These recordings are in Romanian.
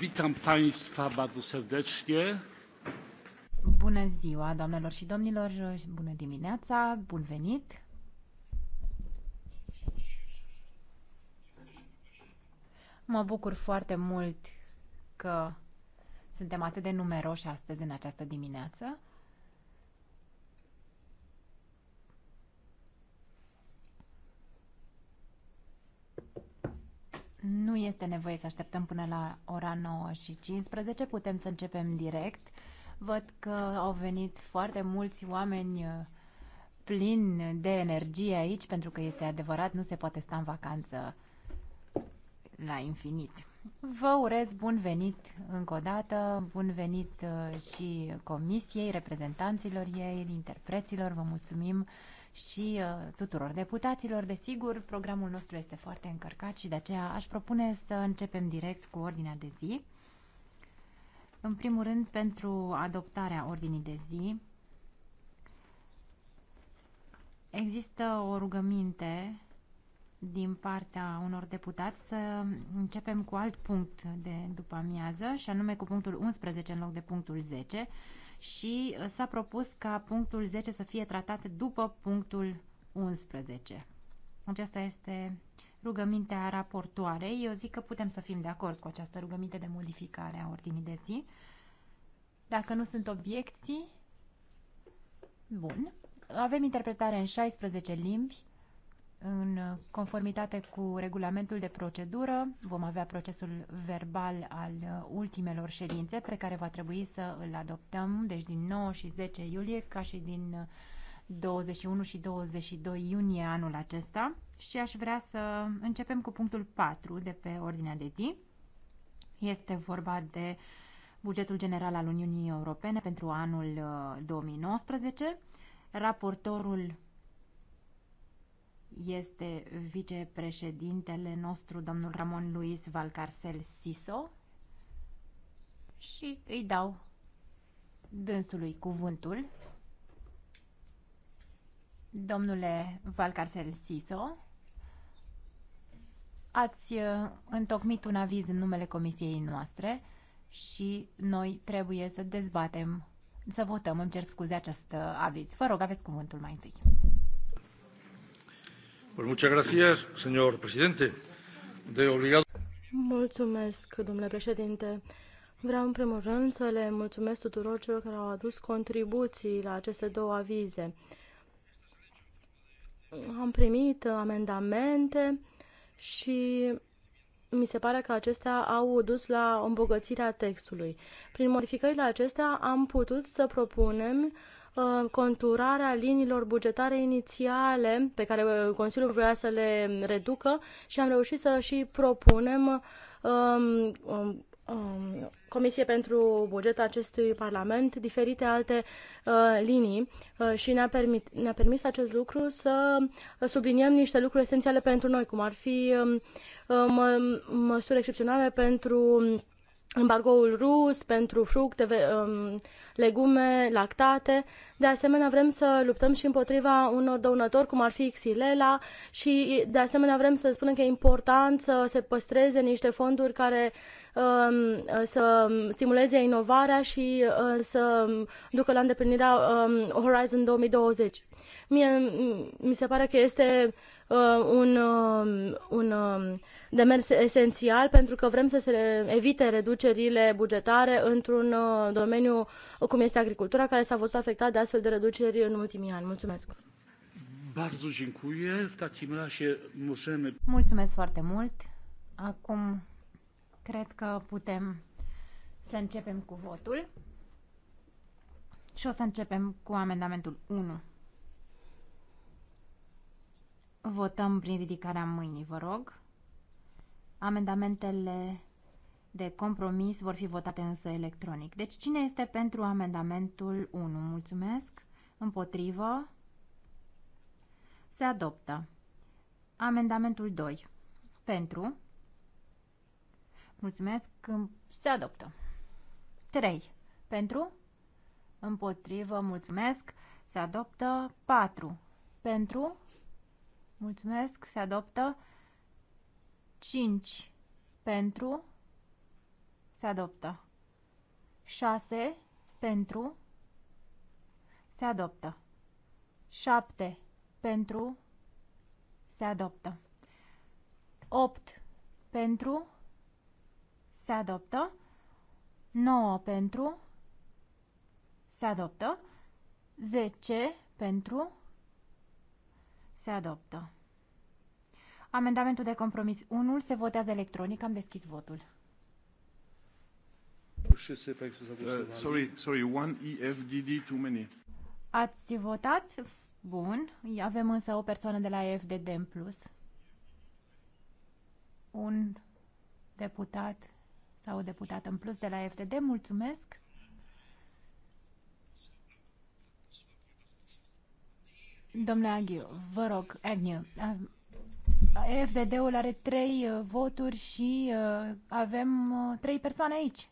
Witam Państwa bardzo serdecznie. Bună ziua, doamnelor și domnilor, bună dimineața, bun venit. Mă bucur foarte mult că suntem atât de numeroși astăzi în această dimineață. este nevoie să așteptăm până la ora 9 și 15. Putem să începem direct. Văd că au venit foarte mulți oameni uh, plini de energie aici, pentru că este adevărat, nu se poate sta în vacanță la infinit. Vă urez bun venit încă o dată, bun venit uh, și comisiei, reprezentanților ei, interpreților, vă mulțumim și uh, tuturor deputaților. Desigur, programul nostru este foarte încărcat și de aceea aș propune să începem direct cu ordinea de zi. În primul rând, pentru adoptarea ordinii de zi, există o rugăminte din partea unor deputați să începem cu alt punct de după amiază, și anume cu punctul 11 în loc de punctul 10, și uh, s-a propus ca punctul 10 să fie tratat după punctul 11. Aceasta este rugămintea raportoarei. Eu zic că putem să fim de acord cu această rugăminte de modificare a ordinii de zi. Dacă nu sunt obiecții, bun. Avem interpretare în 16 limbi în conformitate cu regulamentul de procedură, vom avea procesul verbal al ultimelor ședințe pe care va trebui să îl adoptăm, deci din 9 și 10 iulie, ca și din 21 și 22 iunie anul acesta. Și aș vrea să începem cu punctul 4 de pe ordinea de zi. Este vorba de bugetul general al Uniunii Europene pentru anul 2019. Uh, Raportorul este vicepreședintele nostru, domnul Ramon Luis Valcarcel Siso și îi dau dânsului cuvântul. Domnule Valcarcel Siso, ați uh, întocmit un aviz în numele comisiei noastre și noi trebuie să dezbatem, să votăm, îmi cer scuze, acest uh, aviz. Vă rog, aveți cuvântul mai întâi muchas gracias, señor presidente. De obligat... Mulțumesc, domnule președinte. Vreau în primul rând să le mulțumesc tuturor celor care au adus contribuții la aceste două avize. Am primit amendamente și mi se pare că acestea au dus la îmbogățirea textului. Prin modificările acestea am putut să propunem uh, Uh, conturarea liniilor bugetare inițiale pe care uh, Consiliul vrea să le reducă și am reușit să și propunem um, um, um, Comisie pentru buget acestui Parlament diferite alte uh, linii uh, și ne-a, permit, ne permis acest lucru să subliniem niște lucruri esențiale pentru noi, cum ar fi um, uh, mă, măsuri excepționale pentru uh, embargoul rus pentru fructe, um, legume, lactate. De asemenea, vrem să luptăm și împotriva unor dăunători, cum ar fi Xilela și, de asemenea, vrem să spunem că e important să se păstreze niște fonduri care um, să stimuleze inovarea și uh, să ducă la îndeplinirea um, Horizon 2020. Mie mi se pare că este uh, un, un demers esențial pentru că vrem să se evite reducerile bugetare într-un uh, domeniu cum este agricultura, care s-a văzut afectat de astfel de reduceri în ultimii ani. Mulțumesc! Mulțumesc foarte mult! Acum cred că putem să începem cu votul și o să începem cu amendamentul 1. Votăm prin ridicarea mâinii, vă rog. Amendamentele de compromis vor fi votate însă electronic. Deci cine este pentru amendamentul 1? Mulțumesc. Împotrivă. Se adoptă. Amendamentul 2. Pentru. Mulțumesc. Se adoptă. 3. Pentru. Împotrivă. Mulțumesc. Se adoptă. 4. Pentru. Mulțumesc. Se adoptă. 5 pentru, se adoptă. 6 pentru, se adoptă. 7 pentru, se adoptă. 8 pentru, se adoptă. 9 pentru, se adoptă. 10 pentru, se adoptă. Amendamentul de compromis 1 se votează electronic. Am deschis votul. Uh, sorry, sorry, one EFDD too many. Ați votat? Bun. Avem însă o persoană de la EFDD în plus. Un deputat sau o deputată în plus de la EFDD. Mulțumesc! Domnule Aghiu, vă rog, Agnew, FDD-ul are trei uh, voturi și uh, avem uh, trei persoane aici.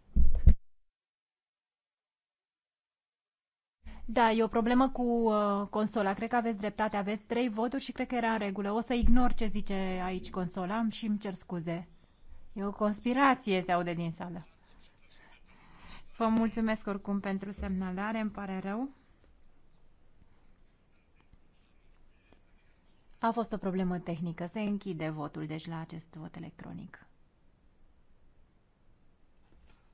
Da, e o problemă cu uh, consola. Cred că aveți dreptate. Aveți trei voturi și cred că era în regulă. O să ignor ce zice aici consola și îmi cer scuze. E o conspirație, se aude din sală. Vă mulțumesc oricum pentru semnalare, îmi pare rău. A fost o problemă tehnică. Se închide votul, deci, la acest vot electronic.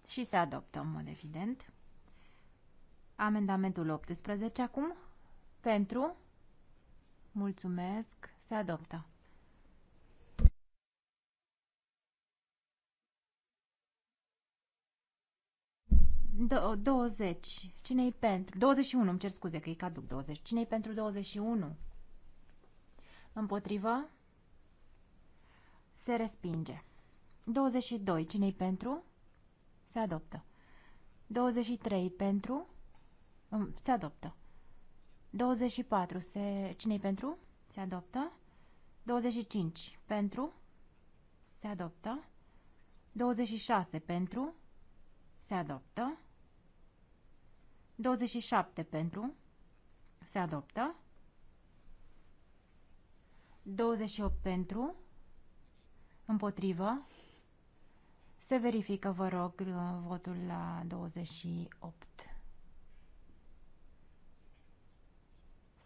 Și se adoptă, în mod evident. Amendamentul 18 acum. Pentru. Mulțumesc. Se adoptă. Do 20. Cine-i pentru? 21, îmi cer scuze că e caduc 20. Cine-i pentru 21? Împotrivă. Se respinge. 22. cine pentru? Se adoptă. 23. Pentru? Se adoptă. 24. Se... cine pentru? Se adoptă. 25. Pentru? Se adoptă. 26. Pentru? Se adoptă. 27. Pentru? Se adoptă. 28 pentru, împotrivă. Se verifică, vă rog, uh, votul la 28.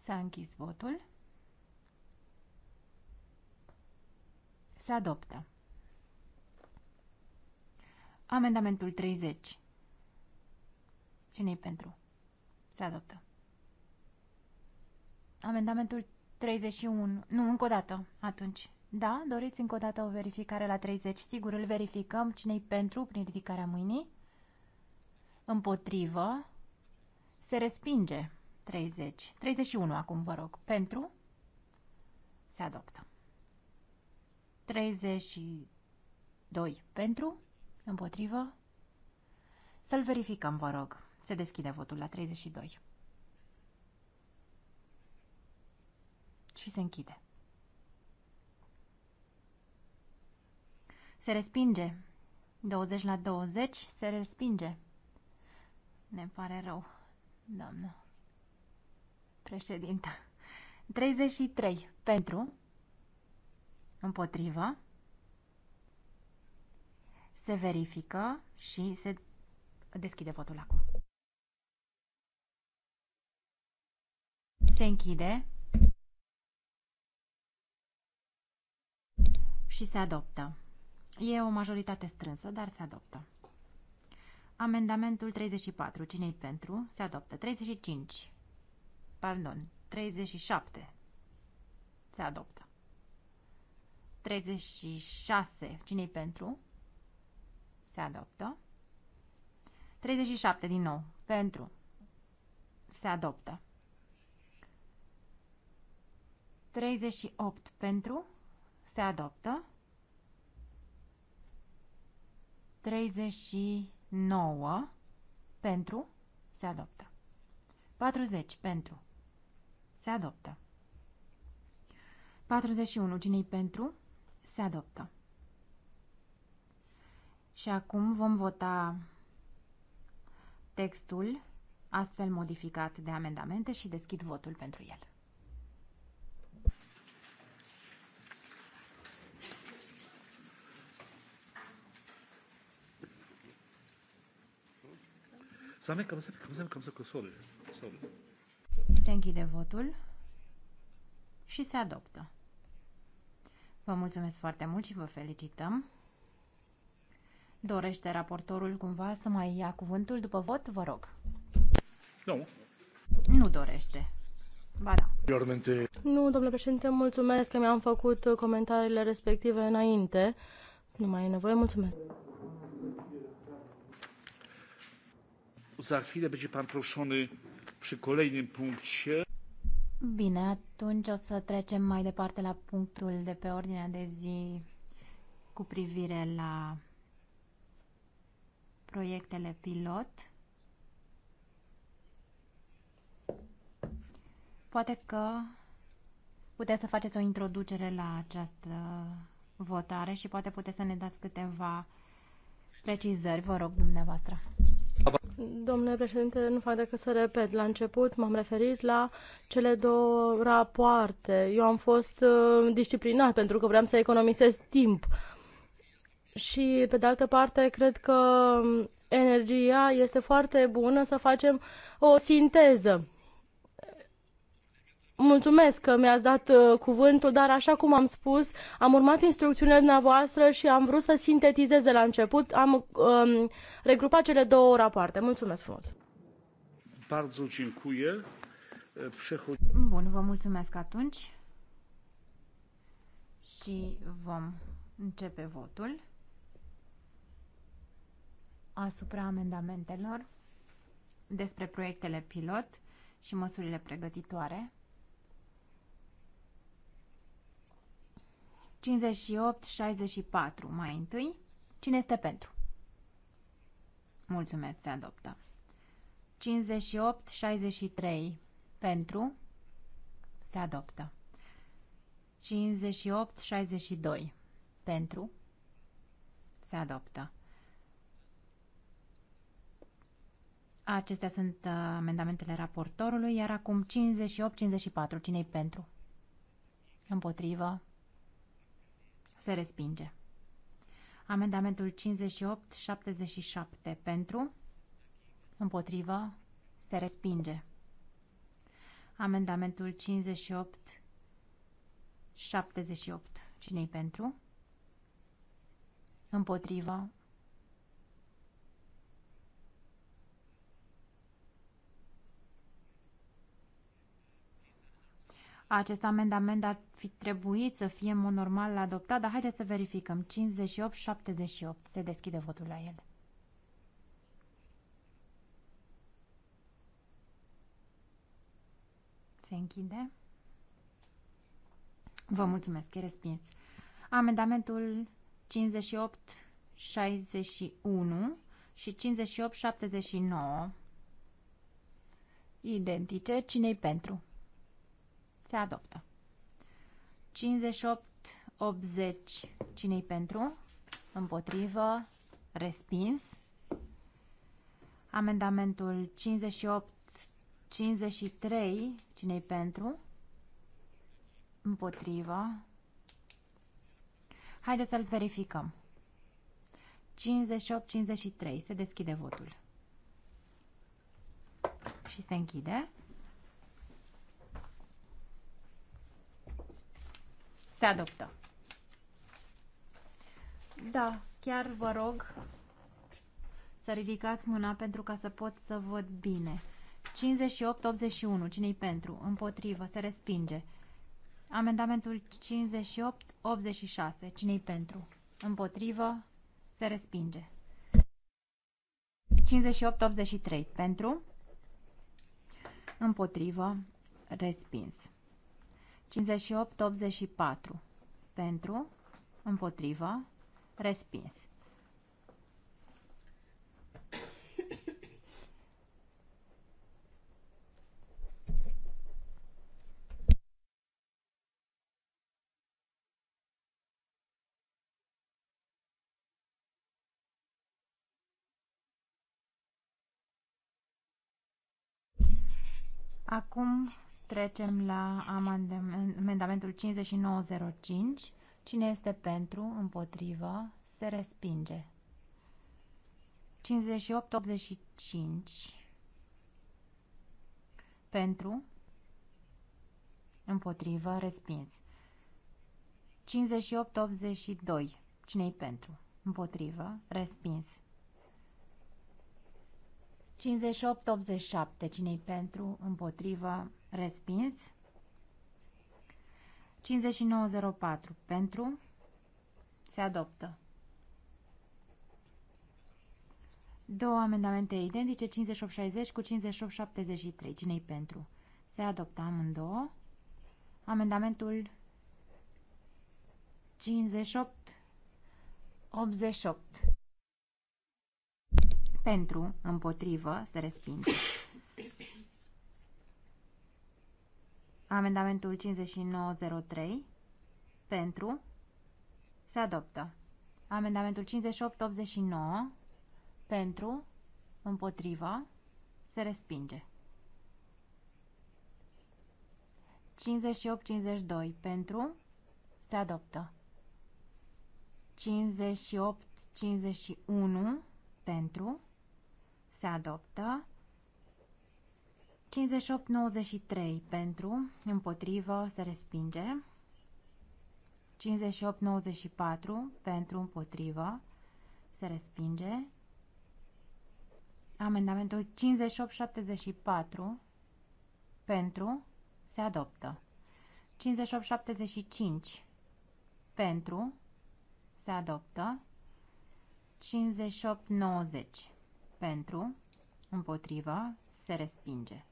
S-a închis votul. Se adoptă. Amendamentul 30. cine i pentru? Se adoptă. Amendamentul 31. Nu, încă o dată, atunci. Da, doriți încă o dată o verificare la 30. Sigur, îl verificăm. Cine-i pentru prin ridicarea mâinii? Împotrivă. Se respinge. 30. 31 acum, vă rog. Pentru? Se adoptă. 32. Pentru? Împotrivă? Să-l verificăm, vă rog. Se deschide votul la 32. și se închide. Se respinge. 20 la 20 se respinge. Ne pare rău, doamnă. președintă. 33 pentru. Împotrivă. Se verifică și se deschide votul acum. Se închide. și se adoptă. E o majoritate strânsă, dar se adoptă. Amendamentul 34. Cine-i pentru? Se adoptă. 35. Pardon. 37. Se adoptă. 36. Cine-i pentru? Se adoptă. 37 din nou. Pentru. Se adoptă. 38 pentru se adoptă. 39 pentru se adoptă. 40 pentru se adoptă. 41 cine pentru se adoptă. Și acum vom vota textul astfel modificat de amendamente și deschid votul pentru el. Zamecăm, Se închide votul și se adoptă. Vă mulțumesc foarte mult și vă felicităm. Dorește raportorul cumva să mai ia cuvântul după vot? Vă rog. Nu. Nu dorește. Ba da. Nu, domnule președinte, mulțumesc că mi-am făcut comentariile respective înainte. Nu mai e nevoie, mulțumesc. Za chwilę będzie pan proszony przy kolejnym punkcie. Bine, atunci o să trecem mai departe la punctul de pe ordinea de zi cu privire la proiectele pilot. Poate că puteți să faceți o introducere la această votare și poate puteți să ne dați câteva precizări, vă rog dumneavoastră. Domnule președinte, nu fac decât să repet. La început m-am referit la cele două rapoarte. Eu am fost uh, disciplinat pentru că vreau să economisez timp. Și, pe de altă parte, cred că um, energia este foarte bună să facem o sinteză Mulțumesc că mi-ați dat uh, cuvântul, dar așa cum am spus, am urmat instrucțiunile dumneavoastră și am vrut să sintetizez de la început. Am uh, regrupat cele două rapoarte. Mulțumesc frumos! Bun, vă mulțumesc atunci și vom începe votul asupra amendamentelor despre proiectele pilot și măsurile pregătitoare. 58-64 mai întâi. Cine este pentru? Mulțumesc, se adoptă. 58-63 pentru. Se adoptă. 58-62 pentru. Se adoptă. Acestea sunt uh, amendamentele raportorului, iar acum 58-54. Cine-i pentru? Împotrivă? Se respinge. Amendamentul 58-77 pentru, împotrivă, se respinge. Amendamentul 58 78. Cine-i pentru? Împotrivă. Acest amendament ar fi trebuit să fie mod normal adoptat, dar haideți să verificăm. 58-78. Se deschide votul la el. Se închide. Vă mulțumesc, e respins. Amendamentul 58-61 și 58-79 identice. Cine-i pentru? Se adoptă. 58-80. Cine-i pentru? Împotrivă. Respins. Amendamentul 58-53. Cine-i pentru? Împotrivă. Haideți să-l verificăm. 58-53. Se deschide votul. Și se închide. Se adoptă. Da, chiar vă rog să ridicați mâna pentru ca să pot să văd bine. 58-81, cine-i pentru? Împotrivă, se respinge. Amendamentul 58-86, cine-i pentru? Împotrivă, se respinge. 58-83, pentru? Împotrivă, respins. 58-84. Pentru, împotrivă, respins. Acum Trecem la amendamentul 5905. Cine este pentru, împotrivă, se respinge. 5885 pentru, împotrivă, respins. 5882 cine-i pentru, împotrivă, respins. 5887 cine-i pentru, împotrivă, Respins. 5904 pentru. Se adoptă. Două amendamente identice, 5860 cu 5873. Cine-i pentru? Se adoptă amândouă. Amendamentul 5888. Pentru, împotrivă, se respinge. Amendamentul 5903 pentru se adoptă. Amendamentul 5889 pentru împotriva se respinge. 5852 pentru se adoptă. 5851 pentru se adoptă. 58-93 pentru, împotrivă, se respinge. 58-94 pentru, împotrivă, se respinge. Amendamentul 58-74 pentru, se adoptă. 58-75 pentru, se adoptă. 58-90 pentru, împotrivă, se respinge.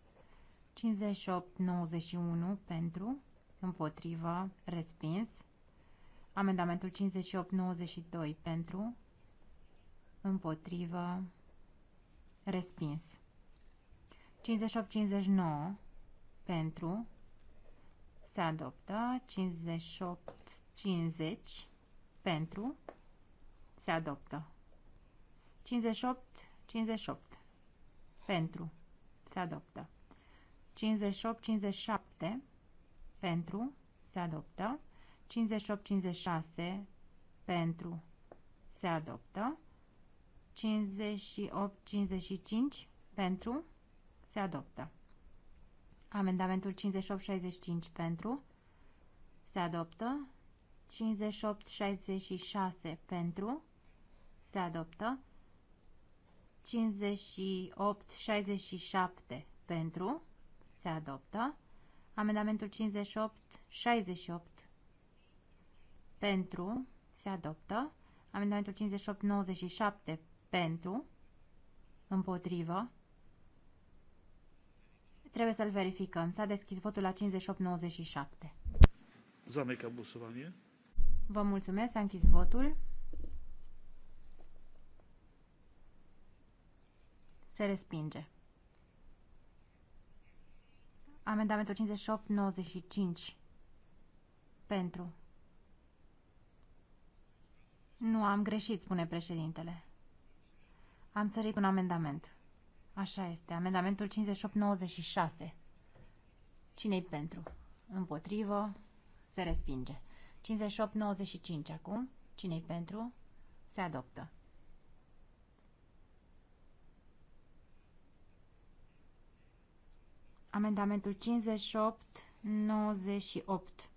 58-91 pentru, împotrivă, respins. Amendamentul 58-92 pentru, împotrivă, respins. 58-59 pentru, se adoptă. 58-50 pentru, se adoptă. 58-58 pentru, se adoptă. 58-57 pentru se adoptă. 58-56 pentru se adoptă. 58-55 pentru se adoptă. Amendamentul 58-65 pentru se adoptă. 58-66 pentru se adoptă. 58-67 pentru se adoptă. Amendamentul 58, 68 pentru se adoptă. Amendamentul 58, 97 pentru împotrivă. Trebuie să-l verificăm. S-a deschis votul la 58-97. Zameca Busovanie. Vă mulțumesc, s-a închis votul. Se respinge. Amendamentul 58-95. Pentru. Nu, am greșit, spune președintele. Am sărit un amendament. Așa este. Amendamentul 58-96. Cine-i pentru? Împotrivă. Se respinge. 58-95 acum. Cine-i pentru? Se adoptă. Amendamentul 58, 98.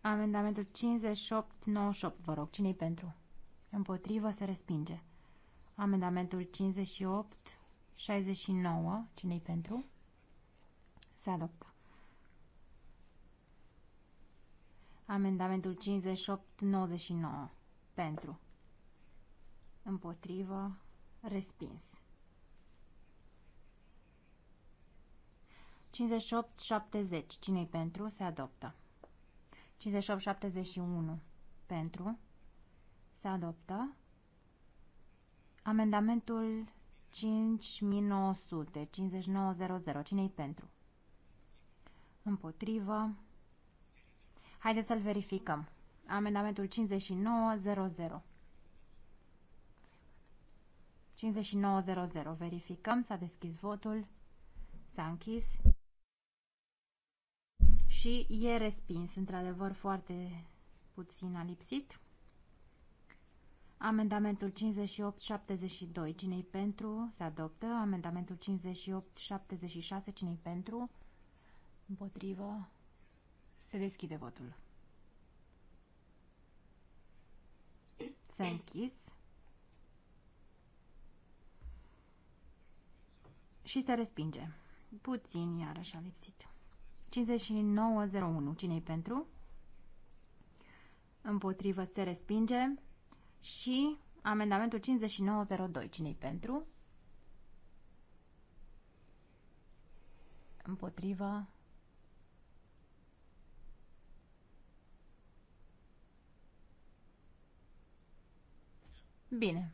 Amendamentul 58, 98, vă rog, cine-i pentru? Împotrivă se respinge. Amendamentul 58, 69, cine-i pentru? Se adoptă. Amendamentul 58, 99, pentru împotrivă, respins. 58-70. Cine-i pentru? Se adoptă. 58-71. Pentru. Se adoptă. Amendamentul 5900. 5900. Cine-i pentru? Împotrivă. Haideți să-l verificăm. Amendamentul 5900. 5900. Verificăm, s-a deschis votul, s-a închis și e respins, într-adevăr, foarte puțin a lipsit. Amendamentul 5872, cine cine pentru, se adoptă. Amendamentul 5876, cine cine pentru, împotrivă, se deschide votul. S-a închis Și se respinge. Puțin iarăși a lipsit. 5901. Cine-i pentru? Împotrivă se respinge. Și amendamentul 5902. Cine-i pentru? Împotrivă. Bine.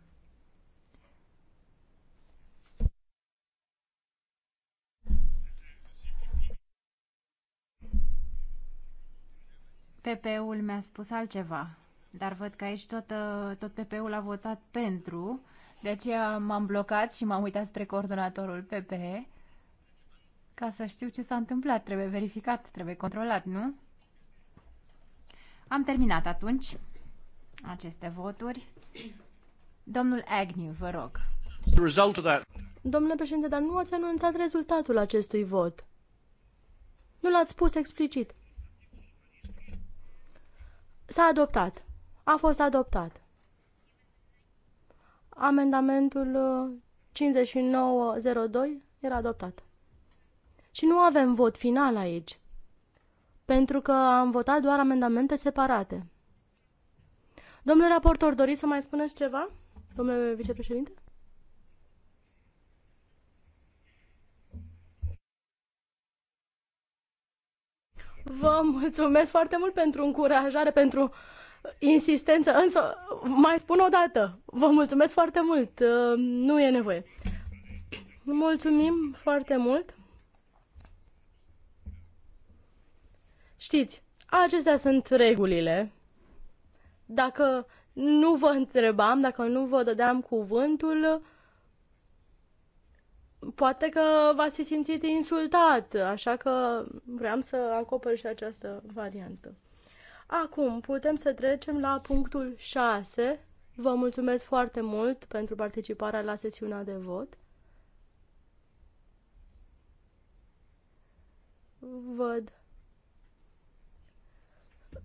PP-ul mi-a spus altceva, dar văd că aici tot, ă, tot PP-ul a votat pentru, de aceea m-am blocat și m-am uitat spre coordonatorul PP ca să știu ce s-a întâmplat. Trebuie verificat, trebuie controlat, nu? Am terminat atunci aceste voturi. Domnul Agnew, vă rog. Domnule președinte, dar nu ați anunțat rezultatul acestui vot. Nu l-ați spus explicit. S-a adoptat. A fost adoptat. Amendamentul 5902 uh, era adoptat. Și nu avem vot final aici, pentru că am votat doar amendamente separate. Domnule raportor, doriți să mai spuneți ceva, domnule vicepreședinte? Vă mulțumesc foarte mult pentru încurajare, pentru insistență, însă mai spun o dată, vă mulțumesc foarte mult, uh, nu e nevoie. Mulțumim foarte mult. Știți, acestea sunt regulile. Dacă nu vă întrebam, dacă nu vă dădeam cuvântul, poate că v-ați fi simțit insultat, așa că vreau să acopăr și această variantă. Acum putem să trecem la punctul 6. Vă mulțumesc foarte mult pentru participarea la sesiunea de vot. Văd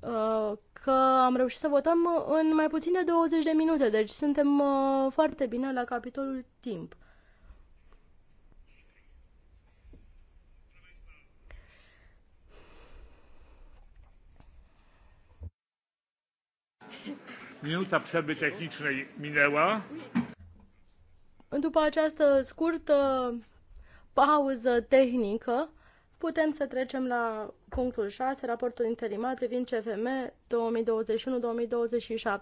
uh, că am reușit să votăm în mai puțin de 20 de minute, deci suntem uh, foarte bine la capitolul timp. Minuta przerwy technicznej minęła. După această scurtă pauză tehnică, putem să trecem la punctul 6, raportul interimar privind CFM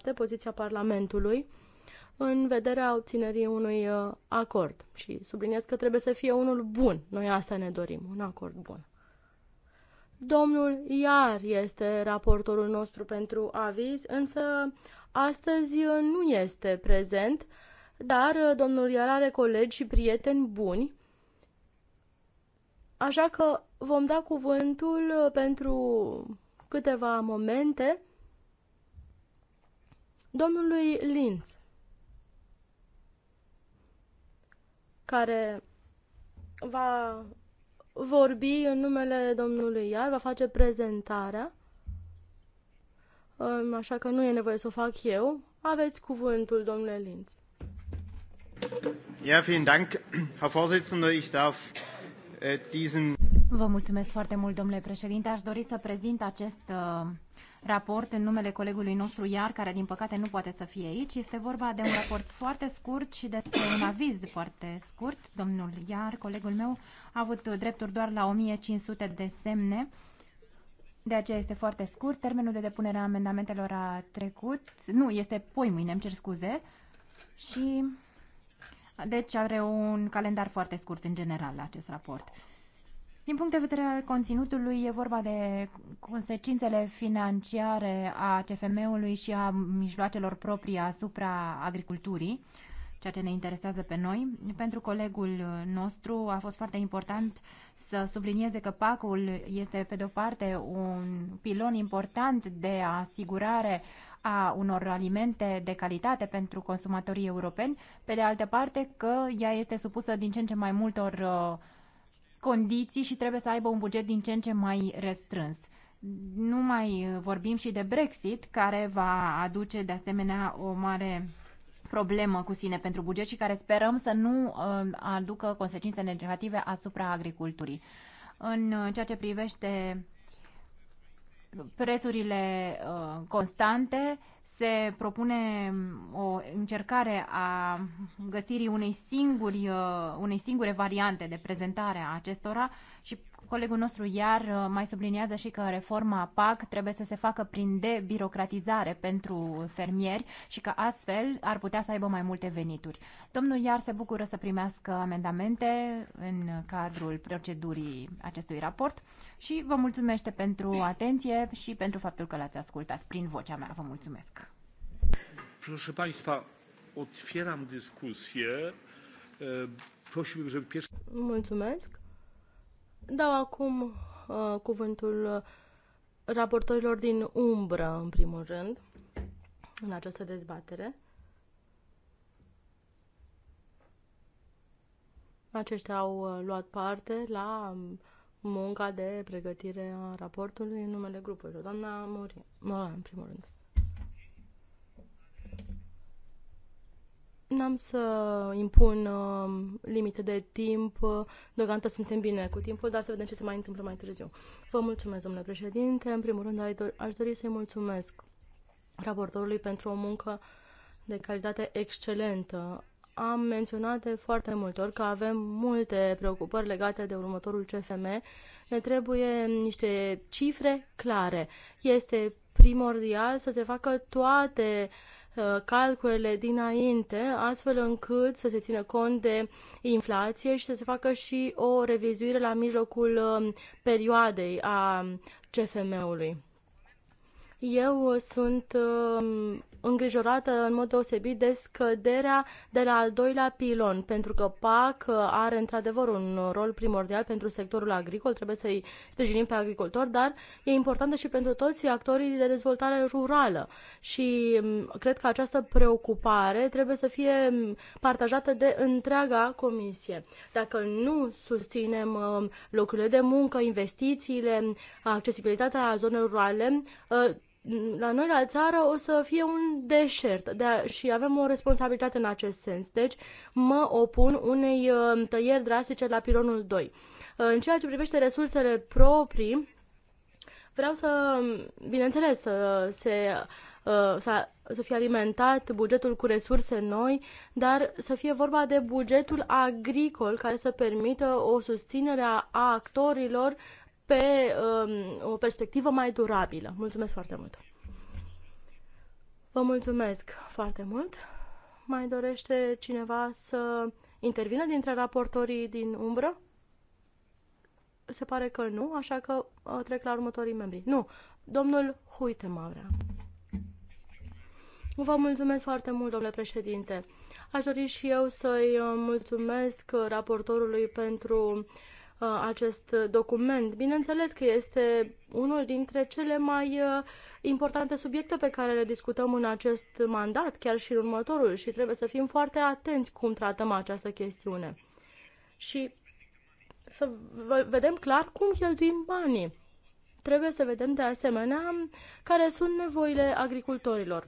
2021-2027, poziția Parlamentului, în vederea obținerii unui uh, acord. Și subliniez că trebuie să fie unul bun. Noi asta ne dorim, un acord bun. Domnul Iar este raportorul nostru pentru aviz, însă astăzi uh, nu este prezent, dar uh, domnul Iar are colegi și prieteni buni, așa că vom da cuvântul uh, pentru câteva momente domnului Linz, care va vorbi în numele domnului Iar, va face prezentarea așa că nu e nevoie să o fac eu. Aveți cuvântul, domnule Linz. Ja, vielen Dank, Herr Vorsitzender. Ich darf äh, diesen Vă mulțumesc foarte mult, domnule președinte. Aș dori să prezint acest uh, raport în numele colegului nostru Iar, care din păcate nu poate să fie aici. Este vorba de un raport foarte scurt și despre un aviz foarte scurt. Domnul Iar, colegul meu, a avut drepturi doar la 1500 de semne. Uh, de aceea este foarte scurt. Termenul de depunere a amendamentelor a trecut. Nu, este poi mâine, îmi cer scuze. Și deci are un calendar foarte scurt în general la acest raport. Din punct de vedere al conținutului, e vorba de consecințele financiare a CFM-ului și a mijloacelor proprii asupra agriculturii ceea ce ne interesează pe noi. Pentru colegul nostru a fost foarte important să sublinieze că PAC-ul este, pe de-o parte, un pilon important de asigurare a unor alimente de calitate pentru consumatorii europeni, pe de altă parte că ea este supusă din ce în ce mai multor uh, condiții și trebuie să aibă un buget din ce în ce mai restrâns. Nu mai vorbim și de Brexit, care va aduce de asemenea o mare problemă cu sine pentru buget și care sperăm să nu uh, aducă consecințe negative asupra agriculturii. În uh, ceea ce privește prețurile uh, constante, se propune um, o încercare a găsirii unei singuri, unei singure variante de prezentare a acestora și Colegul nostru iar uh, mai subliniază și că reforma PAC trebuie să se facă prin debirocratizare pentru fermieri și că astfel ar putea să aibă mai multe venituri. Domnul Iar se bucură să primească amendamente în cadrul procedurii acestui raport și vă mulțumește pentru atenție și pentru faptul că l-ați ascultat prin vocea mea. Vă mulțumesc. Proszę Państwa, otwieram dyskusję. Prosiłbym, żeby pierwszy... Mulțumesc. Dau acum uh, cuvântul uh, raportorilor din umbră, în primul rând, în această dezbatere. Aceștia au uh, luat parte la munca de pregătire a raportului în numele grupului. Doamna Morin, în primul rând. N-am să impun uh, limite de timp. Deocamdată suntem bine cu timpul, dar să vedem ce se mai întâmplă mai târziu. Vă mulțumesc, domnule președinte. În primul rând, aș dori să-i mulțumesc raportorului pentru o muncă de calitate excelentă. Am menționat de foarte multe ori că avem multe preocupări legate de următorul CFM. Ne trebuie niște cifre clare. Este primordial să se facă toate uh, Uh, calculele dinainte, astfel încât să se țină cont de inflație și să se facă și o revizuire la mijlocul um, perioadei a um, CFM-ului. Eu sunt um, îngrijorată în mod deosebit de scăderea de la al doilea pilon, pentru că PAC are într-adevăr un rol primordial pentru sectorul agricol, trebuie să-i sprijinim pe agricultori, dar e importantă și pentru toți actorii de dezvoltare rurală. Și mm, cred că această preocupare trebuie să fie mm, partajată de întreaga comisie. Dacă nu susținem mm, locurile de muncă, investițiile, accesibilitatea zonelor rurale, la noi la țară o să fie un deșert de a, și avem o responsabilitate în acest sens. Deci mă opun unei uh, tăieri drastice la pilonul 2. Uh, în ceea ce privește resursele proprii, vreau să, bineînțeles, să se uh, să, să fie alimentat bugetul cu resurse noi, dar să fie vorba de bugetul agricol care să permită o susținere a actorilor pe um, o perspectivă mai durabilă. Mulțumesc foarte mult! Vă mulțumesc foarte mult! Mai dorește cineva să intervină dintre raportorii din umbră? Se pare că nu, așa că uh, trec la următorii membri. Nu, domnul Huite Maurea. Vă mulțumesc foarte mult, domnule președinte. Aș dori și eu să-i uh, mulțumesc uh, raportorului pentru uh, Uh, acest document. Bineînțeles că este unul dintre cele mai uh, importante subiecte pe care le discutăm în acest mandat, chiar și în următorul, și trebuie să fim foarte atenți cum tratăm această chestiune. Și să vedem clar cum cheltuim banii. Trebuie să vedem de asemenea care sunt nevoile agricultorilor.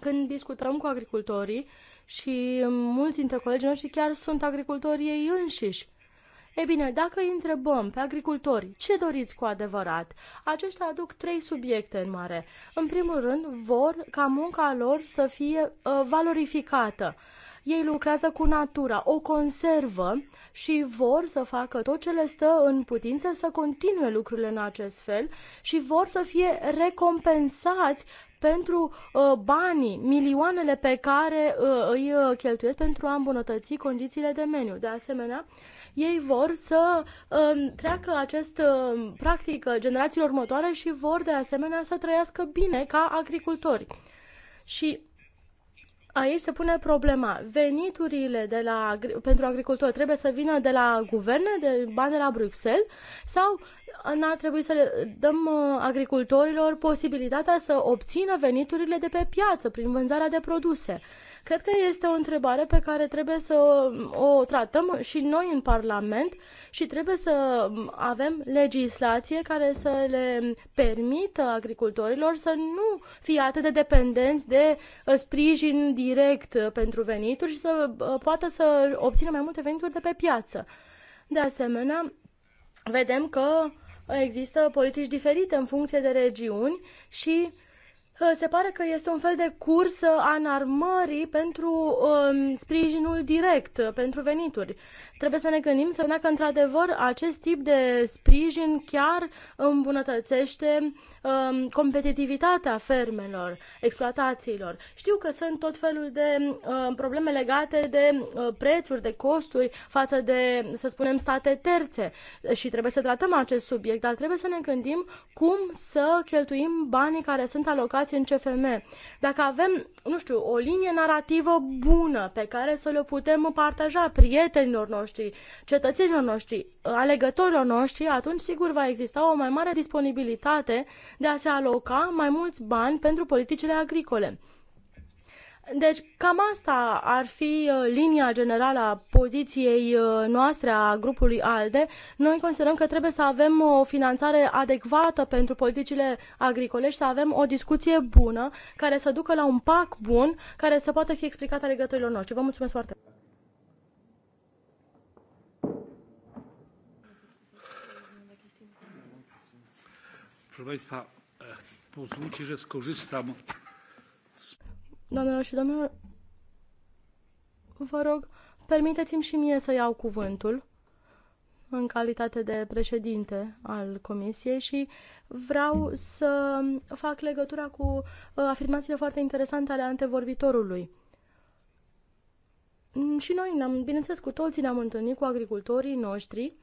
Când discutăm cu agricultorii și mulți dintre colegii noștri chiar sunt agricultorii ei înșiși, ei bine, dacă îi întrebăm pe agricultori ce doriți cu adevărat, aceștia aduc trei subiecte în mare. În primul rând, vor ca munca lor să fie uh, valorificată. Ei lucrează cu natura, o conservă și vor să facă tot ce le stă în putință să continue lucrurile în acest fel și vor să fie recompensați pentru uh, banii, milioanele pe care uh, îi uh, cheltuiesc pentru a îmbunătăți condițiile de meniu. De asemenea, uh, ei vor să um, treacă această um, practică generațiilor următoare și vor de asemenea să trăiască bine ca agricultori. Și Aici se pune problema. Veniturile de la, pentru agricultori trebuie să vină de la guverne, de bani de la Bruxelles sau n-ar trebui să le dăm uh, agricultorilor posibilitatea să obțină veniturile de pe piață prin vânzarea de produse. Cred că este o întrebare pe care trebuie să o tratăm și noi în Parlament și trebuie să avem legislație care să le permită agricultorilor să nu fie atât de dependenți de uh, sprijin direct uh, pentru venituri și să uh, poată să obțină mai multe venituri de pe piață. De asemenea, vedem că există politici diferite în funcție de regiuni și se pare că este un fel de curs a armării pentru um, sprijinul direct, pentru venituri. Trebuie să ne gândim să că într-adevăr acest tip de sprijin chiar îmbunătățește um, competitivitatea fermelor, exploatațiilor. Știu că sunt tot felul de um, probleme legate de um, prețuri, de costuri față de, să spunem, state terțe și trebuie să tratăm acest subiect, dar trebuie să ne gândim cum să cheltuim banii care sunt alocați situație în CFM. Dacă avem, nu știu, o linie narrativă bună pe care să le putem partaja prietenilor noștri, cetățenilor noștri, alegătorilor noștri, atunci sigur va exista o mai mare disponibilitate de a se aloca mai mulți bani pentru politicile agricole. Deci, cam asta ar fi uh, linia generală a poziției uh, noastre, a grupului ALDE. Noi considerăm că trebuie să avem uh, o finanțare adecvată pentru politicile agricole și să avem o discuție bună care să ducă la un pac bun care să poată fi explicat alegătorilor noștri. Vă mulțumesc foarte mult! Proszę Państwa, pozwólcie, że skorzystam Doamnelor și domnilor, vă rog, permiteți-mi și mie să iau cuvântul în calitate de președinte al comisiei și vreau să fac legătura cu uh, afirmațiile foarte interesante ale antevorbitorului. Mm, și noi, ne-am, bineînțeles, cu toții ne-am întâlnit cu agricultorii noștri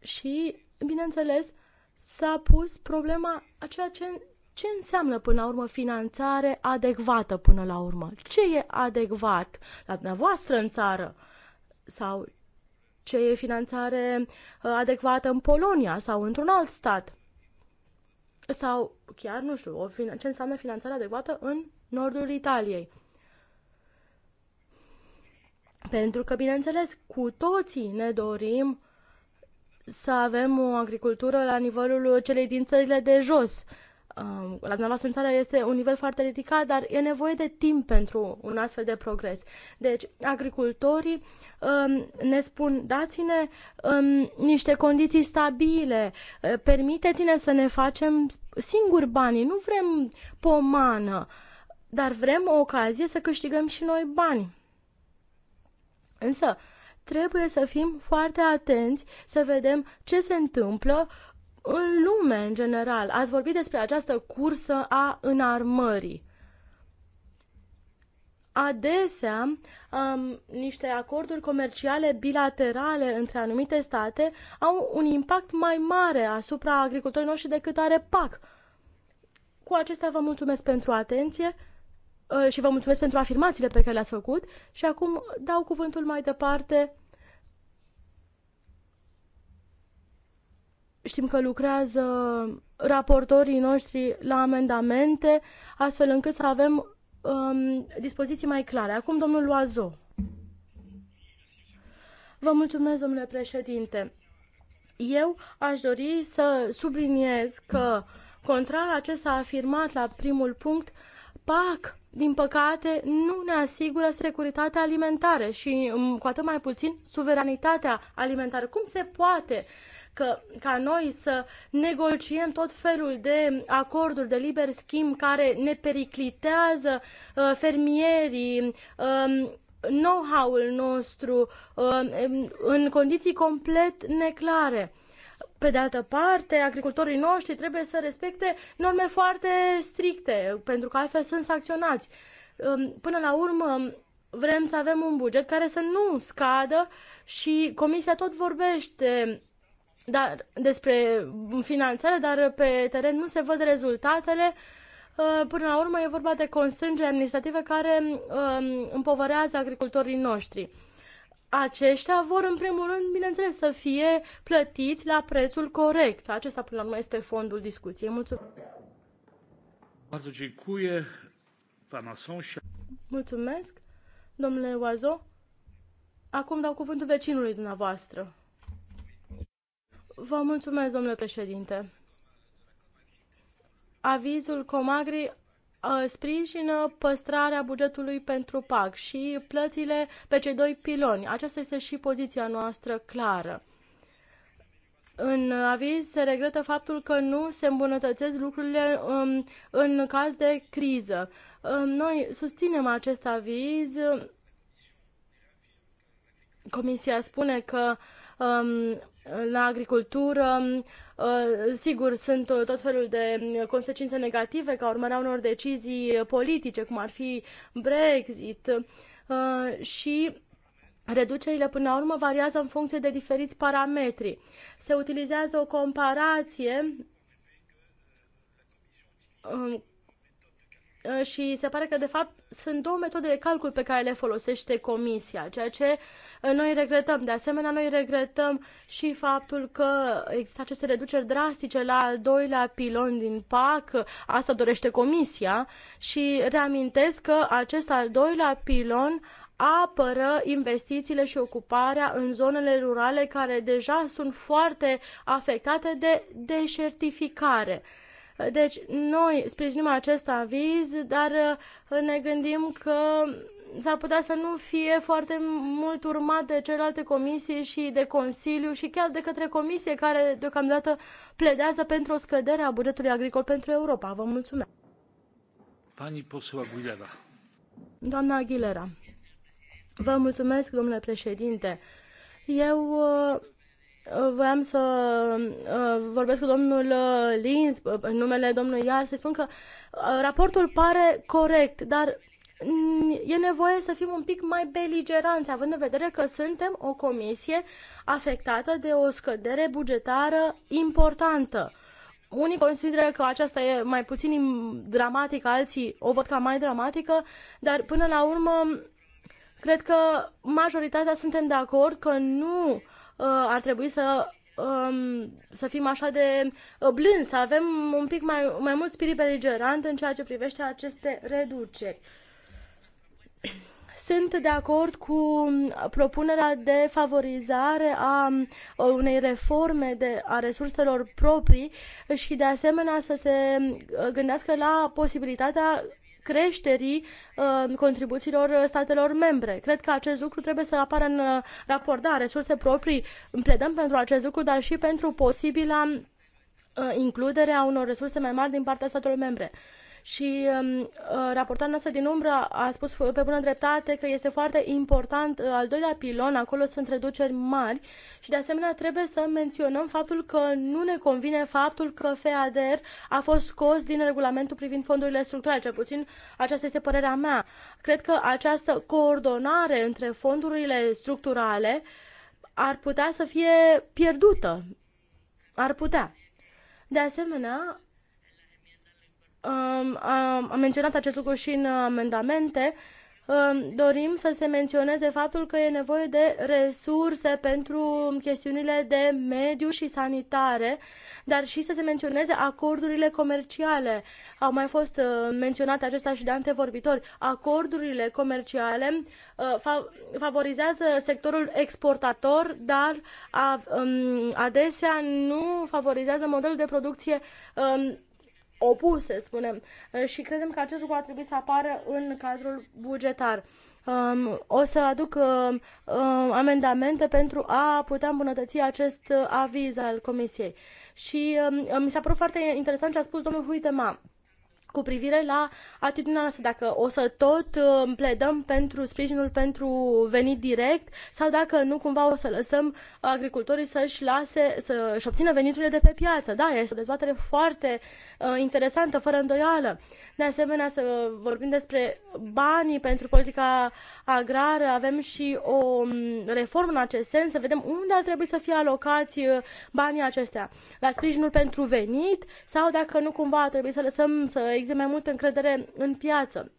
și, bineînțeles, s-a pus problema a ceea ce ce înseamnă până la urmă finanțare adecvată până la urmă? Ce e adecvat la dumneavoastră în țară? Sau ce e finanțare uh, adecvată în Polonia sau într-un alt stat? Sau chiar, nu știu, o ce înseamnă finanțare adecvată în nordul Italiei? Pentru că, bineînțeles, cu toții ne dorim să avem o agricultură la nivelul celei din țările de jos, Um, la dumneavoastră în țară este un nivel foarte ridicat, dar e nevoie de timp pentru un astfel de progres. Deci, agricultorii um, ne spun, dați-ne um, niște condiții stabile, uh, permiteți-ne să ne facem singuri banii, nu vrem pomană, dar vrem o ocazie să câștigăm și noi bani. Însă, trebuie să fim foarte atenți, să vedem ce se întâmplă în lume, în general. Ați vorbit despre această cursă a înarmării. Adesea, um, niște acorduri comerciale bilaterale între anumite state au un impact mai mare asupra agricultorilor noștri decât are PAC. Cu acestea vă mulțumesc pentru atenție uh, și vă mulțumesc pentru afirmațiile pe care le-ați făcut și acum dau cuvântul mai departe Știm că lucrează raportorii noștri la amendamente, astfel încât să avem um, dispoziții mai clare. Acum, domnul Loazo. Vă mulțumesc, domnule președinte. Eu aș dori să subliniez că, contrar a ce s-a afirmat la primul punct, PAC, din păcate, nu ne asigură securitatea alimentară și, cu atât mai puțin, suveranitatea alimentară. Cum se poate uh, că, ca noi să negociem tot felul de acorduri de liber schimb care ne periclitează uh, fermierii, uh, know-how-ul nostru um, în condiții complet neclare. Pe de altă parte, agricultorii noștri trebuie să respecte norme foarte stricte, pentru că altfel sunt sancționați. Um, până la urmă, vrem să avem un buget care să nu scadă și Comisia tot vorbește dar, despre finanțare, dar pe teren nu se văd rezultatele. Uh, până la urmă e vorba de constrângeri administrative care um, împovărează agricultorii noștri. Aceștia vor, în primul rând, bineînțeles, să fie plătiți la prețul corect. Acesta, până la urmă, este fondul discuției. Mulțumesc! Mulțumesc, domnule Oazo. Acum dau cuvântul vecinului dumneavoastră. Vă mulțumesc, domnule președinte. Avizul Comagri uh, sprijină păstrarea bugetului pentru PAC și plățile pe cei doi piloni. Aceasta este și poziția noastră clară. În aviz se regretă faptul că nu se îmbunătățesc lucrurile um, în caz de criză. Um, noi susținem acest aviz. Comisia spune că um, la agricultură. Uh, sigur, sunt tot felul de consecințe negative ca urmare a unor decizii politice, cum ar fi Brexit uh, și Reducerile până la urmă variază în funcție de diferiți parametri. Se utilizează o comparație uh, Uh, și se pare că, de fapt, sunt două metode de calcul pe care le folosește Comisia, ceea ce uh, noi regretăm. De asemenea, noi regretăm și faptul că există aceste reduceri drastice la al doilea pilon din PAC, asta dorește Comisia, și reamintesc că acest al doilea pilon apără investițiile și ocuparea în zonele rurale care deja sunt foarte afectate de deșertificare. Deci, noi sprijinim acest aviz, dar uh, ne gândim că s-ar putea să nu fie foarte mult urmat de celelalte comisii și de Consiliu și chiar de către comisie care deocamdată pledează pentru o scădere a bugetului agricol pentru Europa. Vă mulțumesc. Pani poseu Aguilera. Doamna Aguilera, vă mulțumesc, domnule președinte. Eu uh, voiam să uh, vorbesc cu domnul uh, Linz, uh, în numele domnului Iar, să spun că raportul pare corect, dar mm, e nevoie să fim un pic mai beligeranți, având în vedere că suntem o comisie afectată de o scădere bugetară importantă. Unii consideră că aceasta e mai puțin dramatică, alții o văd ca mai dramatică, dar până la urmă cred că majoritatea suntem de acord că nu Uh, ar trebui să um, să fim așa de uh, blând, să avem un pic mai, mai mult spirit beligerant în ceea ce privește aceste reduceri. Sunt de acord cu um, propunerea de favorizare a uh, unei reforme de, a resurselor proprii și de asemenea să se gândească la posibilitatea creșterii uh, contribuțiilor statelor membre. Cred că acest lucru trebuie să apară în uh, raport. Da, resurse proprii, pledăm pentru acest lucru, dar și pentru posibila uh, includerea unor resurse mai mari din partea statelor membre. Uh, și um, uh, raportarea noastră din umbră a spus pe bună dreptate că este foarte important uh, al doilea pilon, acolo sunt reduceri mari și de asemenea trebuie să menționăm faptul că nu ne convine faptul că FEADER a fost scos din regulamentul privind fondurile structurale, cel puțin aceasta este părerea mea. Cred că această coordonare între fondurile structurale ar putea să fie pierdută. Ar putea. De asemenea, am menționat acest lucru și în amendamente, dorim să se menționeze faptul că e nevoie de resurse pentru chestiunile de mediu și sanitare, dar și să se menționeze acordurile comerciale. Au mai fost uh, menționate acestea și de antevorbitori. Acordurile comerciale uh, favorizează sectorul exportator, dar um, adesea nu favorizează modelul de producție um, opuse, spunem, uh, și credem că acest lucru ar trebui să apară în cadrul bugetar. Um, o să aduc um, amendamente pentru a putea îmbunătăți acest aviz al Comisiei. Și um, mi s-a părut foarte interesant ce a spus domnul Huitema cu privire la atitudinea noastră, dacă o să tot uh, pledăm pentru sprijinul pentru venit direct sau dacă nu cumva o să lăsăm agricultorii să-și lase, să-și obțină veniturile de pe piață. Da, este o dezbatere foarte uh, interesantă, fără îndoială. De asemenea, să vorbim despre banii pentru politica agrară, avem și o um, reformă în acest sens, să vedem unde ar trebui să fie alocați uh, banii acestea. La sprijinul pentru venit sau dacă nu cumva ar trebui să lăsăm să existe creeze mai multă încredere în piață.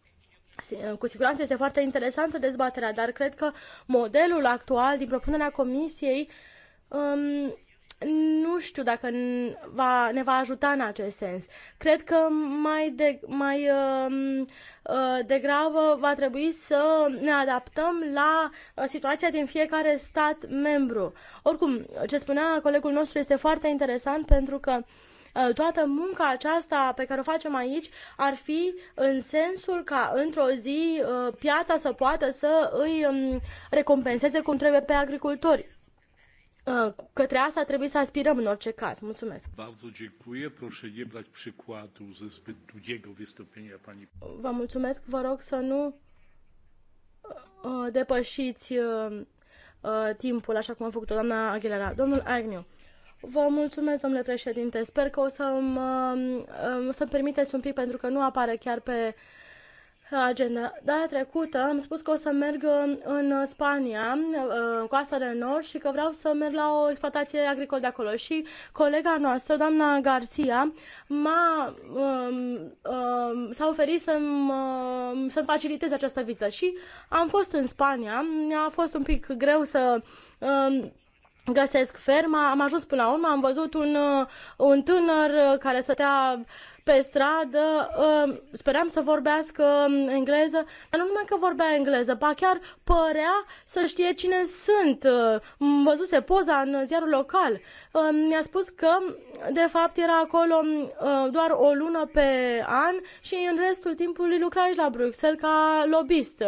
Cu siguranță este foarte interesantă dezbaterea, dar cred că modelul actual din propunerea comisiei um, nu știu dacă va, ne va ajuta în acest sens. Cred că mai, de, mai um, uh, degrabă va trebui să ne adaptăm la uh, situația din fiecare stat membru. Oricum, ce spunea colegul nostru este foarte interesant pentru că uh, Eh, toată munca aceasta pe care o facem aici ar fi în sensul ca într-o zi eh, piața să poată să îi mm, recompenseze cum trebuie pe agricultori. Eh, către asta trebuie să aspirăm în orice caz. Mulțumesc. Vă mulțumesc, vă rog să nu depășiți timpul, așa cum a făcut-o doamna Aguilera. Domnul Agnew. Vă mulțumesc, domnule președinte. Sper că o um, să-mi o să permiteți un pic, pentru că nu apare chiar pe agenda. Data trecută am spus că o să merg în Spania, uh, cu asta de nord, și că vreau să merg la o exploatație agricolă de acolo. Și colega noastră, doamna Garcia, m-a, um, um, s-a oferit să-mi, să facilitez această vizită. Și am fost în Spania, mi-a fost un pic greu să găsesc ferma. Am ajuns până la urmă, am văzut un, uh, un tânăr uh, care stătea pe stradă, uh, speram să vorbească um, engleză, dar nu numai că vorbea engleză, ba chiar părea să știe cine sunt. Văzuse poza în ziarul local. Mi-a spus că, de fapt, era acolo um, doar o lună pe an și în restul timpului lucra aici la Bruxelles ca lobbyist.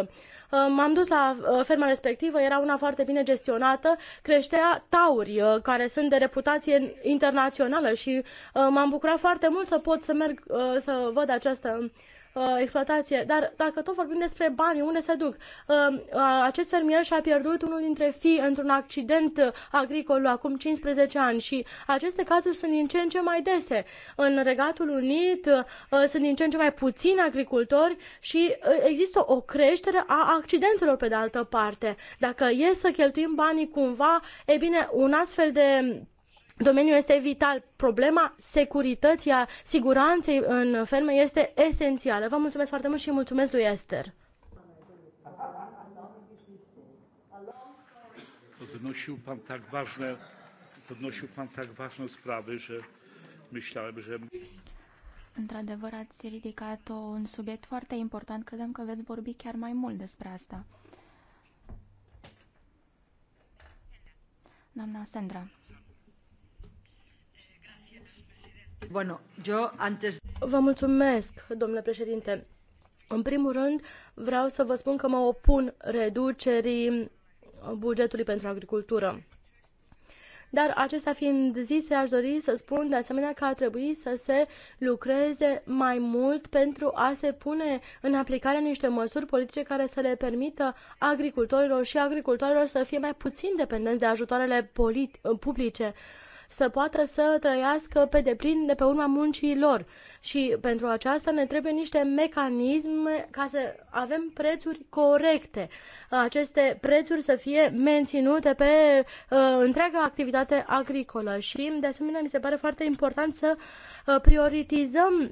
Uh, m-am dus la uh, ferma respectivă, era una foarte bine gestionată, creștea tauri uh, care sunt de reputație internațională și m-am bucurat foarte mult să pot să merg să văd această uh, exploatație. Dar dacă tot vorbim despre bani, unde se duc? Uh, uh, acest fermier și-a pierdut unul dintre fii într-un accident agricol acum 15 ani și aceste cazuri sunt din ce în ce mai dese. În Regatul Unit uh, sunt din ce în ce mai puțini agricultori și uh, există o creștere a accidentelor pe de altă parte. Dacă e să cheltuim banii cumva, e bine, un astfel de domeniul este vital. Problema securității, a siguranței în ferme este esențială. Vă mulțumesc foarte mult și mulțumesc lui Esther. Podnosił pan tak ważne, podnosił pan tak ważną sprawę, że myślałem, że... Într-adevăr, ați ridicat -o, un subiect foarte important. Credem că veți vorbi chiar mai mult despre asta. Doamna Sandra. Bueno, yo antes... Vă mulțumesc, domnule președinte. În primul rând, vreau să vă spun că mă opun reducerii bugetului pentru agricultură. Dar acestea fiind zise, aș dori să spun de asemenea că ar trebui să se lucreze mai mult pentru a se pune în aplicare niște măsuri politice care să le permită agricultorilor și agricultorilor să fie mai puțin dependenți de ajutoarele publice să poată să trăiască pe deplin de pe urma muncii lor. Și pentru aceasta ne trebuie niște mecanisme ca să avem prețuri corecte. Aceste prețuri să fie menținute pe uh, întreaga activitate agricolă și, de asemenea, mi se pare foarte important să uh, prioritizăm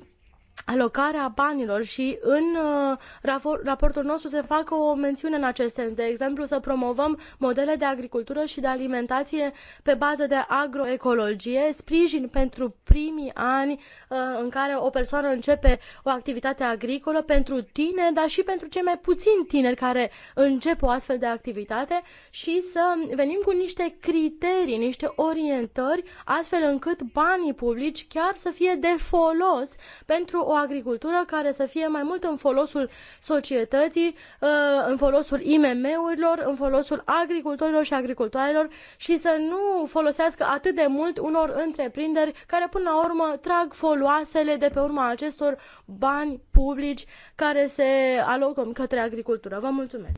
alocarea banilor și în uh, raportul nostru se facă o mențiune în acest sens. De exemplu, să promovăm modele de agricultură și de alimentație pe bază de agroecologie, sprijin pentru primii ani uh, în care o persoană începe o activitate agricolă pentru tine, dar și pentru cei mai puțini tineri care încep o astfel de activitate și să venim cu niște criterii, niște orientări, astfel încât banii publici chiar să fie de folos pentru o agricultură care să fie mai mult în folosul societății, uh, în folosul IMM-urilor, în folosul agricultorilor și agricultoarelor și să nu folosească atât de mult unor întreprinderi care până la urmă trag foloasele de pe urma acestor bani publici care se alocă către agricultură. Vă mulțumesc!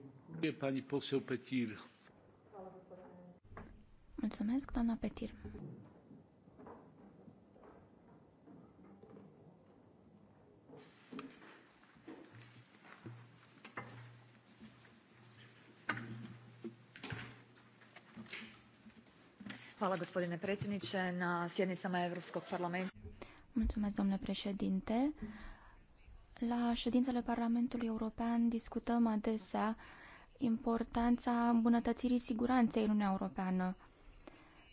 Mulțumesc, doamna Petir. Hvala gospodine predsjedniče na sjednicama Europskog parlamenta. Mulțumesc, domnule președinte. La ședințele Parlamentului European discutăm adesea importanța îmbunătățirii siguranței în Uniunea Europeană.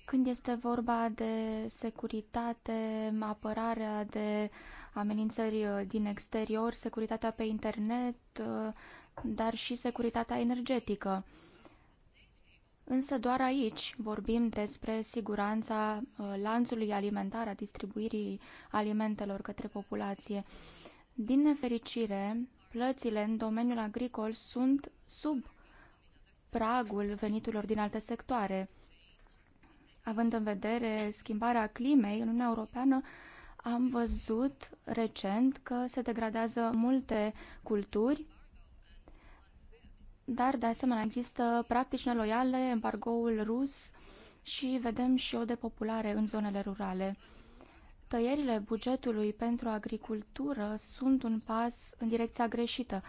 Când este vorba de securitate, apărarea de amenințări din exterior, securitatea pe internet, dar și securitatea energetică. Însă doar aici vorbim despre siguranța uh, lanțului alimentar, a distribuirii alimentelor către populație. Din nefericire, plățile în domeniul agricol sunt sub pragul veniturilor din alte sectoare. Având în vedere schimbarea climei în Uniunea Europeană, am văzut recent că se degradează multe culturi dar de asemenea există practici neloiale, embargoul rus și vedem și o depopulare în zonele rurale. Tăierile bugetului pentru agricultură sunt un pas în direcția greșită,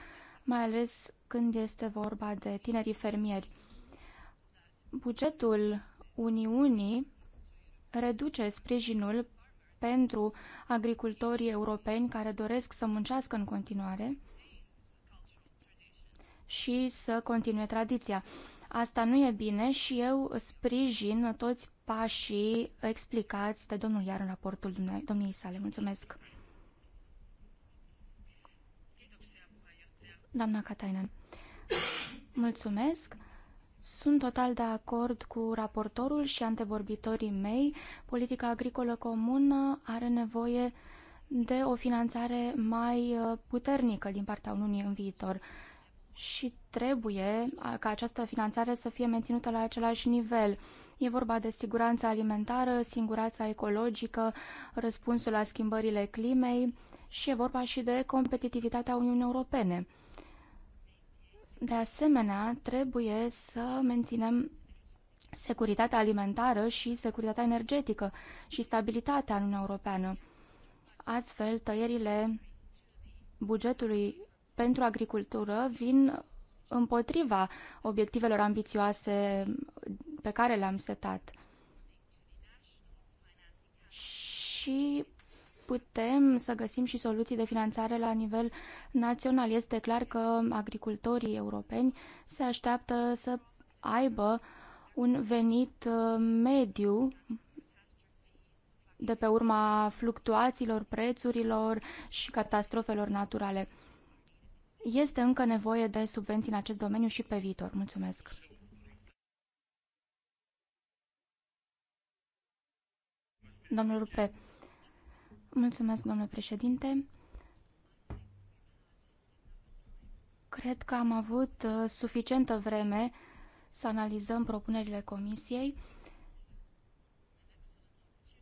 mai ales când este vorba de tinerii fermieri. Bugetul Uniunii reduce sprijinul pentru agricultorii europeni care doresc să muncească în continuare și să continue tradiția. Asta nu e bine și eu sprijin toți pașii explicați de domnul Iar în raportul domniei sale. Mulțumesc! Doamna Katainen, mulțumesc! Sunt total de acord cu raportorul și antevorbitorii mei. Politica agricolă comună are nevoie de o finanțare mai uh, puternică din partea Uniunii în viitor și trebuie ca această finanțare să fie menținută la același nivel. E vorba de siguranța alimentară, singurața ecologică, răspunsul la schimbările climei și e vorba și de competitivitatea Uniunii Europene. De asemenea, trebuie să menținem securitatea alimentară și securitatea energetică și stabilitatea în Uniunea Europeană. Astfel, tăierile bugetului pentru agricultură vin împotriva obiectivelor ambițioase pe care le-am setat. Și putem să găsim și soluții de finanțare la nivel național. Este clar că agricultorii europeni se așteaptă să aibă un venit uh, mediu de pe urma fluctuațiilor prețurilor și catastrofelor naturale. Este încă nevoie de subvenții în acest domeniu și pe viitor. Mulțumesc! Domnul Rupe, mulțumesc, domnule președinte. Cred că am avut uh, suficientă vreme să analizăm propunerile comisiei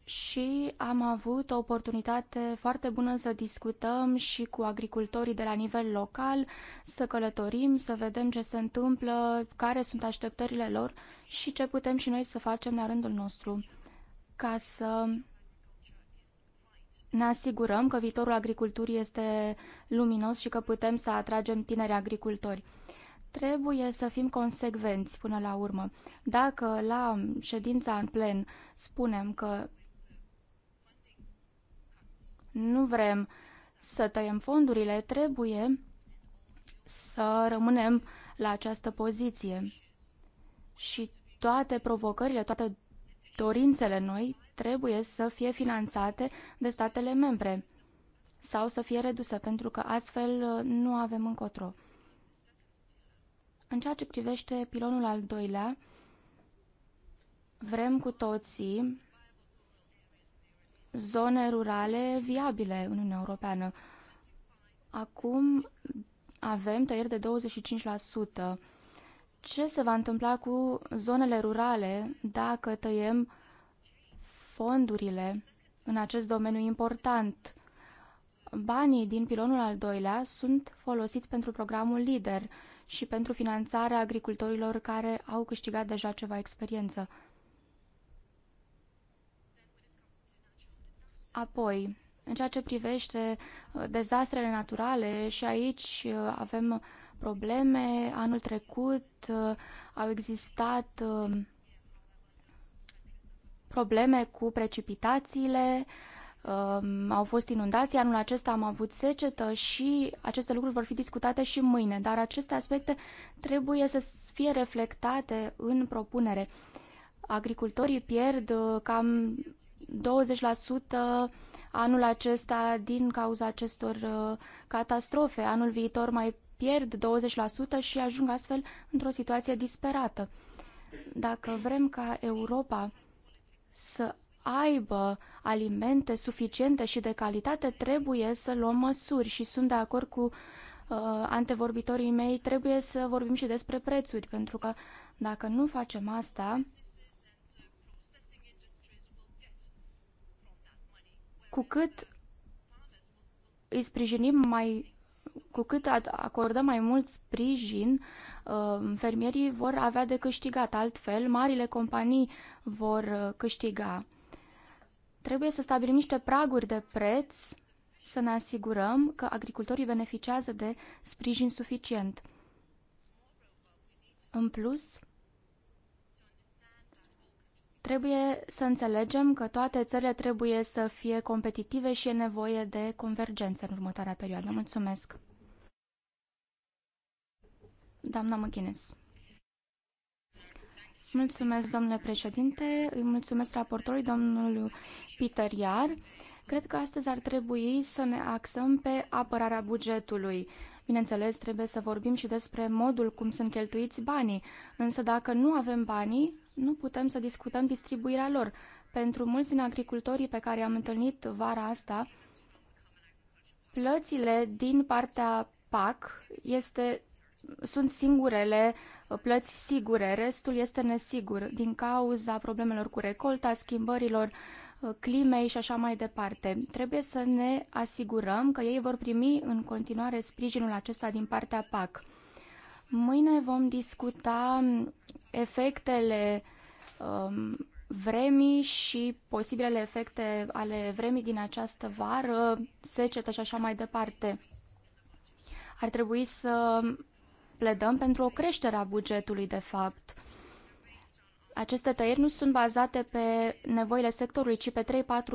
și am avut o oportunitate foarte bună să discutăm și cu agricultorii de la nivel local, să călătorim, să vedem ce se întâmplă, care sunt așteptările lor și ce putem și noi să facem la rândul nostru ca să ne asigurăm că viitorul agriculturii este luminos și că putem să atragem tineri agricultori. Trebuie să fim consecvenți până la urmă. Dacă la ședința în plen spunem că nu vrem să tăiem fondurile, trebuie să rămânem la această poziție. Și toate provocările, toate dorințele noi trebuie să fie finanțate de statele membre sau să fie reduse, pentru că astfel uh, nu avem încotro. În ceea ce privește pilonul al doilea, vrem cu toții zone rurale viabile în Uniunea Europeană. Acum avem tăieri de 25%. Ce se va întâmpla cu zonele rurale dacă tăiem fondurile în acest domeniu important? Banii din pilonul al doilea sunt folosiți pentru programul LIDER și pentru finanțarea agricultorilor care au câștigat deja ceva experiență. Apoi, în ceea ce privește uh, dezastrele naturale, și aici uh, avem probleme. Anul trecut uh, au existat probleme cu precipitațiile, um, au fost inundații, anul acesta am avut secetă și aceste lucruri vor fi discutate și mâine, dar aceste aspecte trebuie să fie reflectate în propunere. Agricultorii pierd cam 20% anul acesta din cauza acestor uh, catastrofe. Anul viitor mai pierd 20% și ajung astfel într-o situație disperată. Dacă vrem ca Europa să aibă alimente suficiente și de calitate, trebuie să luăm măsuri și sunt de acord cu uh, antevorbitorii mei, trebuie să vorbim și despre prețuri, pentru că dacă nu facem asta, cu cât îi sprijinim mai cu cât acordăm mai mult sprijin, uh, fermierii vor avea de câștigat. Altfel, marile companii vor uh, câștiga. Trebuie să stabilim niște praguri de preț să ne asigurăm că agricultorii beneficiază de sprijin suficient. În plus, Trebuie să înțelegem că toate țările trebuie să fie competitive și e nevoie de convergență în următoarea perioadă. Mulțumesc! Doamna McGuinness. Mulțumesc, domnule președinte, îi mulțumesc raportorului, domnul Peter Iar. Cred că astăzi ar trebui să ne axăm pe apărarea bugetului. Bineînțeles, trebuie să vorbim și despre modul cum sunt cheltuiți banii, însă dacă nu avem banii, nu putem să discutăm distribuirea lor. Pentru mulți din agricultorii pe care am întâlnit vara asta, plățile din partea PAC este, sunt singurele plăți sigure, restul este nesigur din cauza problemelor cu recolta, schimbărilor uh, climei și așa mai departe. Trebuie să ne asigurăm că ei vor primi în continuare sprijinul acesta din partea PAC. Mâine vom discuta efectele um, vremii și posibilele efecte ale vremii din această vară, secetă și așa mai departe. Ar trebui să pledăm pentru o creștere a bugetului, de fapt. Aceste tăieri nu sunt bazate pe nevoile sectorului, ci pe 3-4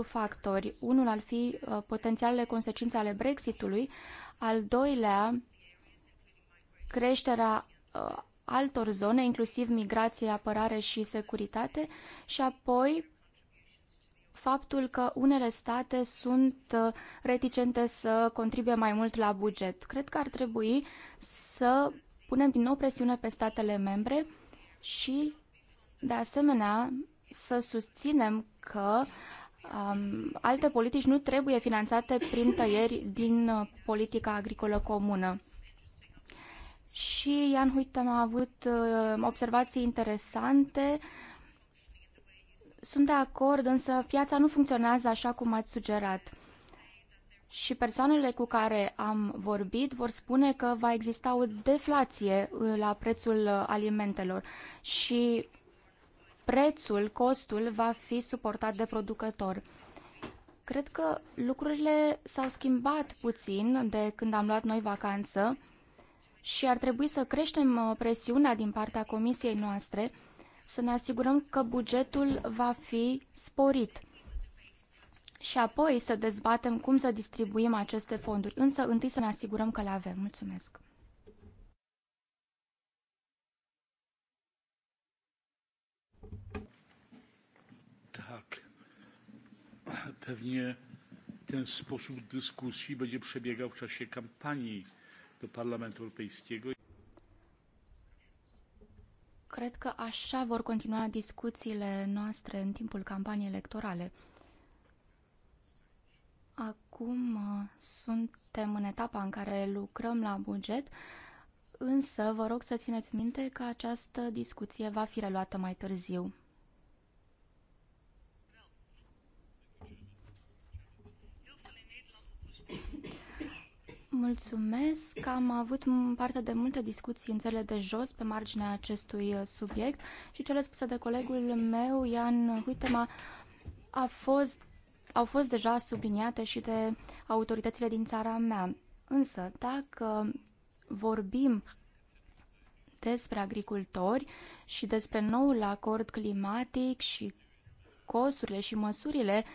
factori. Unul ar fi uh, potențialele consecințe ale Brexitului, al doilea creșterea uh, altor zone, inclusiv migrație, apărare și securitate, și apoi faptul că unele state sunt uh, reticente să contribuie mai mult la buget. Cred că ar trebui să punem din nou presiune pe statele membre și, de asemenea, să susținem că um, alte politici nu trebuie finanțate prin tăieri din uh, politica agricolă comună și Ian Huitam a avut uh, observații interesante. Sunt de acord, însă piața nu funcționează așa cum ați sugerat. Și persoanele cu care am vorbit vor spune că va exista o deflație uh, la prețul uh, alimentelor și prețul, costul va fi suportat de producător. Cred că lucrurile s-au schimbat puțin de când am luat noi vacanță și ar trebui să creștem uh, presiunea din partea comisiei noastre să ne asigurăm că bugetul va fi sporit și apoi să dezbatem cum să distribuim aceste fonduri, însă întâi să ne asigurăm că le avem. Mulțumesc! Pewnie ten sposób dyskusji będzie przebiegał w czasie kampanii Cred că așa vor continua discuțiile noastre în timpul campaniei electorale. Acum uh, suntem în etapa în care lucrăm la buget, însă vă rog să țineți minte că această discuție va fi reluată mai târziu. Mulțumesc. Am avut parte de multe discuții în țările de jos pe marginea acestui uh, subiect și cele spuse de colegul meu, Ian Huitema, a fost, au fost deja subliniate și de autoritățile din țara mea. Însă, dacă vorbim despre agricultori și despre noul acord climatic și costurile și măsurile uh,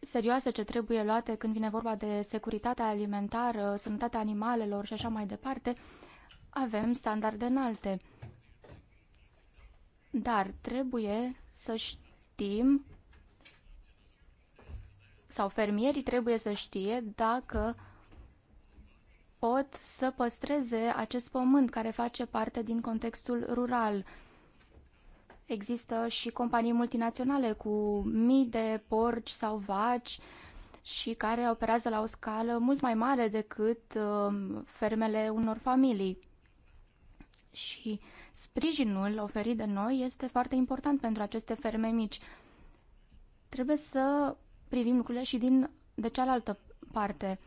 serioase ce trebuie luate când vine vorba de securitatea alimentară, sănătatea animalelor și așa mai departe, avem standarde înalte. Dar trebuie să știm sau fermierii trebuie să știe dacă pot să păstreze acest pământ care face parte din contextul rural. Există și companii multinaționale cu mii de porci sau vaci și care operează la o scală mult mai mare decât uh, fermele unor familii. Și sprijinul oferit de noi este foarte important pentru aceste ferme mici. Trebuie să privim lucrurile și din de cealaltă parte.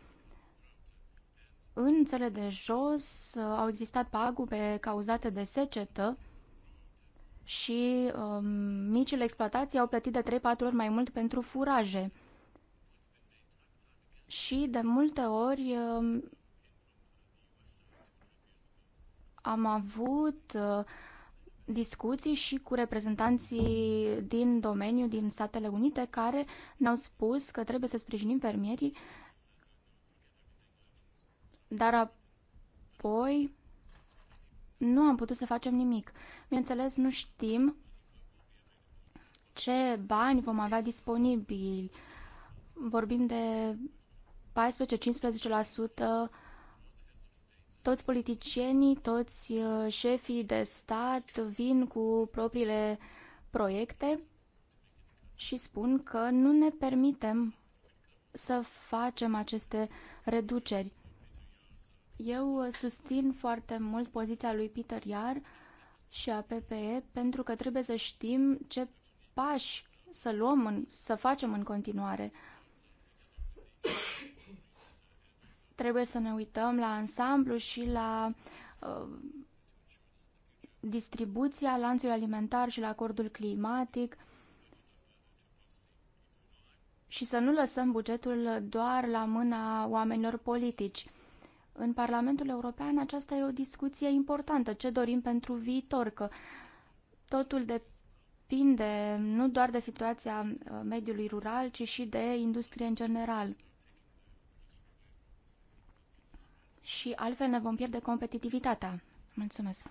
În țările de jos uh, au existat pagube cauzate de secetă, și um, micile exploatații au plătit de 3-4 ori mai mult pentru furaje. Și de multe ori um, am avut uh, discuții și cu reprezentanții din domeniu, din Statele Unite, care ne-au spus că trebuie să sprijinim fermierii, dar apoi nu am putut să facem nimic. Bineînțeles, nu știm ce bani vom avea disponibili. Vorbim de 14-15% toți politicienii, toți uh, șefii de stat vin cu propriile proiecte și spun că nu ne permitem să facem aceste reduceri. Eu uh, susțin foarte mult poziția lui Peter Iar și a PPE pentru că trebuie să știm ce pași să luăm, în, să facem în continuare. trebuie să ne uităm la ansamblu și la uh, distribuția lanțului alimentar și la acordul climatic și să nu lăsăm bugetul doar la mâna oamenilor politici în Parlamentul European aceasta e o discuție importantă. Ce dorim pentru viitor? Că totul depinde nu doar de situația uh, mediului rural, ci și de industrie în general. Și altfel ne vom pierde competitivitatea. Mulțumesc.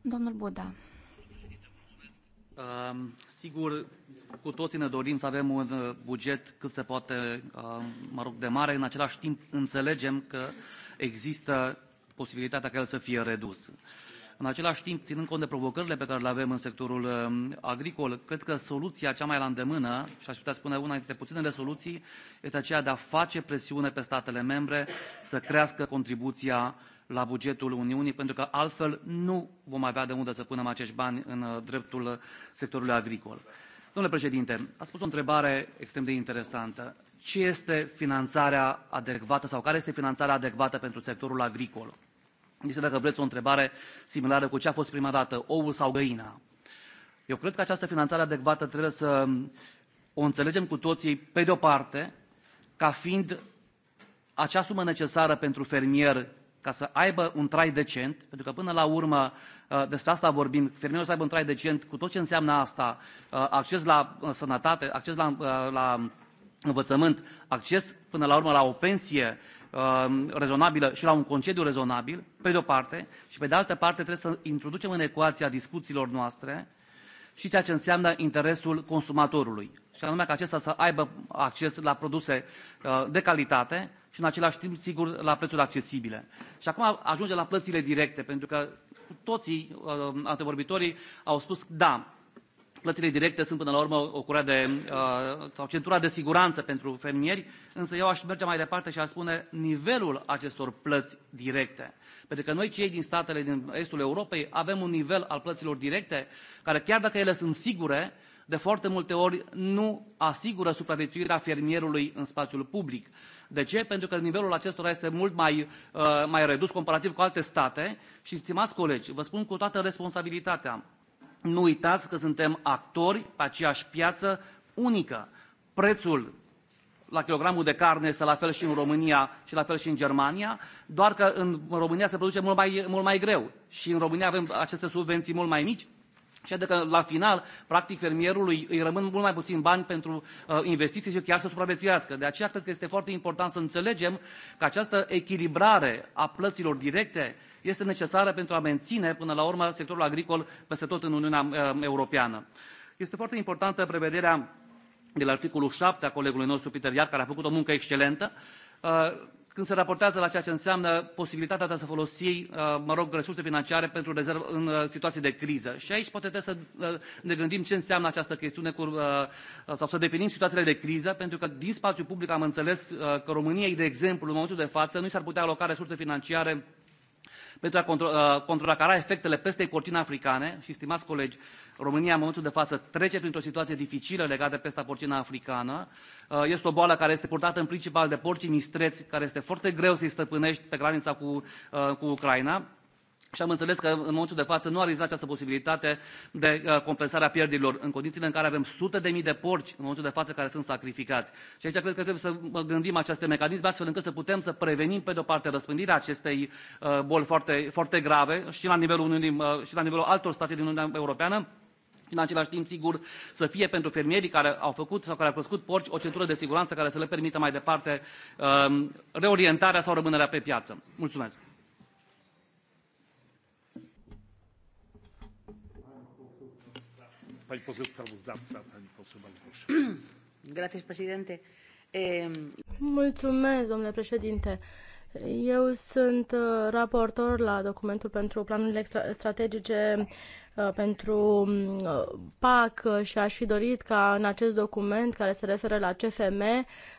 Domnul Buda. Sigur, cu toții ne dorim să avem un uh, buget cât se poate, uh, mă rog, de mare. În același timp, înțelegem că există posibilitatea ca el să fie redus. În același timp, ținând cont de provocările pe care le avem în sectorul um, agricol, cred că soluția cea mai la îndemână, și aș putea spune una dintre puținele soluții, este aceea de a face presiune pe statele membre să crească contribuția la bugetul Uniunii, pentru că altfel nu vom avea de unde să punem acești bani în uh, dreptul uh, sectorului agricol. Domnule președinte, a spus o întrebare extrem de interesantă. Ce este finanțarea adecvată sau care este finanțarea adecvată pentru sectorul agricol? Este, dacă vreți, o întrebare similară cu ce a fost prima dată, oul sau găina. Eu cred că această finanțare adecvată trebuie să um, o înțelegem cu toții, pe de-o parte, ca fiind acea sumă necesară pentru fermier ca să aibă un trai decent, pentru că până la urmă uh, despre asta vorbim, fermierul să aibă un trai decent cu tot ce înseamnă asta, uh, acces la uh, sănătate, acces la, la învățământ, acces până la urmă la o pensie rezonabilă și la un concediu rezonabil, pe de o parte, și pe de altă parte trebuie să introducem în ecuația discuțiilor noastre și ceea ce înseamnă interesul consumatorului. Și anume ca acesta să aibă acces la produse uh, de calitate și în același timp, sigur, la prețuri accesibile. Și acum ajungem la plățile directe, pentru că toții uh, antevorbitorii au spus, da, Plățile directe sunt până la urmă o curea de, uh, sau centura de siguranță pentru fermieri, însă eu aș merge mai departe și aș spune nivelul acestor plăți directe. Pentru că noi cei din statele din estul Europei avem un nivel al plăților directe care chiar dacă ele sunt sigure, de foarte multe ori nu asigură supraviețuirea fermierului în spațiul public. De ce? Pentru că nivelul acestora este mult mai, uh, mai redus comparativ cu alte state și, stimați colegi, vă spun cu toată responsabilitatea, nu uitați că suntem actori pe aceeași piață unică. Prețul la kilogramul de carne este la fel și în România și la fel și în Germania, doar că în România se produce mult mai, mult mai greu și în România avem aceste subvenții mult mai mici. Și adică la final, practic, fermierului îi rămân mult mai puțin bani pentru uh, investiții și chiar să supraviețuiască. De aceea cred că este foarte important să înțelegem că această echilibrare a plăților directe uh, este necesară pentru a menține până la urmă sectorul agricol peste tot în Uniunea uh, Europeană. Este foarte importantă prevederea de la articolul 7 a colegului nostru Peter Iar, care a făcut o muncă excelentă, uh, când se raportează la ceea ce înseamnă posibilitatea de a se folosi, uh, mă rog, resurse financiare pentru rezervă în situații de criză. Și aici poate trebuie să ne gândim ce înseamnă această chestiune cu, sau să definim situațiile de criză, pentru că din spațiu public am înțeles că României, de exemplu, în momentul de față, nu s-ar putea aloca resurse financiare pentru a controla, uh, contracara efectele peste porcine africane și, stimați colegi, România în momentul de față trece printr-o situație dificilă legată de pesta porcină africană. Uh, este o boală care este purtată în principal de porcii mistreți, care este foarte greu să-i stăpânești pe granița cu, uh, cu Ucraina. Și am înțeles că în momentul de față nu a existat această posibilitate de uh, compensare a pierderilor, în condițiile în care avem sute de mii de porci în momentul de față care sunt sacrificați. Și aici cred că trebuie să uh, gândim aceste mecanisme astfel încât să putem să prevenim, pe de-o parte, răspândirea acestei uh, boli foarte, foarte grave și la nivelul, Uniunii, și la nivelul altor state din Uniunea Europeană, în același timp, sigur, să fie pentru fermierii care au făcut sau care au crescut porci o centură de siguranță care să le permită mai departe um, reorientarea sau rămânerea pe piață. Mulțumesc! Mulțumesc, domnule președinte. Eu sunt uh, raportor la documentul pentru planurile strategice uh, pentru mm, uh, PAC și aș fi dorit ca în acest document care se referă la CFM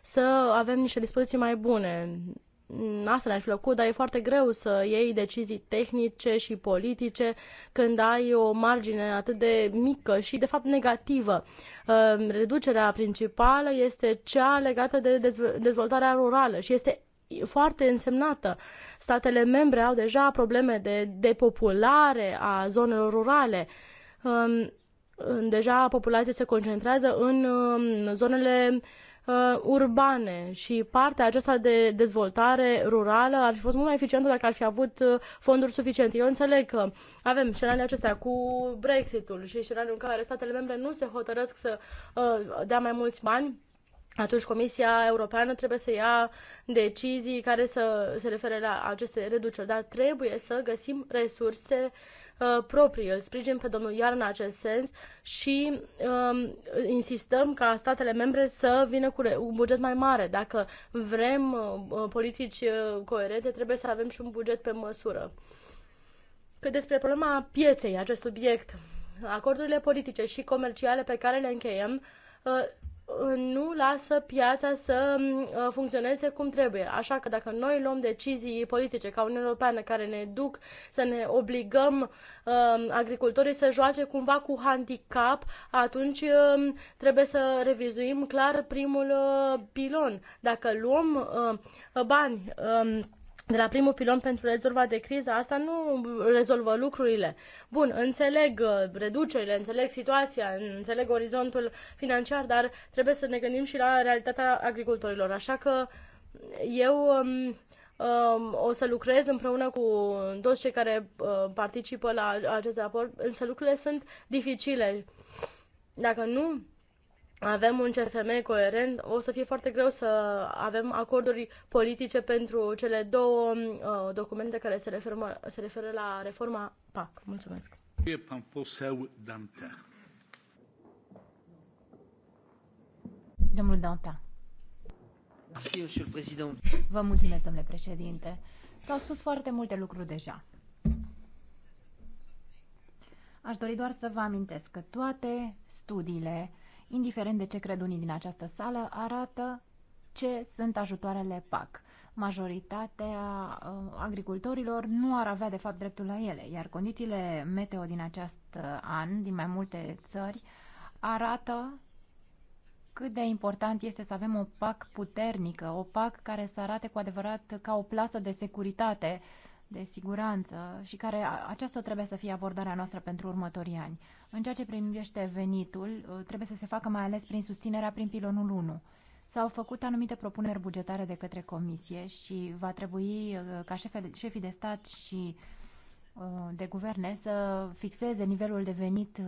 să avem niște dispoziții mai bune asta ne-ar fi plăcut, dar e foarte greu să iei decizii tehnice și politice când ai o margine atât de mică și, de fapt, negativă. Ehm, reducerea principală este cea legată de dezvoltarea rurală și este foarte însemnată. Statele membre au deja probleme de depopulare a zonelor rurale. Ehm, deja populația se concentrează în ehm, zonele uh, urbane și partea aceasta de dezvoltare rurală ar fi fost mult mai eficientă dacă ar fi avut uh, fonduri suficiente. Eu înțeleg că avem scenariile acestea cu Brexitul și scenariul în care statele membre nu se hotărăsc să uh, dea mai mulți bani atunci Comisia Europeană trebuie să ia decizii care să se refere la aceste reduceri, dar trebuie să găsim resurse uh, Uh, proprii. Îl sprijin pe domnul Iar în acest sens și uh, insistăm ca statele membre să vină cu un buget mai mare. Dacă vrem uh, uh, politici uh, coerente, trebuie să avem și un buget pe măsură. Că despre problema pieței, acest subiect, acordurile politice și comerciale pe care le încheiem uh, nu lasă piața să mm, uh, funcționeze cum trebuie. Așa că dacă noi luăm decizii politice ca Uniunea Europeană care ne duc să ne obligăm uh, agricultorii să joace cumva cu handicap, atunci uh, trebuie să revizuim clar primul uh, pilon. Dacă luăm uh, bani um, de la primul pilon pentru rezolva de criză, asta nu rezolvă lucrurile. Bun, înțeleg uh, reducerile, înțeleg situația, înțeleg orizontul financiar, dar trebuie să ne gândim și la realitatea agricultorilor. Așa că eu um, um, o să lucrez împreună cu toți cei care uh, participă la acest raport, însă lucrurile sunt dificile. Dacă nu avem un CFM coerent, o să fie foarte greu să avem acorduri politice pentru cele două uh, documente care se referă, se referă la reforma PAC. Mulțumesc. Domnul Danta. Vă mulțumesc, domnule președinte. S-au spus foarte multe lucruri deja. Aș dori doar să vă amintesc că toate studiile indiferent de ce cred unii din această sală, arată ce sunt ajutoarele PAC. Majoritatea uh, agricultorilor nu ar avea de fapt dreptul la ele, iar condițiile meteo din acest uh, an, din mai multe țări, arată cât de important este să avem o PAC puternică, o PAC care să arate cu adevărat ca o plasă de securitate, de siguranță și care aceasta trebuie să fie abordarea noastră pentru următorii ani. În ceea ce privește venitul, uh, trebuie să se facă mai ales prin susținerea prin pilonul 1. S-au făcut anumite propuneri bugetare de către comisie și va trebui uh, ca șefii de stat și uh, de guverne să fixeze nivelul de venit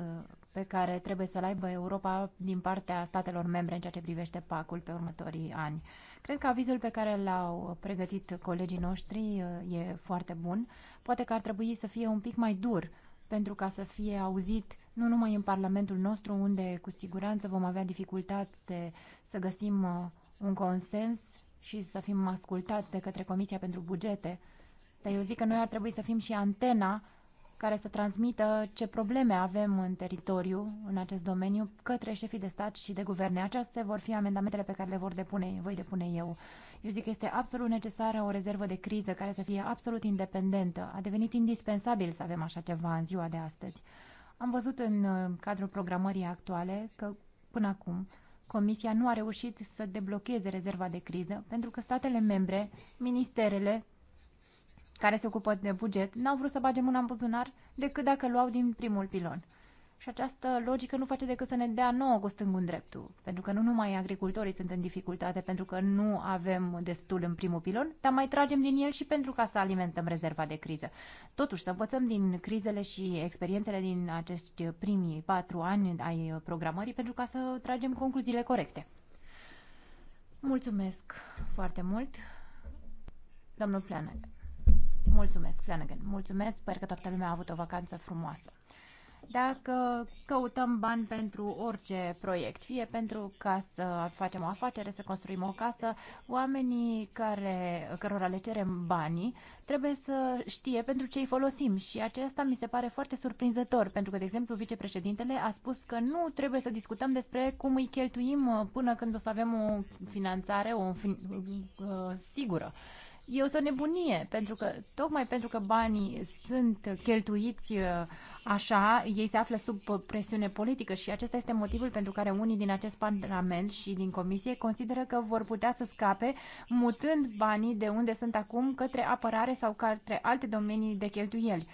pe care trebuie să-l aibă Europa din partea statelor membre în ceea ce privește pacul pe următorii ani. Cred că avizul pe care l-au pregătit colegii noștri e foarte bun. Poate că ar trebui să fie un pic mai dur pentru ca să fie auzit nu numai în Parlamentul nostru, unde cu siguranță vom avea dificultate să găsim uh, un consens și să fim ascultați de către Comisia pentru Bugete, dar eu zic că noi ar trebui să fim și antena care să transmită ce probleme avem în teritoriu, în acest domeniu, către șefii de stat și de guverne. Aceste vor fi amendamentele pe care le vor depune, voi depune eu. Eu zic că este absolut necesară o rezervă de criză care să fie absolut independentă. A devenit indispensabil să avem așa ceva în ziua de astăzi. Am văzut în uh, cadrul programării actuale că, până acum, Comisia nu a reușit să deblocheze rezerva de criză pentru că statele membre, ministerele care se ocupă de buget, n-au vrut să bage mâna în buzunar decât dacă luau din primul pilon. Și această logică nu face decât să ne dea nouă cu stângul în dreptul. Pentru că nu numai agricultorii sunt în dificultate, pentru că nu avem destul în primul pilon, dar mai tragem din el și pentru ca să alimentăm rezerva de criză. Totuși, să învățăm din crizele și experiențele din acești primii patru ani ai programării pentru ca să tragem concluziile corecte. Mulțumesc foarte mult, domnul Flanagan. Mulțumesc, Flanagan. Mulțumesc, sper că toată lumea a avut o vacanță frumoasă dacă căutăm bani pentru orice proiect, fie pentru ca să facem o afacere, să construim o casă, oamenii care, cărora le cerem banii trebuie să știe pentru ce îi folosim și acesta mi se pare foarte surprinzător, pentru că, de exemplu, vicepreședintele a spus că nu trebuie să discutăm despre cum îi cheltuim uh, până când o să avem o finanțare o fin- uh, sigură. E o nebunie, pentru că, tocmai pentru că banii sunt cheltuiți uh, așa, ei se află sub presiune politică și acesta este motivul pentru care unii din acest parlament și din comisie consideră că vor putea să scape mutând banii de unde sunt acum către apărare sau către alte domenii de cheltuieli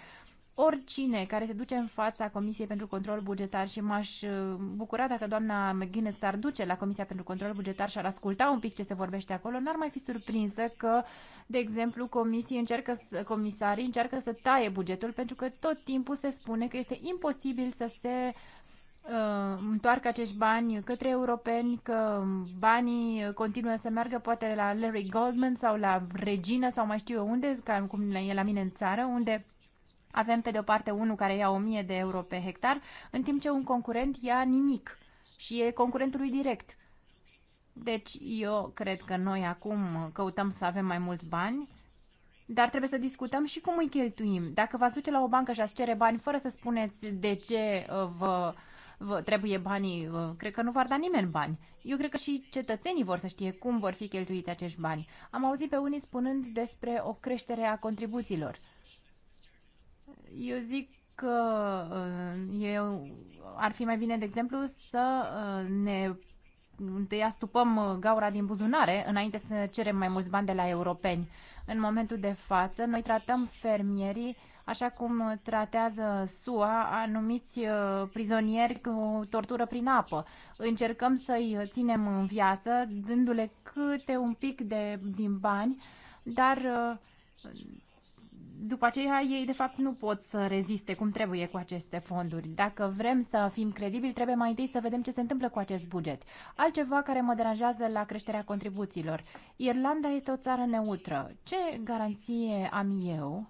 oricine care se duce în fața Comisiei pentru Control Bugetar și m-aș uh, bucura dacă doamna McGuinness s-ar duce la Comisia pentru Control Bugetar și ar asculta un pic ce se vorbește acolo, n-ar mai fi surprinsă că, de exemplu, comisii încearcă, comisarii încearcă să taie bugetul pentru că tot timpul se spune că este imposibil să se uh, întoarcă acești bani către europeni, că banii continuă să meargă poate la Larry Goldman sau la Regina sau mai știu eu unde, ca cum e la mine în țară, unde avem pe de o parte unul care ia 1000 de euro pe hectar, în timp ce un concurent ia nimic și e concurentului direct. Deci eu cred că noi acum căutăm să avem mai mulți bani, dar trebuie să discutăm și cum îi cheltuim. Dacă vă duce la o bancă și ați cere bani fără să spuneți de ce uh, vă, vă trebuie banii, uh, cred că nu v-ar da nimeni bani. Eu cred că și cetățenii vor să știe cum vor fi cheltuiți acești bani. Am auzit pe unii spunând despre o creștere a contribuțiilor. Eu zic că uh, eu, ar fi mai bine, de exemplu, să uh, ne întâi astupăm uh, gaura din buzunare înainte să cerem mai mulți bani de la europeni. În momentul de față, noi tratăm fermierii așa cum tratează SUA anumiți prizonieri cu tortură prin apă. Încercăm să-i ținem în viață, dându-le câte un pic de, din bani, dar după aceea ei de fapt nu pot să reziste cum trebuie cu aceste fonduri. Dacă vrem să fim credibili, trebuie mai întâi să vedem ce se întâmplă cu acest buget. Altceva care mă deranjează la creșterea contribuțiilor. Irlanda este o țară neutră. Ce garanție am eu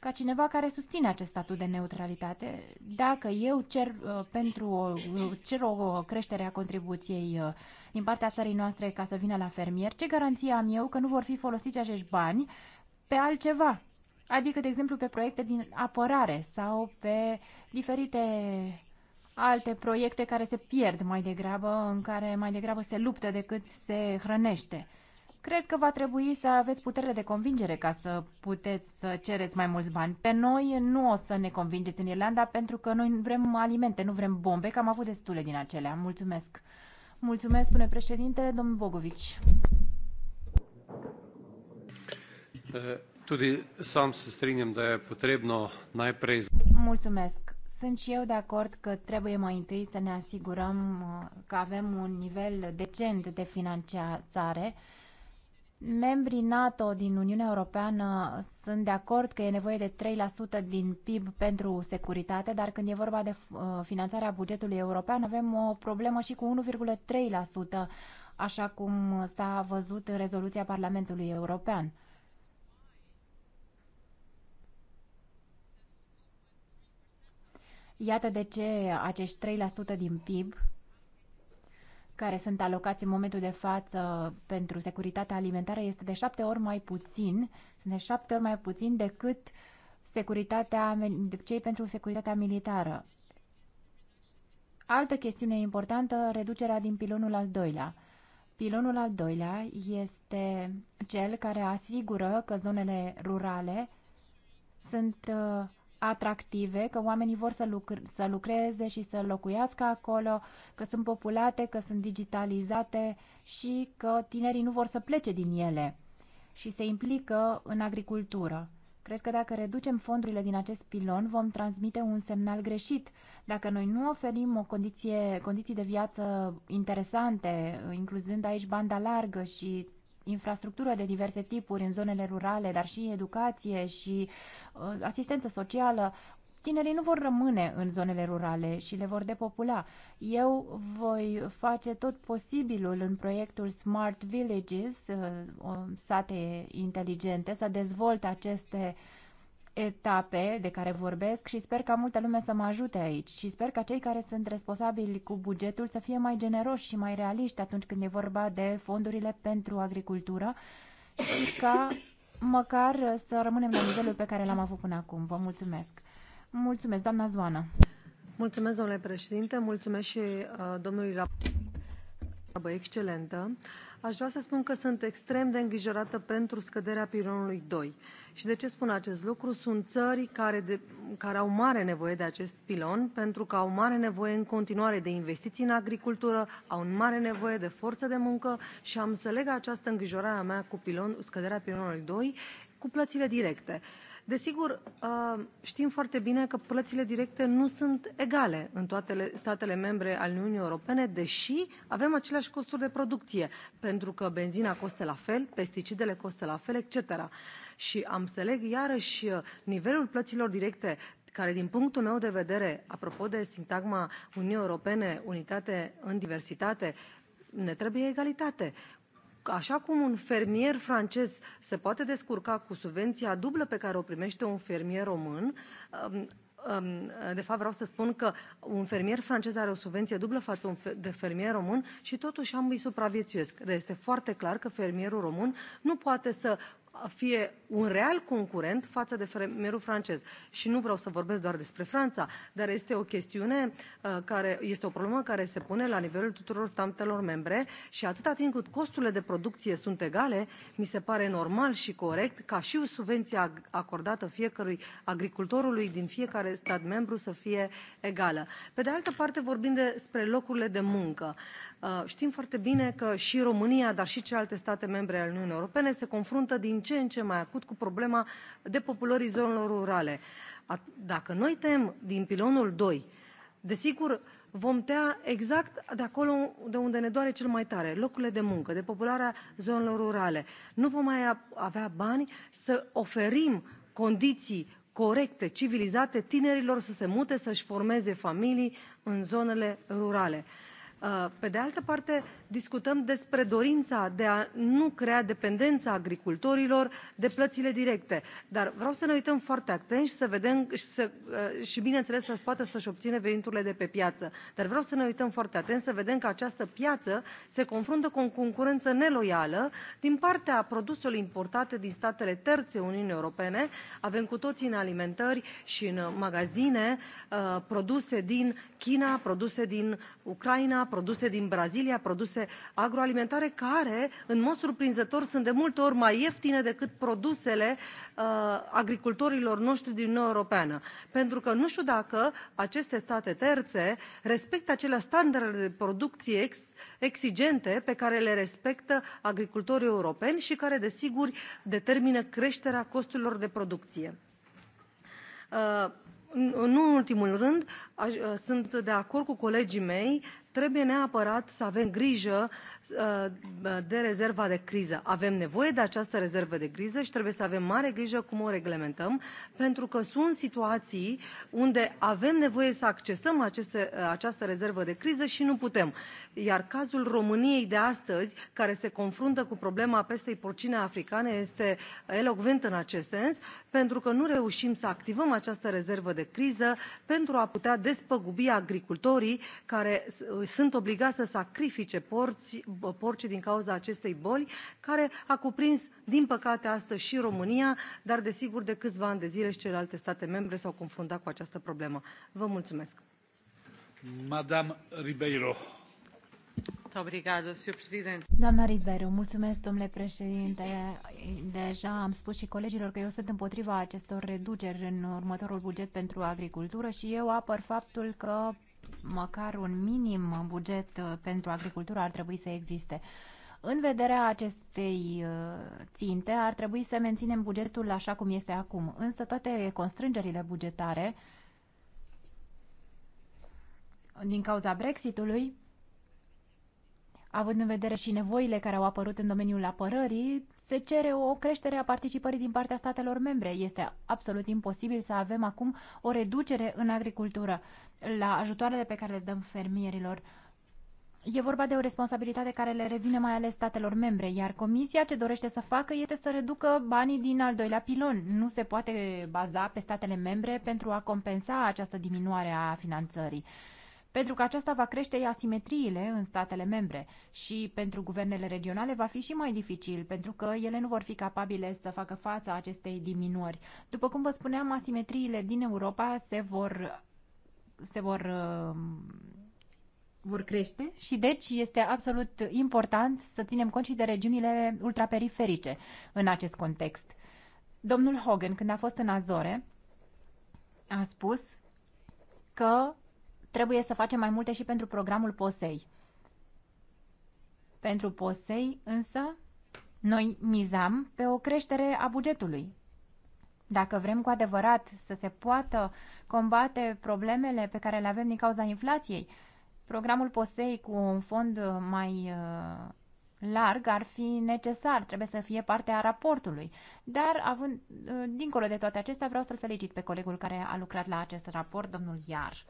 ca cineva care susține acest statut de neutralitate, dacă eu cer, uh, pentru o, cer o creștere a contribuției uh, din partea țării noastre ca să vină la fermier, ce garanție am eu că nu vor fi folosiți acești bani pe altceva? adică, de exemplu, pe proiecte din apărare sau pe diferite alte proiecte care se pierd mai degrabă, în care mai degrabă se luptă decât se hrănește. Cred că va trebui să aveți putere de convingere ca să puteți să cereți mai mulți bani. Pe noi nu o să ne convingeți în Irlanda pentru că noi vrem alimente, nu vrem bombe, că am avut destule din acelea. Mulțumesc. Mulțumesc, spune președintele, domnul Bogovici. Uh, Tudi sam se strinjam da e potrebno najprej... Mulțumesc. Sunt și eu de acord că trebuie mai întâi să ne asigurăm uh, că avem un nivel decent de finanțare. Membrii NATO din Uniunea Europeană sunt de acord că e nevoie de 3% din PIB pentru securitate, dar când e vorba de uh, finanțarea bugetului european avem o problemă și cu 1,3%, așa cum s-a văzut în rezoluția Parlamentului European. Iată de ce acești 3% din PIB care sunt alocați în momentul de față pentru securitatea alimentară este de șapte ori mai puțin, sunt de șapte ori mai puțin decât securitatea, cei pentru securitatea militară. Altă chestiune importantă, reducerea din pilonul al doilea. Pilonul al doilea este cel care asigură că zonele rurale sunt uh, atractive, că oamenii vor să, lucr- să lucreze și să locuiască acolo, că sunt populate, că sunt digitalizate și că tinerii nu vor să plece din ele și se implică în agricultură. Cred că dacă reducem fondurile din acest pilon, vom transmite un semnal greșit. Dacă noi nu oferim o condiție, condiții de viață interesante, incluzând aici banda largă și infrastructură de diverse tipuri în zonele rurale, dar și educație și uh, asistență socială, tinerii nu vor rămâne în zonele rurale și le vor depopula. Eu voi face tot posibilul în proiectul Smart Villages, uh, sate inteligente, să dezvolt aceste uh, etape de care vorbesc și sper ca multă lume să mă ajute aici și sper ca cei care sunt responsabili cu bugetul să fie mai generoși și mai realiști atunci când e vorba de fondurile pentru agricultură și ca măcar să rămânem la nivelul pe care l-am avut până acum. Vă mulțumesc. Mulțumesc, doamna Zoană. Mulțumesc, domnule președinte, mulțumesc și uh, domnului Rab excelentă. Uh, Aș vrea să spun că sunt extrem de îngrijorată pentru scăderea pilonului 2. Și de ce spun acest lucru? Sunt țări care, de, care au mare nevoie de acest pilon, pentru că au mare nevoie în continuare de investiții în agricultură, au mare nevoie de forță de muncă și am să leg această îngrijorare a mea cu pilon, scăderea pilonului 2 cu plățile directe. Uh, Desigur, uh, știm foarte bine că plățile directe nu sunt egale în toate statele membre ale Uniunii Europene, deși avem aceleași costuri de producție, pentru că benzina costă la fel, pesticidele costă la fel, etc. Și am să leg iarăși uh, nivelul plăților directe care, din punctul meu de vedere, apropo de sintagma Uniunii Europene, unitate în diversitate, ne trebuie egalitate așa cum un fermier francez se poate descurca cu subvenția dublă pe care o primește un fermier român, um, um, de fapt vreau să spun că un fermier francez are o subvenție dublă față de fermier român și totuși ambii supraviețuiesc. Dar este foarte clar că fermierul român nu poate să fie un real concurent față de fermierul francez. Și nu vreau să vorbesc doar despre Franța, dar este o chestiune uh, care este o problemă care se pune la nivelul tuturor statelor membre și atâta timp cât costurile de producție sunt egale, mi se pare normal și corect ca și subvenția acordată fiecărui agricultorului din fiecare stat membru să fie egală. Pe de altă parte, vorbim despre locurile de muncă. Uh, știm foarte bine că și România, dar și celelalte state membre ale Uniunii Europene se confruntă din ce în ce mai acut cu problema depopulării zonelor rurale. Dacă noi tăiem din pilonul 2, desigur, vom tăia exact de acolo de unde ne doare cel mai tare, locurile de muncă, depopularea zonelor rurale. Nu vom mai avea bani să oferim condiții corecte, civilizate, tinerilor să se mute, să-și formeze familii în zonele rurale. Pe de altă parte, discutăm despre dorința de a nu crea dependența agricultorilor de plățile directe dar vreau să ne uităm foarte atenți și să vedem și, să, uh, și bineînțeles să poată să și obțină veniturile de pe piață dar vreau să ne uităm foarte atenți să vedem că această piață se confruntă cu o concurență neloială din partea produselor importate din statele terțe Uniunii Europene. Avem cu toții în alimentări și în magazine uh, produse din China, produse din Ucraina, produse din Brazilia, produse produse agroalimentare care în mod surprinzător sunt de multe ori mai ieftine decât produsele uh, agricultorilor noștri din uniunea europeană pentru că nu știu dacă aceste state terțe respectă acele standarde de producție ex exigente pe care le respectă agricultorii europeni și care desigur determină creșterea costurilor de producție. Uh, nu în ultimul rând aș, uh, sunt de acord cu colegii mei trebuie neapărat să avem grijă uh, de rezerva de criză. Avem nevoie de această rezervă de criză și trebuie să avem mare grijă cum o reglementăm, pentru că sunt situații unde avem nevoie să accesăm aceste, uh, această rezervă de criză și nu putem. Iar cazul României de astăzi, care se confruntă cu problema pestei porcine africane, este elocvent în acest sens, pentru că nu reușim să activăm această rezervă de criză pentru a putea despăgubi agricultorii care sunt obligați să sacrifice porci, porcii din cauza acestei boli, care a cuprins, din păcate, astăzi și România, dar desigur de câțiva ani de zile și celelalte state membre s-au confundat cu această problemă. Vă mulțumesc. Madame Ribeiro. Da, Doamna Ribeiro, mulțumesc, domnule președinte. Deja am spus și colegilor că eu sunt împotriva acestor reduceri în următorul buget pentru agricultură și eu apăr faptul că măcar un minim buget uh, pentru agricultură ar trebui să existe. În vederea acestei uh, ținte, ar trebui să menținem bugetul așa cum este acum. Însă toate constrângerile bugetare din cauza Brexitului, având în vedere și nevoile care au apărut în domeniul apărării, se cere o creștere a participării din partea statelor membre. Este absolut imposibil să avem acum o reducere în agricultură la ajutoarele pe care le dăm fermierilor. E vorba de o responsabilitate care le revine mai ales statelor membre, iar Comisia ce dorește să facă este să reducă banii din al doilea pilon. Nu se poate baza pe statele membre pentru a compensa această diminuare a finanțării pentru că aceasta va crește asimetriile în statele membre și pentru guvernele regionale va fi și mai dificil, pentru că ele nu vor fi capabile să facă fața acestei diminuări. După cum vă spuneam, asimetriile din Europa se vor se vor um, vor crește și deci este absolut important să ținem cont și de regiunile ultraperiferice în acest context. Domnul Hogan, când a fost în Azore, a spus că trebuie să facem mai multe și pentru programul POSEI. Pentru POSEI, însă, noi mizam pe o creștere a bugetului. Dacă vrem cu adevărat să se poată combate problemele pe care le avem din cauza inflației, programul POSEI cu un fond mai uh, larg ar fi necesar, trebuie să fie parte a raportului. Dar, având, uh, dincolo de toate acestea, vreau să-l felicit pe colegul care a lucrat la acest raport, domnul Iar.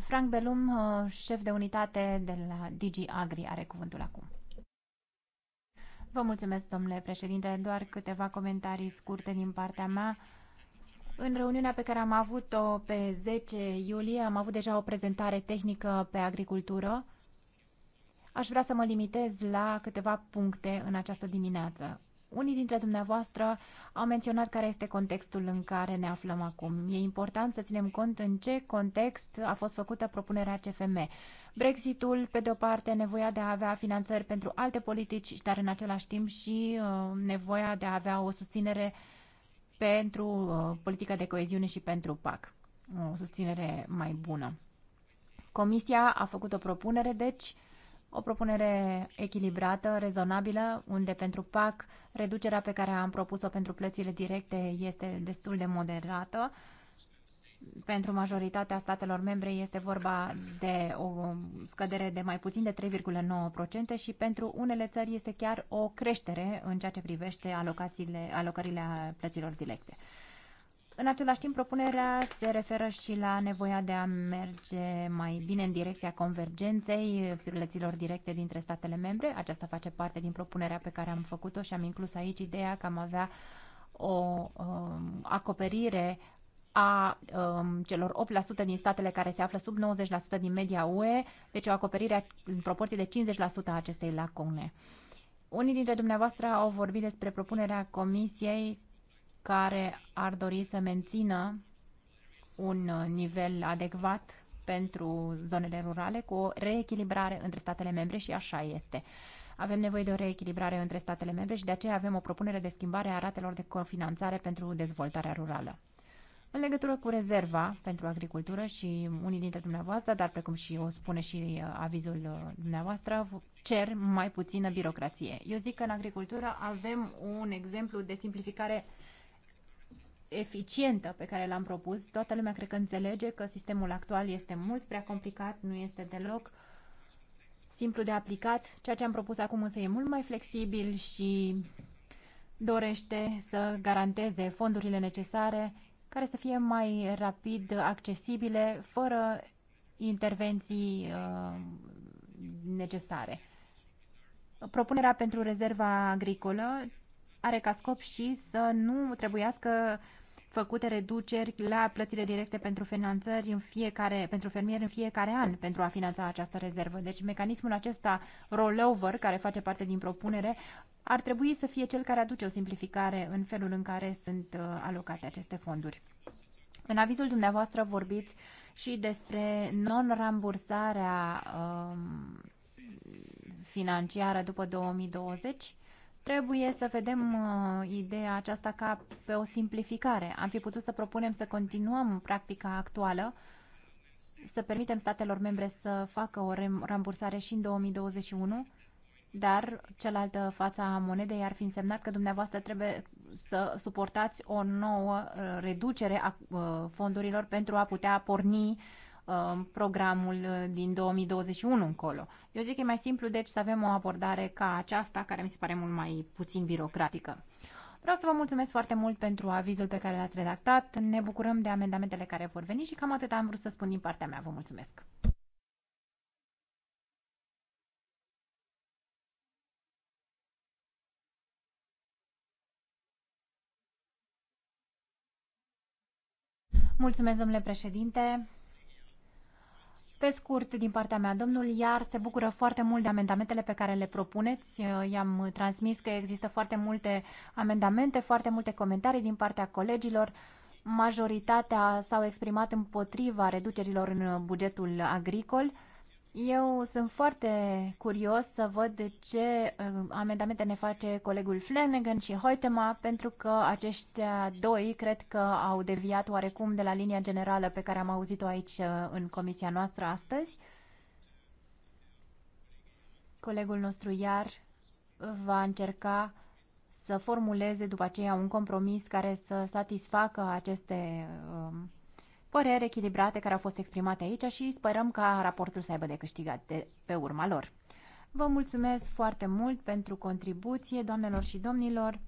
Frank Belum, uh, șef de unitate de la Digi Agri, are cuvântul acum. Vă mulțumesc, domnule președinte. Doar câteva comentarii scurte din partea mea. În reuniunea pe care am avut-o pe 10 iulie, am avut deja o prezentare tehnică pe agricultură. Aș vrea să mă limitez la câteva puncte în această dimineață. Unii dintre dumneavoastră au menționat care este contextul în care ne aflăm acum. E important să ținem cont în ce context a fost făcută propunerea CFM. Brexitul, pe de o parte, nevoia de a avea finanțări pentru alte politici, dar în același timp și uh, nevoia de a avea o susținere pentru uh, politica de coeziune și pentru PAC. O susținere mai bună. Comisia a făcut o propunere, deci, uh, o propunere echilibrată, rezonabilă, unde pentru PAC reducerea pe care am propus-o pentru plățile directe este destul de moderată. Pentru majoritatea statelor membre este vorba de o scădere de mai puțin de 3,9% și pentru unele țări este chiar o creștere în ceea ce privește alocațiile, alocările plăților directe. În același timp, propunerea se referă și la nevoia de a merge mai bine în direcția convergenței plăților directe dintre statele membre. Aceasta face parte din propunerea pe care am făcut-o și am inclus aici ideea că am avea o um, acoperire a um, celor 8% din statele care se află sub 90% din media UE, deci o acoperire în proporție de 50% a acestei lacune. Unii dintre dumneavoastră au vorbit despre propunerea Comisiei care ar dori să mențină un uh, nivel adecvat pentru zonele rurale cu o reechilibrare între statele membre și așa este. Avem nevoie de o reechilibrare între statele membre și de aceea avem o propunere de schimbare a ratelor de cofinanțare pentru dezvoltarea rurală. În legătură cu rezerva pentru agricultură și unii dintre dumneavoastră, dar precum și o spune și uh, avizul uh, dumneavoastră, cer mai puțină birocrație. Eu zic că în agricultură avem un exemplu de simplificare eficientă pe care l-am propus. Toată lumea cred că înțelege că sistemul actual este mult prea complicat, nu este deloc simplu de aplicat. Ceea ce am propus acum însă e mult mai flexibil și dorește să garanteze fondurile necesare care să fie mai rapid accesibile, fără intervenții uh, necesare. Propunerea pentru rezerva agricolă are ca scop și să nu trebuiască făcute reduceri la plățile directe pentru finanțări în fiecare, pentru fermieri în fiecare an pentru a finanța această rezervă. Deci mecanismul acesta rollover, care face parte din propunere, ar trebui să fie cel care aduce o simplificare în felul în care sunt uh, alocate aceste fonduri. În avizul dumneavoastră vorbiți și despre non-rambursarea um, financiară după 2020 Trebuie să vedem uh, ideea aceasta ca pe o simplificare. Am fi putut să propunem să continuăm practica actuală, să permitem statelor membre să facă o rambursare și în 2021, dar cealaltă fața a monedei ar fi însemnat că dumneavoastră trebuie să suportați o nouă uh, reducere a uh, fondurilor pentru a putea porni Um, programul uh, din 2021 încolo. Eu zic că e mai simplu, deci, să avem o abordare ca aceasta, care mi se pare mult mai puțin birocratică. Vreau să vă mulțumesc foarte mult pentru avizul pe care l-ați redactat. Ne bucurăm de amendamentele care vor veni și cam atât am vrut să spun din partea mea. Vă mulțumesc! Mulțumesc, domnule președinte. Pe scurt, din partea mea, domnul Iar se bucură foarte mult de amendamentele pe care le propuneți. I-am transmis că există foarte multe amendamente, foarte multe comentarii din partea colegilor. Majoritatea s-au exprimat împotriva reducerilor în bugetul agricol eu sunt foarte curios să văd de ce uh, amendamente ne face colegul Flanagan și Hoitema, pentru că aceștia doi cred că au deviat oarecum de la linia generală pe care am auzit-o aici uh, în comisia noastră astăzi. Colegul nostru iar va încerca să formuleze după aceea un compromis care să satisfacă aceste uh, păreri echilibrate care au fost exprimate aici și sperăm ca raportul să aibă de câștigat de pe urma lor. Vă mulțumesc foarte mult pentru contribuție, doamnelor și domnilor.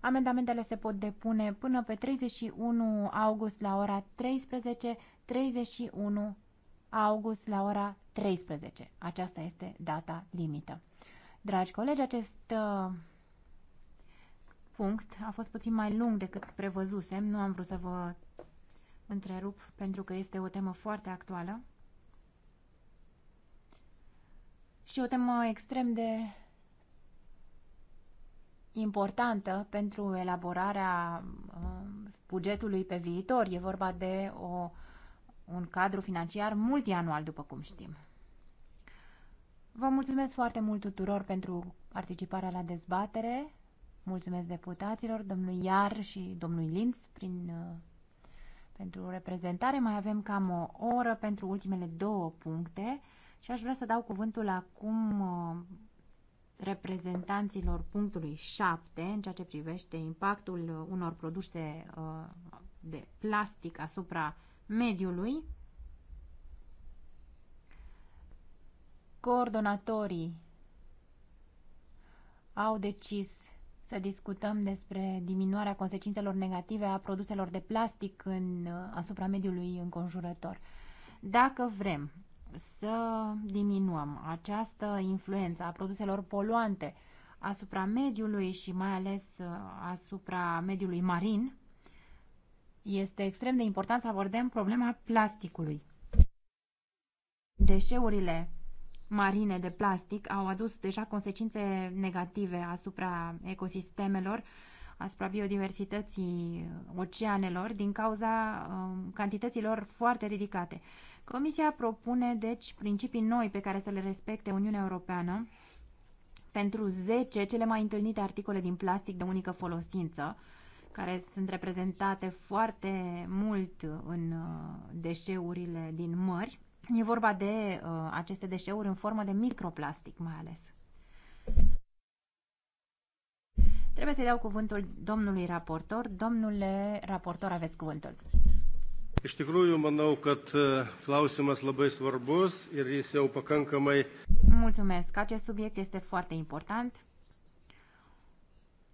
Amendamentele se pot depune până pe 31 august la ora 13, 31 august la ora 13. Aceasta este data limită. Dragi colegi, acest uh, punct a fost puțin mai lung decât prevăzusem. Nu am vrut să vă întrerup pentru că este o temă foarte actuală și o temă extrem de importantă pentru elaborarea um, bugetului pe viitor. E vorba de o, un cadru financiar multianual, după cum știm. Vă mulțumesc foarte mult tuturor pentru participarea la dezbatere. Mulțumesc deputaților, domnului Iar și domnului Linz, prin uh, pentru reprezentare. Mai avem cam o oră pentru ultimele două puncte și aș vrea să dau cuvântul acum uh, reprezentanților punctului 7 în ceea ce privește impactul uh, unor produse uh, de plastic asupra mediului. Coordonatorii au decis să discutăm despre diminuarea consecințelor negative a produselor de plastic în, asupra mediului înconjurător. Dacă vrem să diminuăm această influență a produselor poluante asupra mediului și mai ales uh, asupra mediului marin, este extrem de important să abordăm problema plasticului. Deșeurile marine de plastic au adus deja consecințe negative asupra ecosistemelor, asupra biodiversității oceanelor, din cauza um, cantităților foarte ridicate. Comisia propune, deci, principii noi pe care să le respecte Uniunea Europeană pentru 10 cele mai întâlnite articole din plastic de unică folosință, care sunt reprezentate foarte mult în uh, deșeurile din mări, E vorba de uh, aceste deșeuri în formă de microplastic mai ales. Trebuie să-i dau cuvântul domnului raportor. Domnule raportor, aveți cuvântul. Iš tikrųjų, manau, kad uh, klausimas labai svarbus ir jis jau pakankamai. Mulțumesc. Acest subiect este foarte important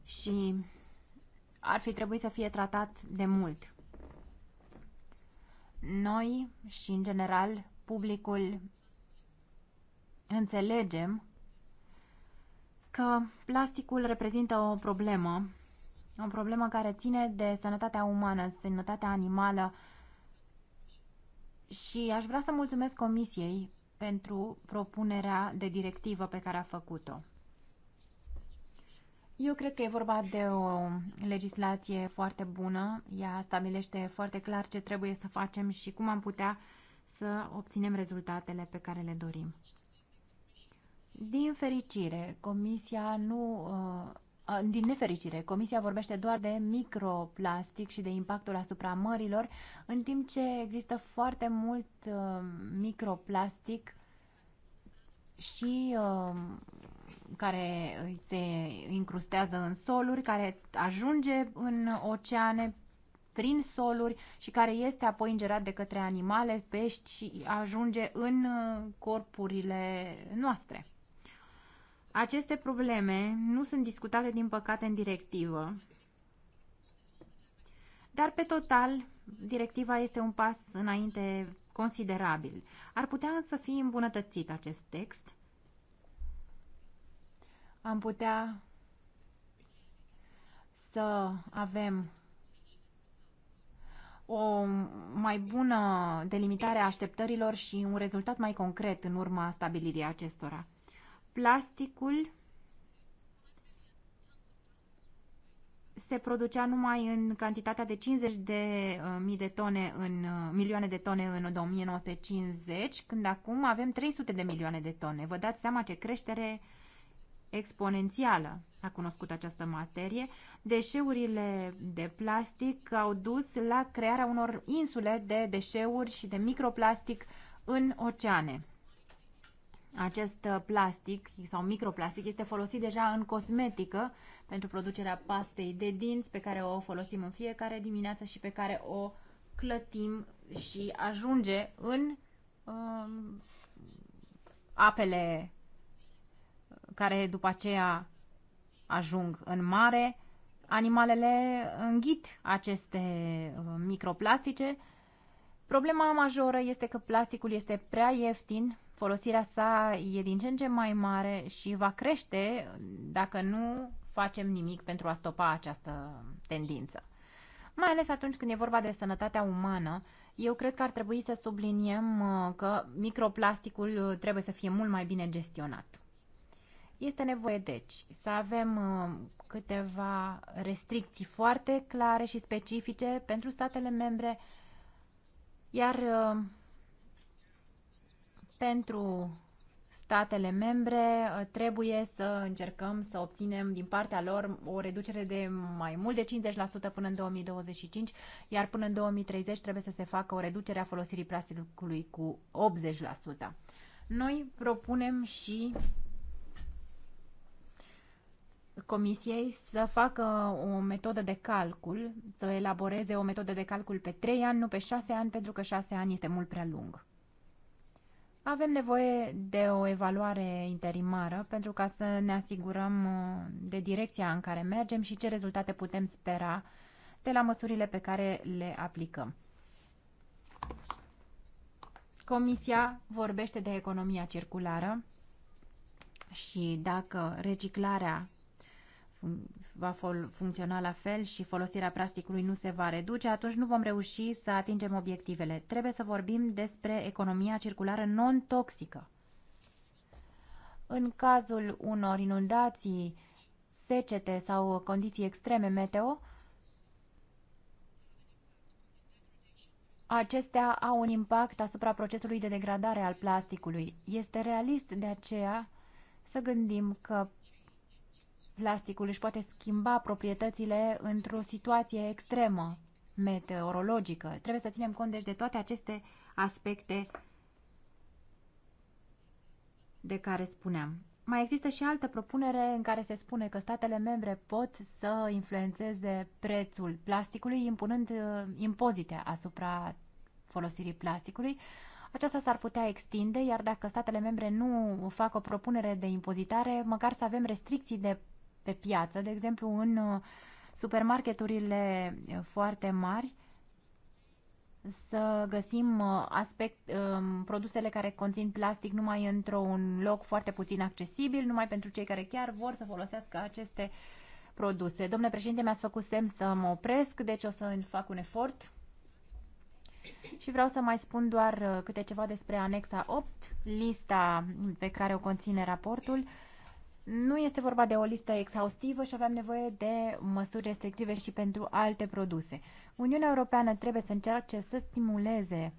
și ar fi trebuit să fie tratat de mult. Noi și, în general, publicul înțelegem că plasticul reprezintă o problemă, o problemă care ține de sănătatea umană, sănătatea animală și aș vrea să mulțumesc Comisiei pentru propunerea de directivă pe care a făcut-o. Eu cred că e vorba de o legislație foarte bună. Ea stabilește foarte clar ce trebuie să facem și cum am putea uh, să obținem rezultatele pe care le dorim. Din fericire, Comisia nu. Uh, uh, din nefericire, Comisia vorbește doar de microplastic și de impactul asupra mărilor, în timp ce există foarte mult uh, microplastic și care se incrustează în soluri, care ajunge în oceane prin soluri și care este apoi ingerat de către animale, pești și ajunge în uh, corpurile noastre. Aceste probleme nu sunt discutate, din păcate, în directivă, dar pe total directiva este un pas înainte considerabil. Ar putea însă fi îmbunătățit acest text. Am putea să avem o mai bună delimitare a așteptărilor și un rezultat mai concret în urma stabilirii acestora. Plasticul se producea numai în cantitatea de 50 de, uh, mii de tone în, uh, milioane de tone în 1950, când acum avem 300 de milioane de tone. Vă dați seama ce creștere uh, exponențială a cunoscut această materie. Deșeurile de plastic au dus la crearea unor insule de deșeuri și de microplastic în oceane. Acest plastic sau microplastic este folosit deja în cosmetică pentru producerea pastei de dinți pe care o folosim în fiecare dimineață și pe care o clătim și ajunge în um, apele care după aceea ajung în mare, animalele înghit aceste uh, microplastice. Problema majoră este că plasticul este prea ieftin, folosirea sa e din ce în ce mai mare și va crește dacă nu facem nimic pentru a stopa această tendință. Mai ales atunci când e vorba de sănătatea umană, eu cred că ar trebui să subliniem uh, că microplasticul trebuie să fie mult mai bine gestionat. Este nevoie, deci, să avem uh, câteva restricții foarte clare și specifice pentru statele membre, iar uh, pentru statele membre uh, trebuie să încercăm să obținem din partea lor o reducere de mai mult de 50% până în 2025, iar până în 2030 trebuie să se facă o reducere a folosirii plasticului cu 80%. Noi propunem și Comisiei să facă o metodă de calcul, să elaboreze o metodă de calcul pe 3 ani, nu pe 6 ani, pentru că 6 ani este mult prea lung. Avem nevoie de o evaluare interimară pentru ca să ne asigurăm uh, de direcția în care mergem și ce rezultate putem spera de la măsurile pe care le aplicăm. Comisia vorbește de economia circulară și dacă reciclarea va funcționa la fel și folosirea plasticului nu se va reduce, atunci nu vom reuși să atingem obiectivele. Trebuie să vorbim despre economia circulară non-toxică. În cazul unor inundații, secete sau condiții extreme meteo, acestea au un impact asupra procesului de degradare al plasticului. Este realist de aceea să gândim că plasticul își poate schimba proprietățile într-o situație extremă meteorologică. Trebuie să ținem cont deci de toate aceste aspecte de care spuneam. Mai există și altă propunere în care se spune că statele membre pot să influențeze prețul plasticului impunând uh, impozite asupra folosirii plasticului. Aceasta s-ar putea extinde, iar dacă statele membre nu fac o propunere de impozitare, măcar să avem restricții de pe piață, de exemplu în uh, supermarketurile uh, foarte mari, să găsim uh, aspect, um, produsele care conțin plastic numai într-un loc foarte puțin accesibil, numai pentru cei care chiar vor să folosească aceste produse. Domnule președinte, mi-ați făcut semn să mă opresc, deci o să fac un efort. Și vreau să mai spun doar câte ceva despre anexa 8, lista pe care o conține raportul. Nu este vorba de o listă exhaustivă și avem nevoie de măsuri restrictive și pentru alte produse. Uniunea Europeană trebuie să încerce să stimuleze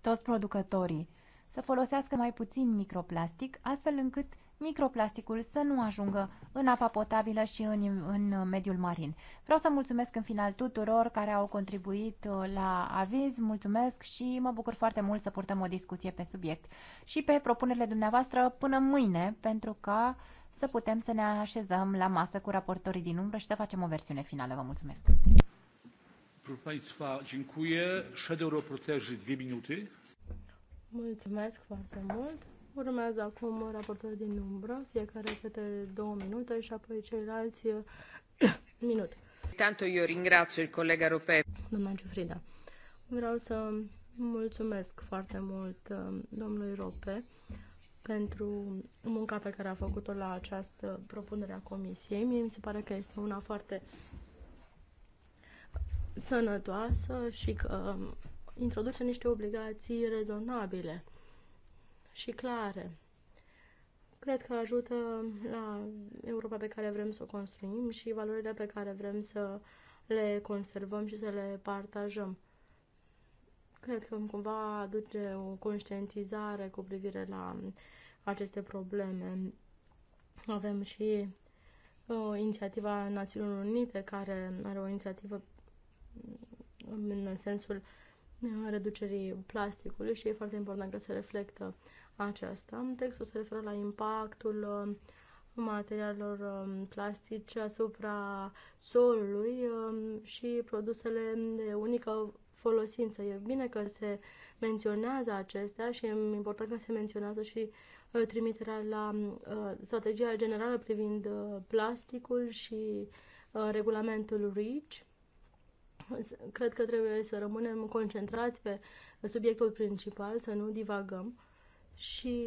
toți producătorii să folosească mai puțin microplastic, astfel încât microplasticul să nu ajungă în apa potabilă și în, în mediul marin. Vreau să mulțumesc în final tuturor care au contribuit uh, la aviz, mulțumesc și mă bucur foarte mult să purtăm o discuție pe subiect și pe propunerile dumneavoastră până mâine, pentru ca să putem să ne așezăm la masă cu raportorii din umbră și să facem o versiune finală. Vă mulțumesc! Proszę Państwa, dziękuję. Shadow Reporterzy, dwie minuty. Mulțumesc foarte mult. Urmează acum raportul din umbră, fiecare câte două minute și apoi ceilalți eh, minut. Tanto eu ringrazio il colega Rupe. Domnul Ciufrida, vreau să mulțumesc foarte mult eh, domnului Rope pentru munca pe care a făcut-o la această propunere a comisiei. Mie mi se pare că este una foarte sănătoasă și că eh, introduce niște obligații rezonabile și clare. Cred că ajută la Europa pe care vrem să o construim și valorile pe care vrem să le conservăm și să le partajăm. Cred că cumva aduce o conștientizare cu privire la aceste probleme. Avem și o uh, inițiativa Națiunilor Unite, care are o inițiativă în sensul reducerii plasticului și e foarte important că se reflectă aceasta. Textul se referă la impactul um, materialelor um, plastice asupra solului um, și produsele de unică folosință. E bine că se menționează acestea și e important că se menționează și uh, trimiterea la uh, strategia generală privind uh, plasticul și regulamentul REACH Cred că trebuie să rămânem concentrați pe subiectul principal, să nu divagăm. Și,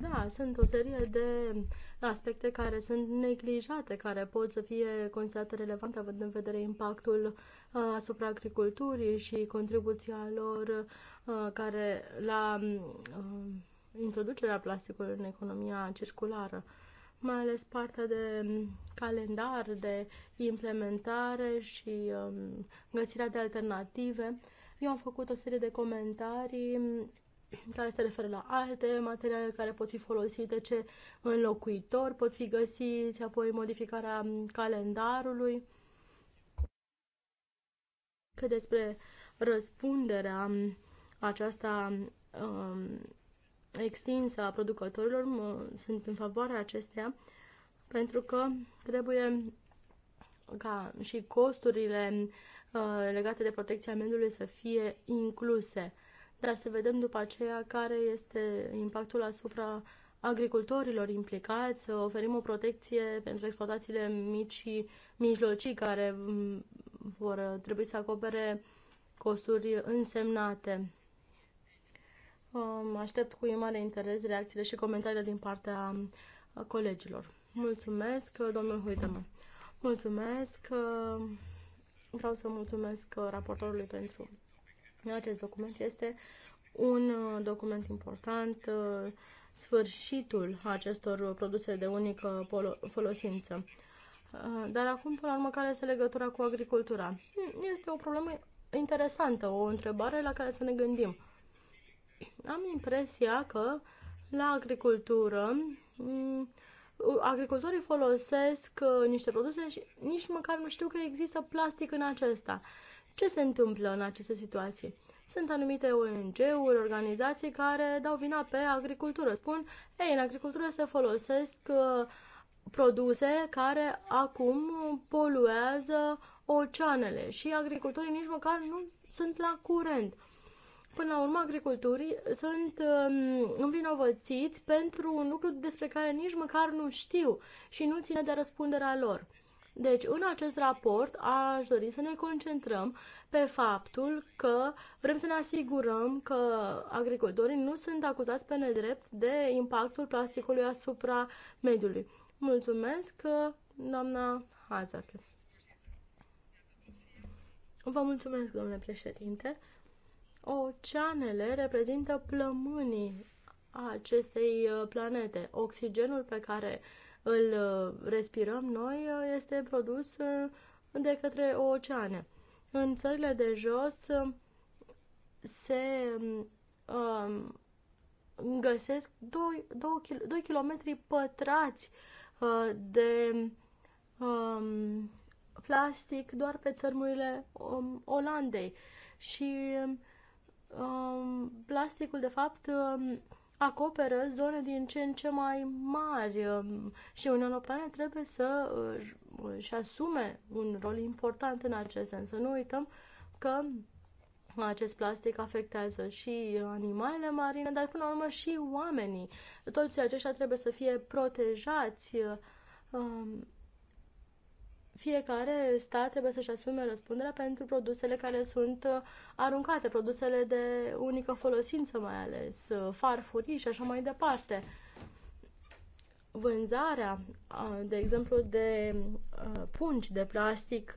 da, sunt o serie de aspecte care sunt neglijate, care pot să fie considerate relevante, având în vedere impactul uh, asupra agriculturii și contribuția lor uh, care la uh, introducerea plasticului în economia circulară mai ales partea de mm, calendar, de implementare și um, găsirea de alternative. Eu am făcut o serie de comentarii mm, care se referă la alte materiale care pot fi folosite, ce înlocuitori pot fi găsiți, apoi modificarea calendarului. Că despre răspunderea aceasta um, extinsă a producătorilor, mă, sunt în favoarea acesteia, pentru că trebuie ca și costurile uh, legate de protecția mediului să fie incluse. Dar să vedem după aceea care este impactul asupra agricultorilor implicați, să oferim o protecție pentru exploatațiile mici și mijlocii care vor trebui să acopere costuri însemnate. Aștept cu mare interes reacțiile și comentariile din partea colegilor. Mulțumesc, domnul Huitema. Mulțumesc. Vreau să mulțumesc raportorului pentru acest document. Este un document important, sfârșitul acestor produse de unică folosință. Dar acum, până la urmă, care este legătura cu agricultura? Este o problemă interesantă, o întrebare la care să ne gândim am impresia că la agricultură agricultorii folosesc uh, niște produse și nici măcar nu știu că există plastic în acesta. Ce se întâmplă în aceste situații? Sunt anumite ONG-uri, organizații care dau vina pe agricultură. Spun, ei, în agricultură se folosesc uh, produse care acum poluează oceanele și agricultorii nici măcar nu sunt la curent. Până la urmă, agricultorii sunt um, învinovățiți pentru un lucru despre care nici măcar nu știu și nu ține de răspunderea lor. Deci, în acest raport, aș dori să ne concentrăm pe faptul că vrem să ne asigurăm că agricultorii nu sunt acuzați pe nedrept de impactul plasticului asupra mediului. Mulțumesc, doamna Hazak. Vă mulțumesc, domnule președinte. Oceanele reprezintă plămânii acestei uh, planete. Oxigenul pe care îl uh, respirăm noi uh, este produs de către oceane. În țările de jos se um, găsesc 2, km pătrați uh, de um, plastic doar pe țărmurile um, Olandei și um, Um, plasticul, de fapt, um, acoperă zone din ce în ce mai mari um, și Uniunea Europeană trebuie să uh, își asume un rol important în acest sens. Să nu uităm că acest plastic afectează și animalele marine, dar până la urmă și oamenii. Toți aceștia trebuie să fie protejați fiecare stat trebuie să-și asume răspunderea pentru produsele care sunt uh, aruncate, produsele de unică folosință mai ales, uh, farfurii și așa mai departe vânzarea, de exemplu, de pungi de plastic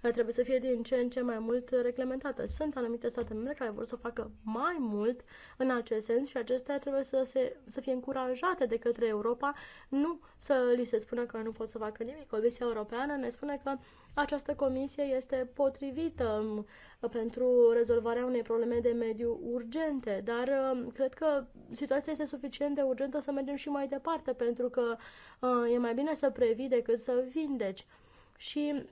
trebuie să fie din ce în ce mai mult reglementată. Sunt anumite state membre care vor să facă mai mult în acest sens și acestea trebuie să, se, să fie încurajate de către Europa, nu să li se spună că nu pot să facă nimic. Comisia Europeană ne spune că această comisie este potrivită um, pentru rezolvarea unei probleme de mediu urgente, dar um, cred că situația este suficient de urgentă să mergem și mai departe, pentru că uh, e mai bine să previi decât să vindeci. Și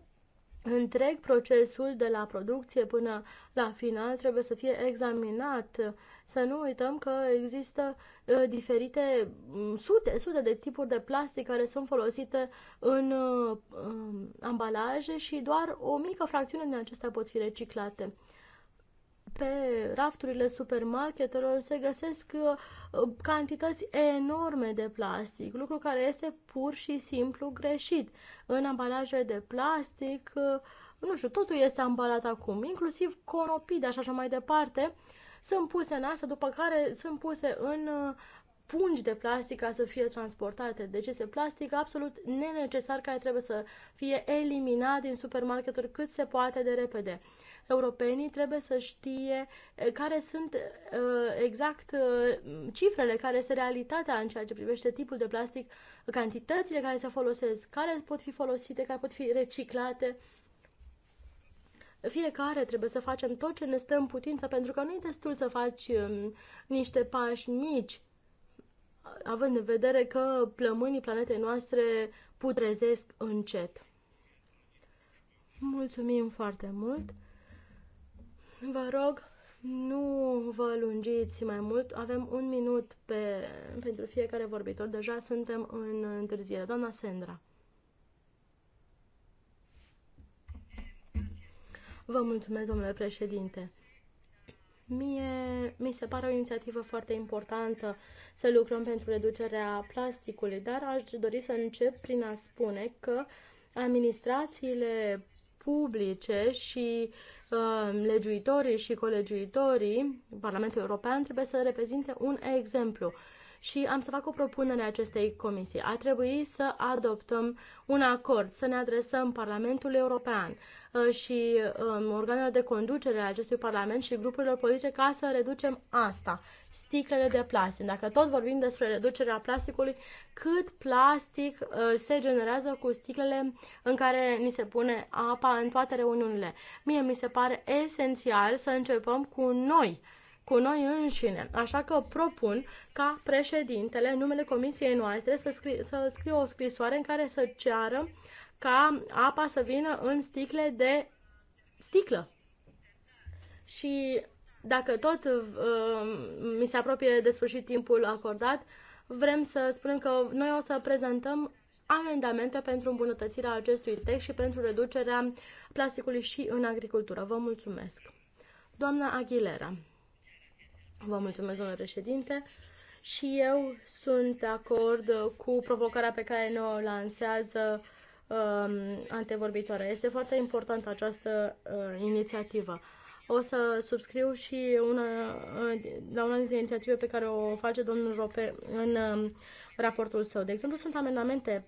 întreg procesul de la producție până la final trebuie să fie examinat să nu uităm că există uh, diferite mm, sute, sute de tipuri de plastic care sunt folosite în uh, um, ambalaje și doar o mică fracțiune din acestea pot fi reciclate pe rafturile supermarketelor se găsesc uh, cantități enorme de plastic, lucru care este pur și simplu greșit. În ambalaje de plastic, nu știu, totul este ambalat acum, inclusiv conopii de așa și mai departe, sunt puse în asta, după care sunt puse în uh, pungi de plastic ca să fie transportate. Deci este plastic absolut nenecesar care trebuie să fie eliminat din supermarketuri cât se poate de repede. Europenii trebuie să știe eh, care sunt eh, exact eh, cifrele, care este realitatea în ceea ce privește tipul de plastic, cantitățile care se folosesc, care pot fi folosite, care pot fi reciclate fiecare trebuie să facem tot ce ne stă în putință, pentru că nu e destul să faci um, niște pași mici, având în vedere că plămânii planetei noastre putrezesc încet. Mulțumim foarte mult! Vă rog, nu vă lungiți mai mult, avem un minut pe, pentru fiecare vorbitor, deja suntem în întârziere. Doamna Sandra. Vă mulțumesc, domnule președinte. Mie mi se pare o inițiativă foarte importantă să lucrăm pentru reducerea plasticului, dar aș dori să încep prin a spune că administrațiile publice și uh, legiuitorii și colegiuitorii Parlamentului European trebuie să reprezinte un exemplu. Uh, și am să fac o propunere acestei comisii. A trebuit să adoptăm un acord, să ne adresăm Parlamentului European uh, și um, organelor de conducere a acestui Parlament și grupurilor politice ca să reducem asta, sticlele de plastic. Dacă tot vorbim despre reducerea plasticului, cât plastic uh, se generează cu sticlele în care ni se pune apa în toate reuniunile. Mie mi se pare esențial să începem cu noi cu noi înșine. Așa că propun ca președintele, numele comisiei noastre, să, scrie, să scrie o scrisoare în care să ceară ca apa să vină în sticle de sticlă. Și dacă tot uh, mi se apropie de sfârșit timpul acordat, vrem să spunem că noi o să prezentăm amendamente pentru îmbunătățirea acestui text și pentru reducerea plasticului și în agricultură. Vă mulțumesc! Doamna Aguilera Vă mulțumesc, domnule președinte. Și eu sunt de acord cu provocarea pe care ne-o lansează um, antevorbitoarea. Este foarte importantă această uh, inițiativă. O să subscriu și una, uh, la una dintre inițiative pe care o face domnul Rope în um, raportul său. De exemplu, sunt amendamente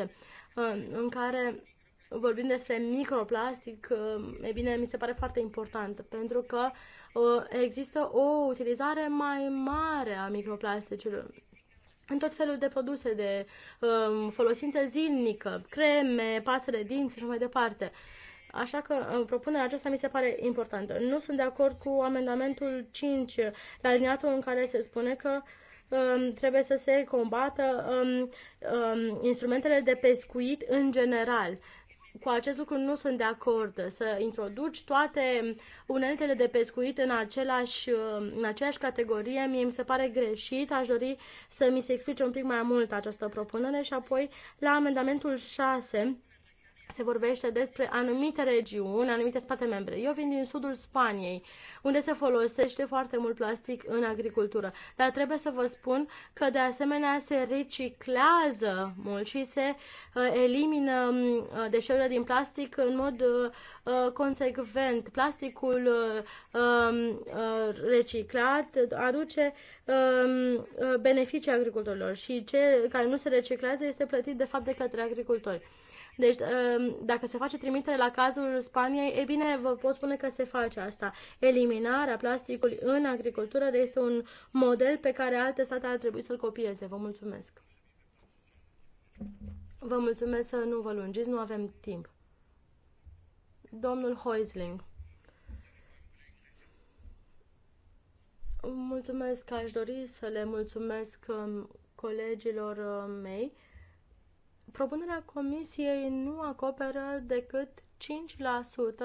4-7 um, în care vorbim despre microplastic. Um, e bine, mi se pare foarte important pentru că uh, există o utilizare mai mare a microplasticilor în tot felul de produse de um, folosință zilnică, creme, de dinți și mai departe. Așa că uh, propunerea aceasta mi se pare importantă. Nu sunt de acord cu amendamentul 5, la liniatul în care se spune că um, trebuie să se combată um, um, instrumentele de pescuit în general. Cu acest lucru nu sunt de acord. Să introduci toate uneltele de pescuit în, același, în aceeași categorie, mie mi se pare greșit. Aș dori să mi se explice un pic mai mult această propunere și apoi la amendamentul 6 se vorbește despre anumite regiuni, anumite state membre. Eu vin din sudul Spaniei, unde se folosește foarte mult plastic în agricultură, dar trebuie să vă spun că de asemenea se reciclează mult și se uh, elimină mm, uh, deșeurile din plastic în mod uh, consecvent. Plasticul um, reciclat aduce um, beneficii agricultorilor și ce care nu se reciclează este plătit de fapt de către agricultori. Deci, ehm, dacă se face trimitere la cazul Spaniei, e bine, vă pot spune că se face asta. Eliminarea plasticului în agricultură este un model pe care alte state ar trebui să-l copieze. Vă mulțumesc! Vă mulțumesc să nu vă lungiți, nu avem timp. Domnul Hoisling. Mulțumesc, aș dori să le mulțumesc ehm, colegilor ehm, mei Propunerea Comisiei nu acoperă decât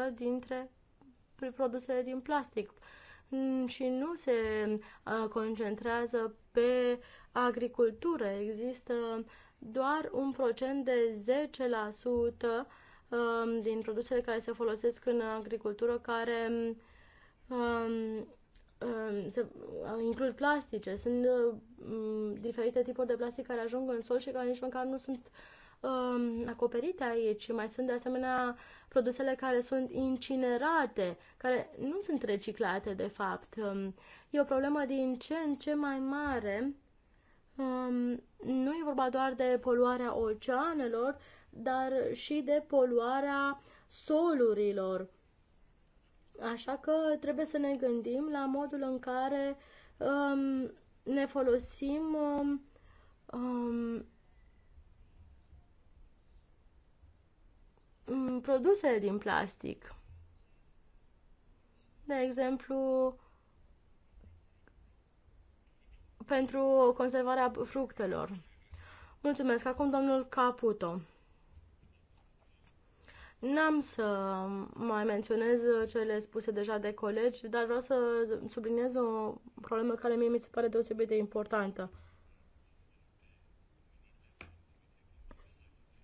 5% dintre produsele din plastic mm, și nu se concentrează pe agricultură. Există doar un procent de 10% din produsele care se folosesc în agricultură care se includ plastice. Sunt diferite tipuri de plastic care ajung în sol și care nici măcar nu sunt uh, um, acoperite aici. Mai sunt de asemenea produsele care sunt incinerate, care nu sunt reciclate de fapt. Um, e o problemă din ce în ce mai mare. Um, nu e vorba doar de poluarea oceanelor, dar și de poluarea solurilor. Așa că trebuie să ne gândim la modul în care um, ne folosim um, um, Mm, produsele din plastic. De exemplu, pentru conservarea fructelor. Mulțumesc. Acum domnul Caputo. N-am să mai menționez cele spuse deja de colegi, dar vreau să subliniez o problemă care mie mi se pare deosebit de importantă.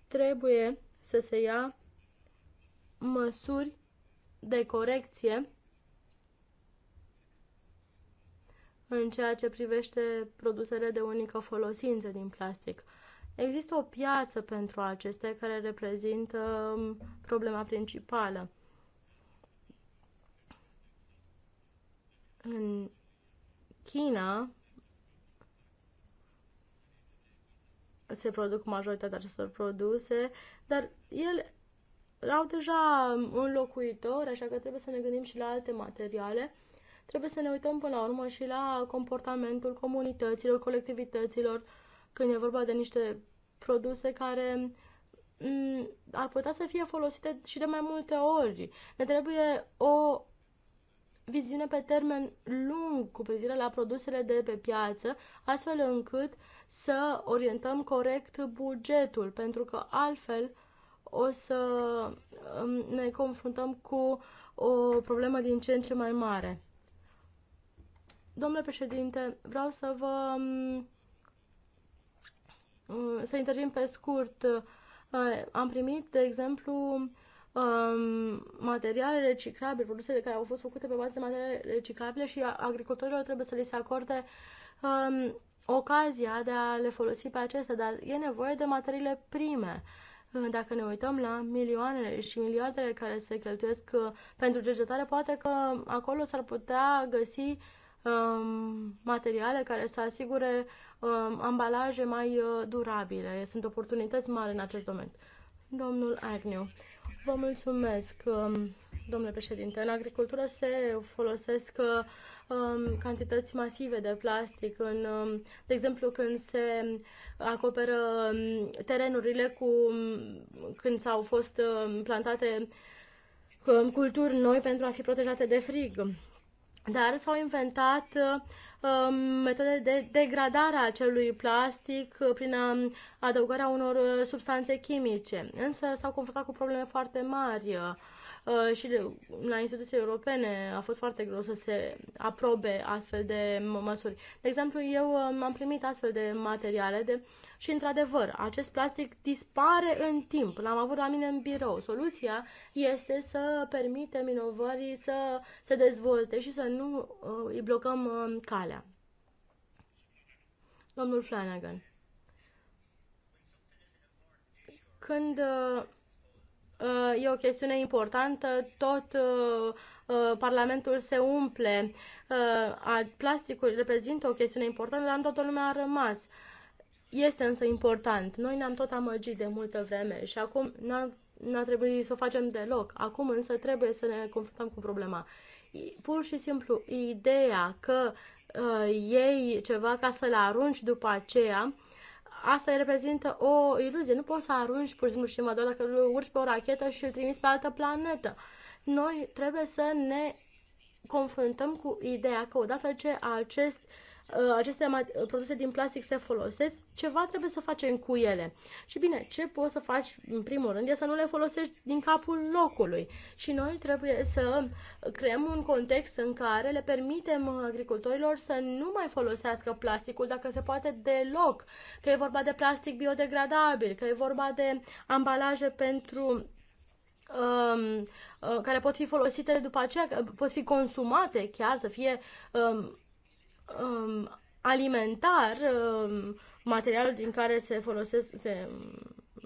Trebuie să se ia măsuri de corecție în ceea ce privește produsele de unică folosință din plastic. Există o piață pentru acestea care reprezintă um, problema principală. În China se produc majoritatea acestor produse, dar ele au deja un locuitor, așa că trebuie să ne gândim și la alte materiale. Trebuie să ne uităm până la urmă și la comportamentul comunităților, colectivităților, când e vorba de niște produse care mm, ar putea să fie folosite și de mai multe ori. Ne trebuie o viziune pe termen lung cu privire la produsele de pe piață, astfel încât să orientăm corect bugetul, pentru că altfel o să um, ne confruntăm cu o problemă din ce în ce mai mare. Domnule președinte, vreau să vă um, să intervin pe scurt. Uh, am primit, de exemplu, um, materiale reciclabile, produse de care au fost făcute pe bază de materiale reciclabile și agricultorilor trebuie să li se acorde ocazia de a le folosi pe acestea, dar e nevoie de materiile prime. Dacă ne uităm la milioanele și miliardele care se cheltuiesc uh, pentru cercetare, poate că acolo s-ar putea găsi um, materiale care să asigure um, ambalaje mai uh, durabile. Sunt oportunități mari în acest domeniu. Domnul Agnew. Vă mulțumesc, um, domnule președinte. În agricultură se folosesc um, cantități masive de plastic. În, um, de exemplu, când se acoperă terenurile cu când s-au fost plantate culturi noi pentru a fi protejate de frig. Dar s-au inventat uh, Um, metode de degradare a acelui plastic uh, prin um, adăugarea unor uh, substanțe chimice. Însă s-au confruntat cu probleme foarte mari uh, Uh, și la instituții europene a fost foarte greu să se aprobe astfel de măsuri. De exemplu, eu um, am primit astfel de materiale de, și, într-adevăr, acest plastic dispare în timp. L-am avut la mine în birou. Soluția este să permitem inovării să se dezvolte și să nu uh, îi blocăm um, calea. Domnul Flanagan. Când uh, Uh, e o chestiune importantă, tot uh, uh, Parlamentul se umple, plasticul reprezintă o chestiune importantă, dar toată lumea a rămas. Este însă important. Noi ne-am tot amăgit de multă vreme și acum n-ar trebui să o facem deloc. Acum însă trebuie să ne confruntăm cu problema. Pur și simplu, ideea că uh, iei ceva ca să-l arunci după aceea, uh, asta reprezintă o iluzie. Nu poți să arunci pur și simplu și mă doar dacă îl urci pe o rachetă și îl trimiți pe altă planetă. Noi trebuie să ne confruntăm cu ideea că odată ce acest uh, Uh, aceste uh, produse din plastic se folosesc, ceva trebuie să facem cu ele. Și bine, ce poți să faci în primul rând e să nu le folosești din capul locului. Și noi trebuie să creăm un context în care le permitem agricultorilor să nu mai folosească plasticul dacă se poate deloc. Că e vorba de plastic biodegradabil, că e vorba de ambalaje pentru um, uh, care pot fi folosite după aceea, pot fi consumate chiar, să fie um, um, alimentar, um, materialul din care se folosesc, se,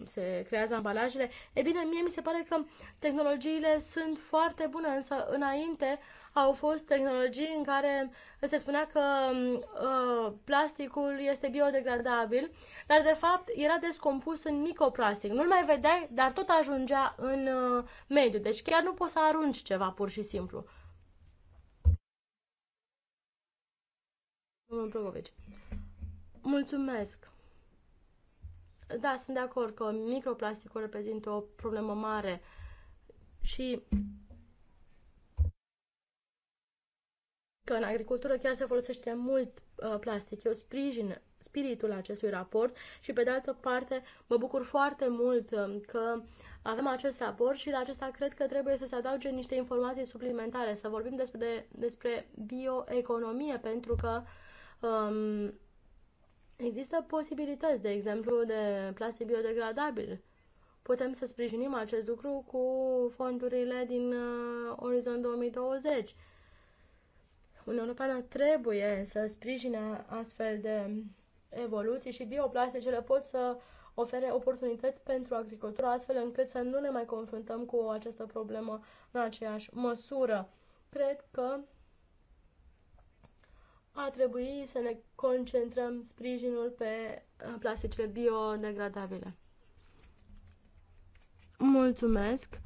se creează ambalajele, e bine, mie mi se pare că tehnologiile sunt foarte bune, însă înainte au fost tehnologii în care se spunea că um, uh, plasticul este biodegradabil, dar de fapt era descompus în microplastic. Nu-l mai vedeai, dar tot ajungea în uh, mediu. Deci chiar nu poți să arunci ceva pur și simplu. Domnul Brugovici. Mulțumesc. Da, sunt de acord că microplasticul reprezintă o problemă mare și că în agricultură chiar se folosește mult uh, plastic. Eu sprijin spiritul acestui raport și pe de altă parte mă bucur foarte mult uh, că avem acest raport și la acesta cred că trebuie să se adauge niște informații suplimentare, să vorbim despre, despre bioeconomie, pentru că uh, um, există posibilități, de exemplu, de plastic biodegradabil. Putem să sprijinim acest lucru cu fondurile din uh, Orizont 2020. Uniunea Europeană trebuie să sprijine astfel de evoluții și bioplasticele pot să ofere oportunități pentru agricultură, astfel încât să nu ne mai confruntăm cu această problemă în aceeași măsură. Cred că a trebui să ne concentrăm sprijinul pe uh, plasticele biodegradabile. Mulțumesc!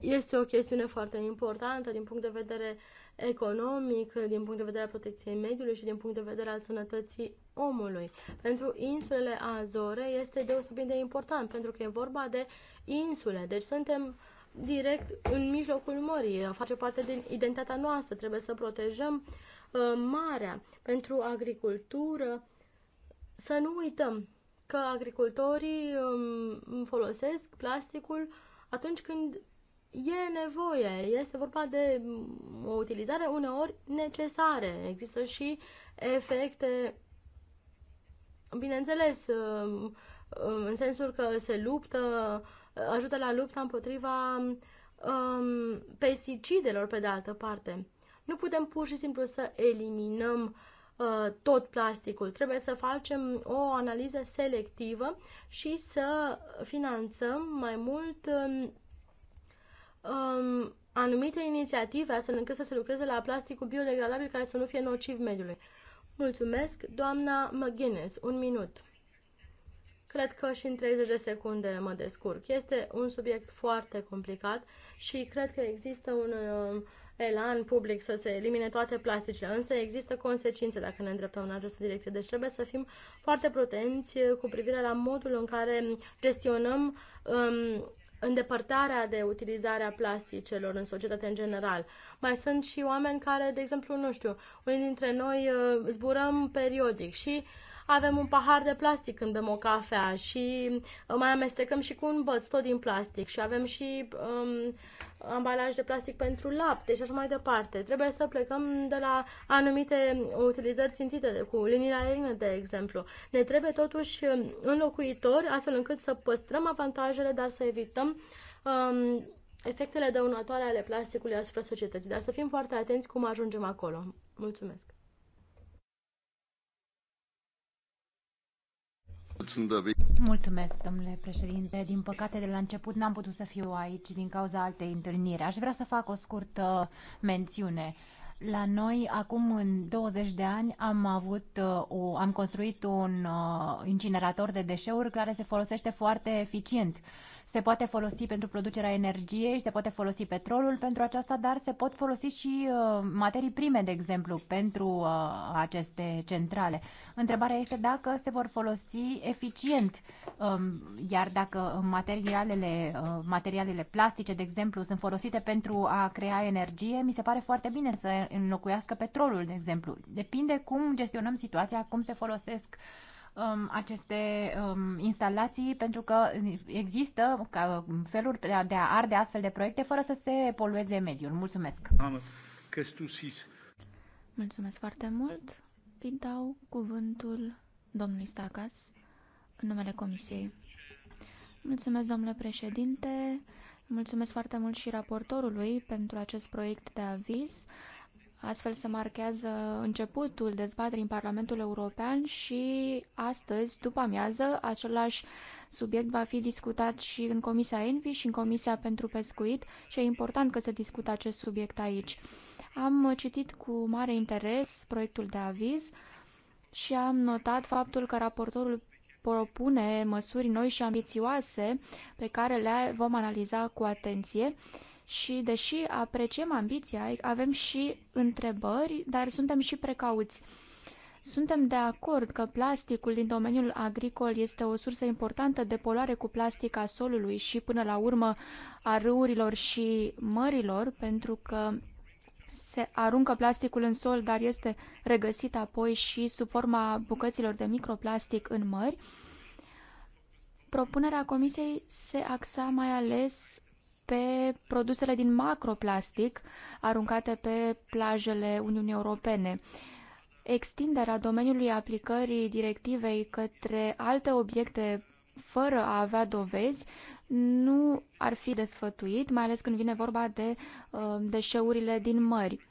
Este o chestiune foarte importantă din punct de vedere economic, din punct de vedere al protecției mediului și din punct de vedere al sănătății omului. Pentru insulele Azore este deosebit de important, pentru că e vorba de insule, deci suntem direct în mijlocul mării, face parte din identitatea noastră, trebuie să protejăm uh, Uh, marea, pentru agricultură. Să nu uităm că agricultorii um, folosesc plasticul atunci când e nevoie. Este vorba de um, o utilizare uneori necesară. Există și efecte, bineînțeles, um, în sensul că se luptă, ajută la lupta împotriva pesticidelor, pe de altă parte. Nu putem pur și simplu să eliminăm uh, tot plasticul. Trebuie să facem o analiză selectivă și să finanțăm mai mult um, um, anumite inițiative astfel încât să se lucreze la plasticul biodegradabil care să nu fie nociv mediului. Mulțumesc, doamna McGuinness, un minut. Cred că și în 30 de secunde mă descurc. Este un subiect foarte complicat și cred că există un um, elan public să se elimine toate plasticele, însă există consecințe dacă ne îndreptăm în această direcție. Deci trebuie să fim foarte prudenți eh, cu privire la modul în care gestionăm um, îndepărtarea de utilizarea plasticelor în societate în general. Mai sunt și oameni care, de exemplu, nu știu, unii dintre noi eh, zburăm periodic și avem un pahar de plastic când bem o cafea și uh, mai amestecăm și cu un băț, tot din plastic și avem și um, ambalaj de plastic pentru lapte și așa mai departe. Trebuie să plecăm de la anumite utilizări țintite, cu liniile aeriene, de exemplu. Ne trebuie totuși um, înlocuitori, astfel încât să păstrăm avantajele, dar să evităm um, efectele dăunătoare ale plasticului asupra societății. Dar să fim foarte atenți cum ajungem acolo. Mulțumesc! Mulțumesc, domnule președinte. Din păcate, de la început n-am putut să fiu aici din cauza altei întâlniri. Aș vrea să fac o scurtă mențiune. La noi, acum în 20 de ani, am, avut, uh, o, am construit un uh, incinerator de deșeuri care se folosește foarte eficient. Uh, se poate folosi pentru producerea energiei, se poate folosi petrolul pentru aceasta, dar se pot folosi și uh, materii prime, de exemplu, pentru uh, aceste centrale. Întrebarea este dacă se vor folosi eficient, um, iar dacă materialele, uh, materialele plastice, de exemplu, sunt folosite pentru a crea energie, mi se pare foarte bine să înlocuiască petrolul, de exemplu. Depinde cum gestionăm situația, cum se folosesc uh, um, aceste um, instalații pentru că există ca, um, feluri de a arde astfel de proiecte fără să se polueze mediul. Mulțumesc! Mulțumesc foarte mult! Îi dau cuvântul domnului Stacas în numele Comisiei. Mulțumesc, domnule președinte! Mulțumesc foarte mult și raportorului pentru acest proiect de aviz. Astfel se marchează începutul dezbaterii în Parlamentul European și astăzi, după amiază, același subiect va fi discutat și în Comisia Envi și în Comisia pentru Pescuit și e important că se discută acest subiect aici. Am citit cu mare interes proiectul de aviz și am notat faptul că raportorul propune măsuri noi și ambițioase pe care le vom analiza cu atenție și deși apreciem ambiția, avem și întrebări, dar suntem și precauți. Suntem de acord că plasticul din domeniul agricol este o sursă importantă de poluare cu plastic a solului și până la urmă a râurilor și mărilor, pentru că se aruncă plasticul în sol, dar este regăsit apoi și sub forma bucăților de microplastic în mări. Propunerea Comisiei se axa mai ales pe produsele din macroplastic aruncate pe plajele Uniunii Europene. Extinderea domeniului aplicării directivei către alte obiecte fără a avea dovezi nu ar fi desfătuit, mai ales când vine vorba de uh, deșeurile din mări.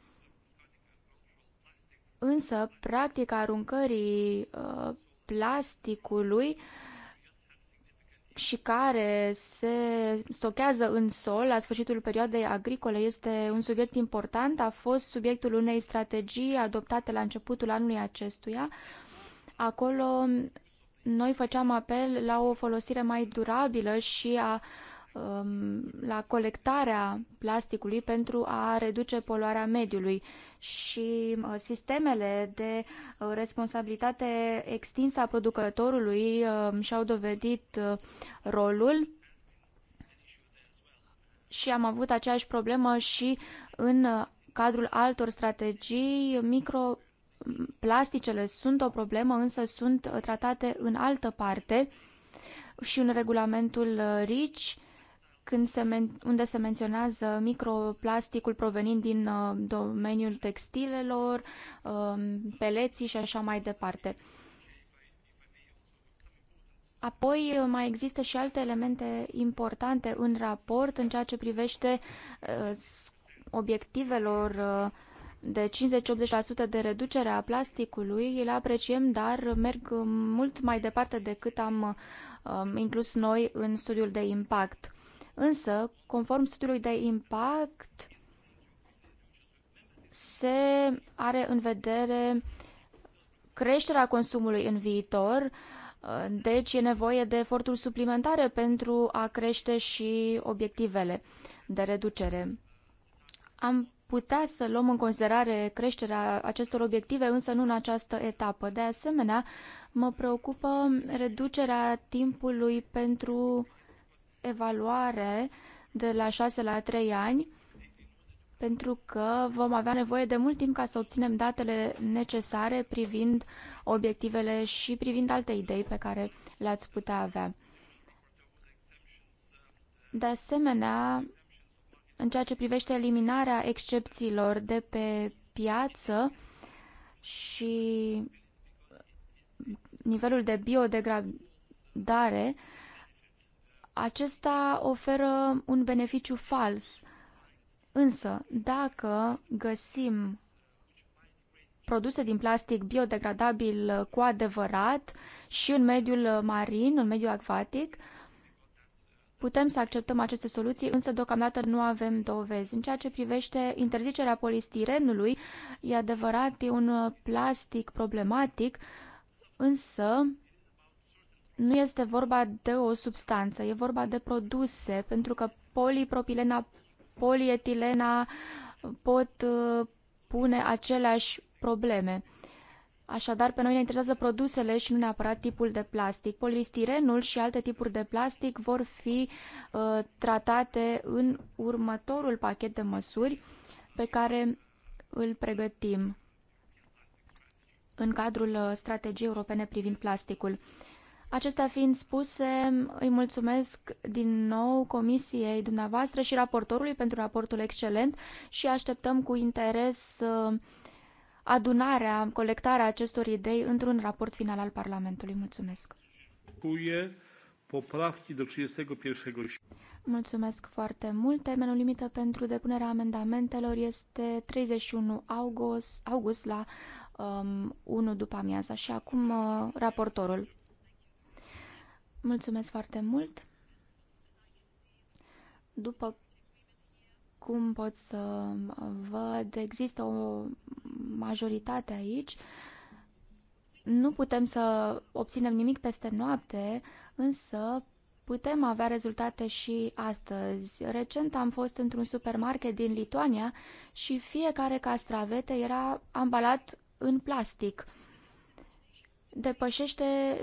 Însă, practica aruncării uh, plasticului uh, și care se stochează în sol la sfârșitul perioadei agricole este un subiect important, a fost subiectul unei strategii adoptate la începutul anului acestuia. Acolo noi făceam apel la o folosire mai durabilă și a Um, la colectarea plasticului pentru a reduce poluarea mediului și uh, sistemele de uh, responsabilitate extinsă a producătorului um, și-au dovedit uh, rolul și am avut aceeași problemă și în cadrul altor strategii micro plasticele sunt o problemă, însă sunt tratate în altă parte și în regulamentul RICI când se unde se menționează microplasticul provenind din uh, domeniul textilelor, uh, peleții și așa mai departe. Apoi uh, mai există și alte elemente importante în raport în ceea ce privește uh, obiectivelor uh, de 50-80% de reducere a plasticului, le apreciem, dar merg mult mai departe decât am uh, inclus noi în studiul de impact. Însă, conform studiului de impact, se are în vedere creșterea consumului în viitor, deci e nevoie de eforturi suplimentare pentru a crește și obiectivele de reducere. Am putea să luăm în considerare creșterea acestor obiective, însă nu în această etapă. De asemenea, mă preocupă reducerea timpului pentru evaluare de la 6 la 3 ani, pentru că vom avea nevoie de mult timp ca să obținem datele necesare privind obiectivele și privind alte idei pe care le-ați putea avea. De asemenea, în ceea ce privește eliminarea excepțiilor de pe piață și nivelul de biodegradare, acesta oferă un beneficiu fals. Însă, dacă găsim produse din plastic biodegradabil cu adevărat și în mediul marin, în mediul acvatic, Putem să acceptăm aceste soluții, însă deocamdată nu avem dovezi. În ceea ce privește interzicerea polistirenului, e adevărat, e un plastic problematic, însă nu este vorba de o substanță, e vorba de produse, pentru că polipropilena, polietilena pot uh, pune aceleași probleme. Așadar, pe noi ne interesează produsele și nu neapărat tipul de plastic. Polistirenul și alte tipuri de plastic vor fi uh, tratate în următorul pachet de măsuri pe care îl pregătim în cadrul uh, strategiei europene privind plasticul. Acestea fiind spuse, îi mulțumesc din nou comisiei dumneavoastră și raportorului pentru raportul excelent și așteptăm cu interes uh, adunarea, colectarea acestor idei într-un raport final al Parlamentului. Mulțumesc! Mulțumesc foarte mult. Termenul limită pentru depunerea amendamentelor este 31 august, august la um, 1 după amiaza. Și acum uh, raportorul. Mulțumesc foarte mult. După cum pot să văd, există o majoritate aici. Nu putem să obținem nimic peste noapte, însă putem avea rezultate și astăzi. Recent am fost într-un supermarket din Lituania și fiecare castravete era ambalat în plastic. Depășește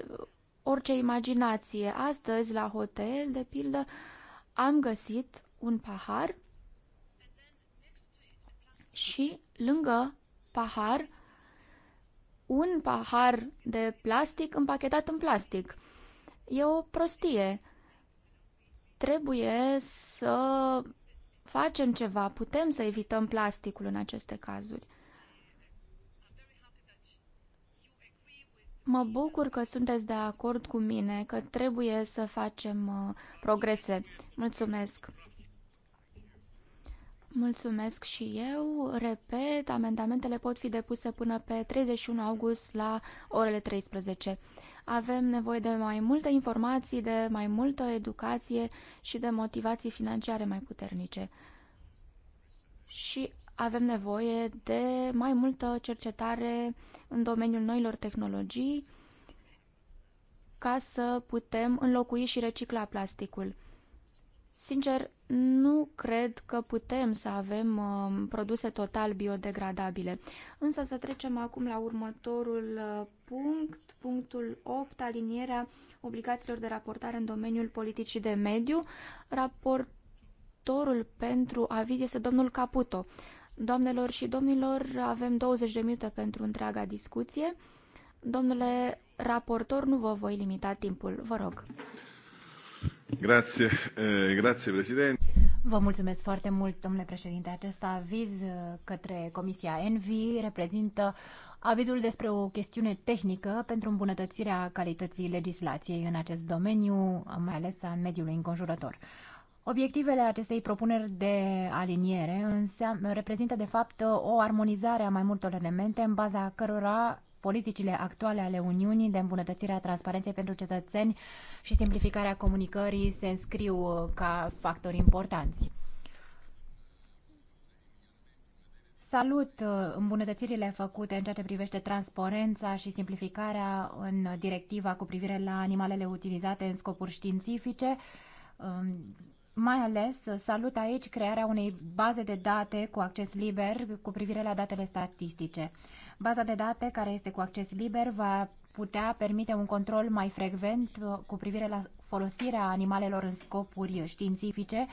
orice imaginație. Astăzi, la hotel, de pildă, am găsit un pahar și lângă pahar un pahar de plastic împachetat în plastic. E o prostie. Trebuie să facem ceva, putem să evităm plasticul în aceste cazuri. Mă bucur că sunteți de acord cu mine că trebuie să facem uh, progrese. Mulțumesc! Mulțumesc și eu. Repet, amendamentele pot fi depuse până pe 31 august la orele 13. Avem nevoie de mai multe informații, de mai multă educație și de motivații financiare mai puternice. Și avem nevoie de mai multă cercetare în domeniul noilor tehnologii ca să putem înlocui și recicla plasticul. Sincer, nu cred că putem să avem um, produse total biodegradabile. Însă să trecem acum la următorul uh, punct, punctul 8, alinierea obligațiilor de raportare în domeniul politicii de mediu. Raportorul pentru aviz este domnul Caputo. Doamnelor și domnilor, avem 20 de minute pentru întreaga discuție. Domnule raportor, nu vă voi limita timpul, vă rog. Grazie, eh, grazie, președinte. Vă mulțumesc foarte mult, domnule președinte. Acest aviz eh, către Comisia Envi reprezintă avizul despre o chestiune tehnică pentru îmbunătățirea calității legislației în acest domeniu, mai ales a mediului înconjurător. Obiectivele acestei propuneri de aliniere reprezintă, de fapt, o armonizare a mai multor elemente în baza cărora politicile actuale ale Uniunii de îmbunătățire a transparenței pentru cetățeni și simplificarea comunicării se înscriu uh, ca factori importanți. Salut uh, îmbunătățirile făcute în ceea ce privește transparența și simplificarea în directiva cu privire la animalele utilizate în scopuri științifice, um, mai ales salut aici crearea unei baze de date cu acces liber cu privire la datele statistice. Baza de date care este cu acces liber va putea permite un control mai frecvent uh, cu privire la folosirea animalelor în scopuri științifice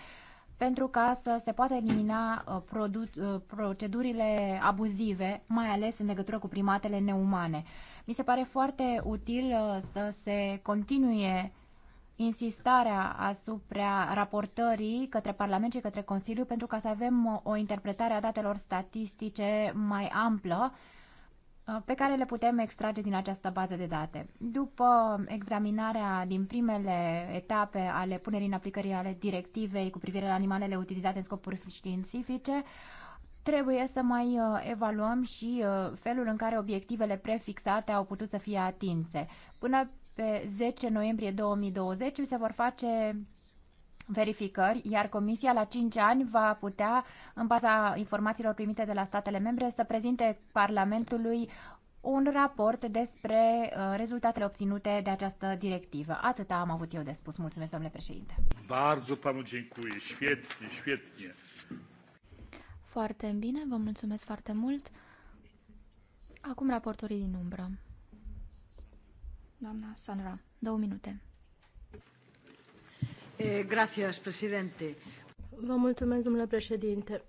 pentru ca să se poată elimina uh, uh, procedurile abuzive, mai ales în legătură cu primatele neumane. Mi se pare foarte util să se continue insistarea asupra raportării către Parlament și către Consiliu pentru ca să avem o interpretare a datelor statistice mai amplă uh, pe care le putem extrage din această bază de date. După examinarea din primele etape ale punerii în aplicării ale directivei cu privire la animalele utilizate în scopuri științifice, trebuie să mai uh, evaluăm și uh, felul în care obiectivele prefixate au putut să fie atinse. Până pe 10 noiembrie 2020 se vor face verificări, iar Comisia la 5 ani va putea, în baza informațiilor primite de la statele membre, să prezinte Parlamentului un raport despre uh, rezultatele obținute de această directivă. Atâta am avut eu de spus. Mulțumesc, domnule președinte. Bardzo panu dziękuję. Świetnie, świetnie. Foarte bine, vă mulțumesc foarte mult. Acum raportorii din umbră. Doamna Sanra, două minute. Eh, gracias, presidente. Vă mulțumesc, domnule președinte.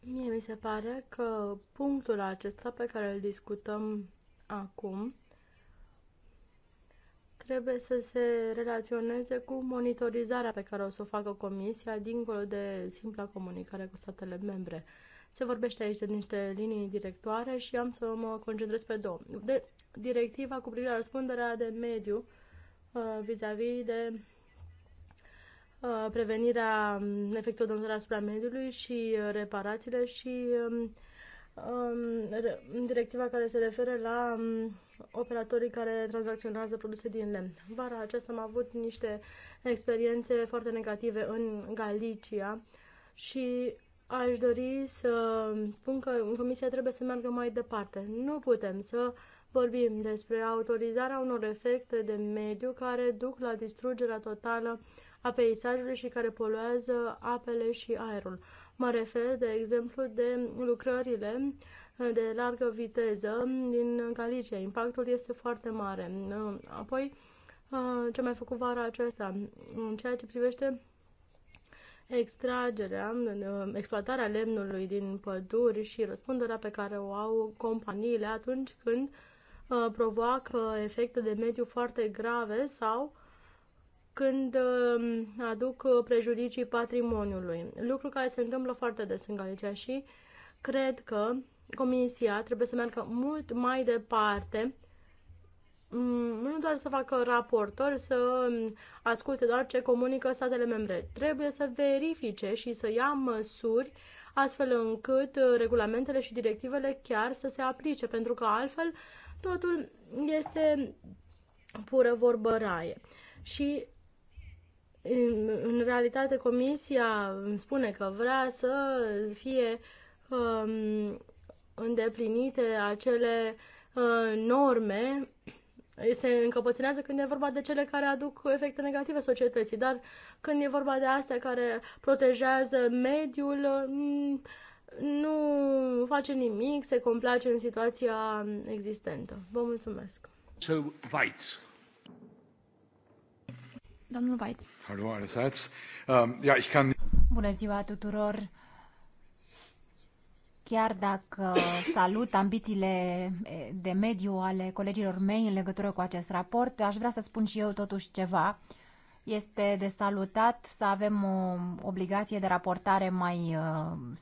Mie mi se pare că punctul acesta pe care îl discutăm acum trebuie să se relaționeze cu monitorizarea pe care o să o facă Comisia, dincolo de simpla comunicare cu statele membre. Se vorbește aici de niște linii directoare și am să mă concentrez pe două. De directiva cu privire la răspunderea de mediu uh, vis-a-vis -vis de uh, prevenirea um, efectelor dăunătoare asupra mediului și uh, reparațiile și um, um, directiva care se referă la operatorii care tranzacționează produse din lemn. Vara aceasta am avut niște experiențe foarte negative în Galicia și aș dori să spun că Comisia trebuie să meargă mai departe. Nu putem să vorbim despre autorizarea unor efecte de mediu care duc la distrugerea totală a peisajului și care poluează apele și aerul. Mă refer, de exemplu, de lucrările de largă viteză din Galicia. Impactul este foarte mare. Apoi, ce mai făcut vara aceasta? În ceea ce privește extragerea, exploatarea lemnului din păduri și răspunderea pe care o au companiile atunci când uh, provoacă efecte de mediu foarte grave sau când um, aduc uh, prejudicii patrimoniului, lucru care se întâmplă foarte des în Galicia și cred că Comisia trebuie să meargă mult mai departe Mm, nu doar să facă raportori, să mm, asculte doar ce comunică statele membre. Trebuie să verifice și să ia măsuri astfel încât uh, regulamentele și directivele chiar să se aplice, pentru că altfel totul este pură vorbăraie. Și în realitate comisia spune că vrea să fie um, îndeplinite acele uh, norme se încăpățânează când e vorba de cele care aduc efecte negative societății, dar când e vorba de astea care protejează mediul, mm, nu face nimic, se complace în situația existentă. Vă mulțumesc. So, Weitz. Domnul Weitz. Hallo Um, ja, ich kann... Bună ziua tuturor chiar dacă salut ambițiile de mediu ale colegilor mei în legătură cu acest raport, aș vrea să spun și eu totuși ceva. Este de salutat să avem o obligație de raportare mai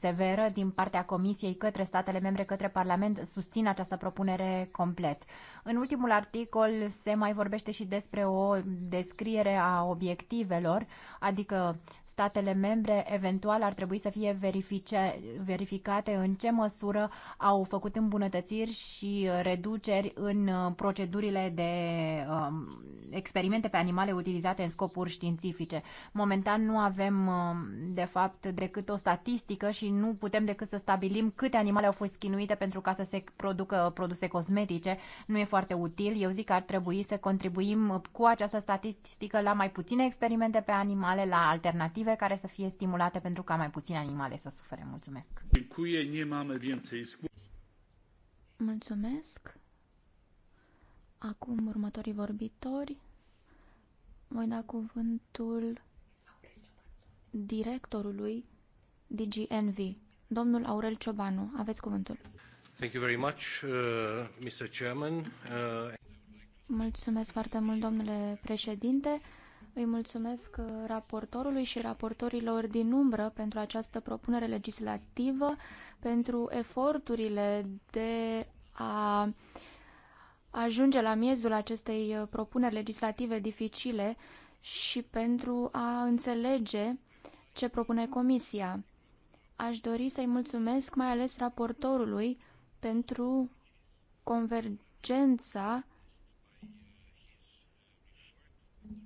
severă din partea Comisiei către statele membre, către Parlament. Susțin această propunere complet. În ultimul articol se mai vorbește și despre o descriere a obiectivelor, adică statele membre eventual ar trebui să fie verifice, verificate în ce măsură au făcut îmbunătățiri și reduceri în uh, procedurile de um, experimente pe animale utilizate în scopuri științifice. Momentan nu avem, uh, de fapt, decât o statistică și nu putem decât să stabilim câte animale au fost chinuite pentru ca să se producă produse cosmetice. Nu e foarte util. Eu zic că ar trebui să contribuim cu această statistică la mai puține experimente pe animale, la alternative cultive care să fie stimulate pentru ca mai puține animale să sufere. Mulțumesc! Mulțumesc! Acum următorii vorbitori voi da cuvântul directorului DGNV, domnul Aurel Ciobanu. Aveți cuvântul. Thank you very much, uh, Mr. Chairman. Uh... Mulțumesc foarte mult, domnule președinte. Îi mulțumesc uh, raportorului și raportorilor din umbră pentru această propunere legislativă, pentru eforturile de a ajunge la miezul acestei uh, propuneri legislative dificile și pentru a înțelege ce propune Comisia. Aș dori să-i mulțumesc mai ales raportorului pentru convergența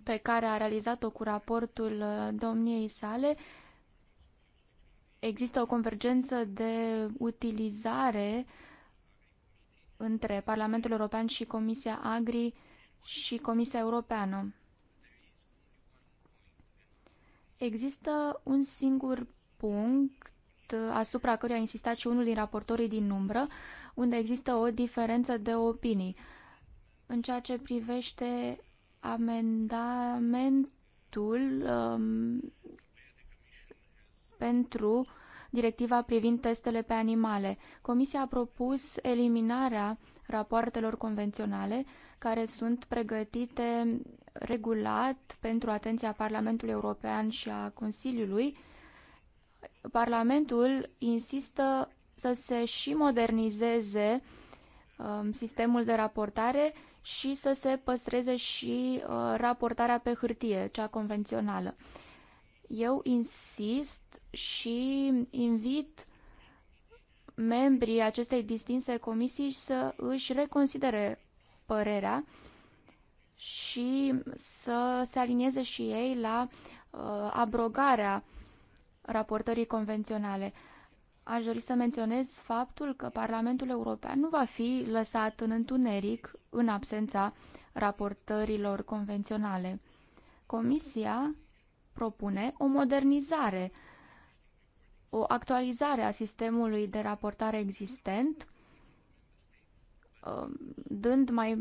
pe care a realizat-o cu raportul uh, domniei sale, există o convergență de utilizare între Parlamentul European și Comisia Agri și Comisia Europeană. Există un singur punct uh, asupra căruia a insistat și unul din raportorii din umbră, unde există o diferență de opinii în ceea ce privește amendamentul um, pentru directiva privind testele pe animale. Comisia a propus eliminarea rapoartelor convenționale care sunt pregătite regulat pentru atenția Parlamentului European și a Consiliului. Parlamentul insistă să se și modernizeze um, sistemul de raportare și să se păstreze și uh, raportarea pe hârtie, cea convențională. Eu insist și invit membrii acestei distinse comisii să își reconsidere părerea și să se alinieze și ei la uh, abrogarea raportării convenționale. Aș dori să menționez faptul că Parlamentul European nu va fi lăsat în întuneric în absența raportărilor convenționale. Comisia propune o modernizare, o actualizare a sistemului de raportare existent, um, dând mai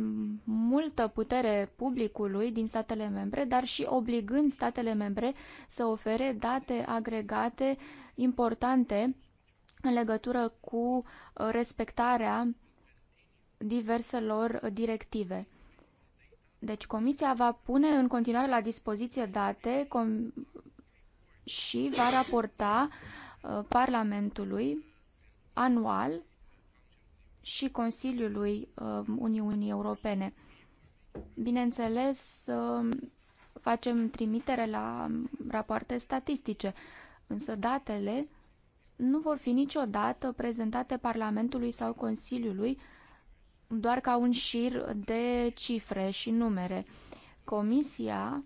multă putere publicului din statele membre, dar și obligând statele membre să ofere date agregate importante în legătură cu uh, respectarea diverselor uh, directive. Deci Comisia va pune în continuare la dispoziție date și va raporta uh, Parlamentului anual și Consiliului uh, Uniunii Europene. Bineînțeles, facem trimitere la um, rapoarte statistice, însă datele nu vor fi niciodată prezentate Parlamentului sau Consiliului doar ca un șir de cifre și numere. Comisia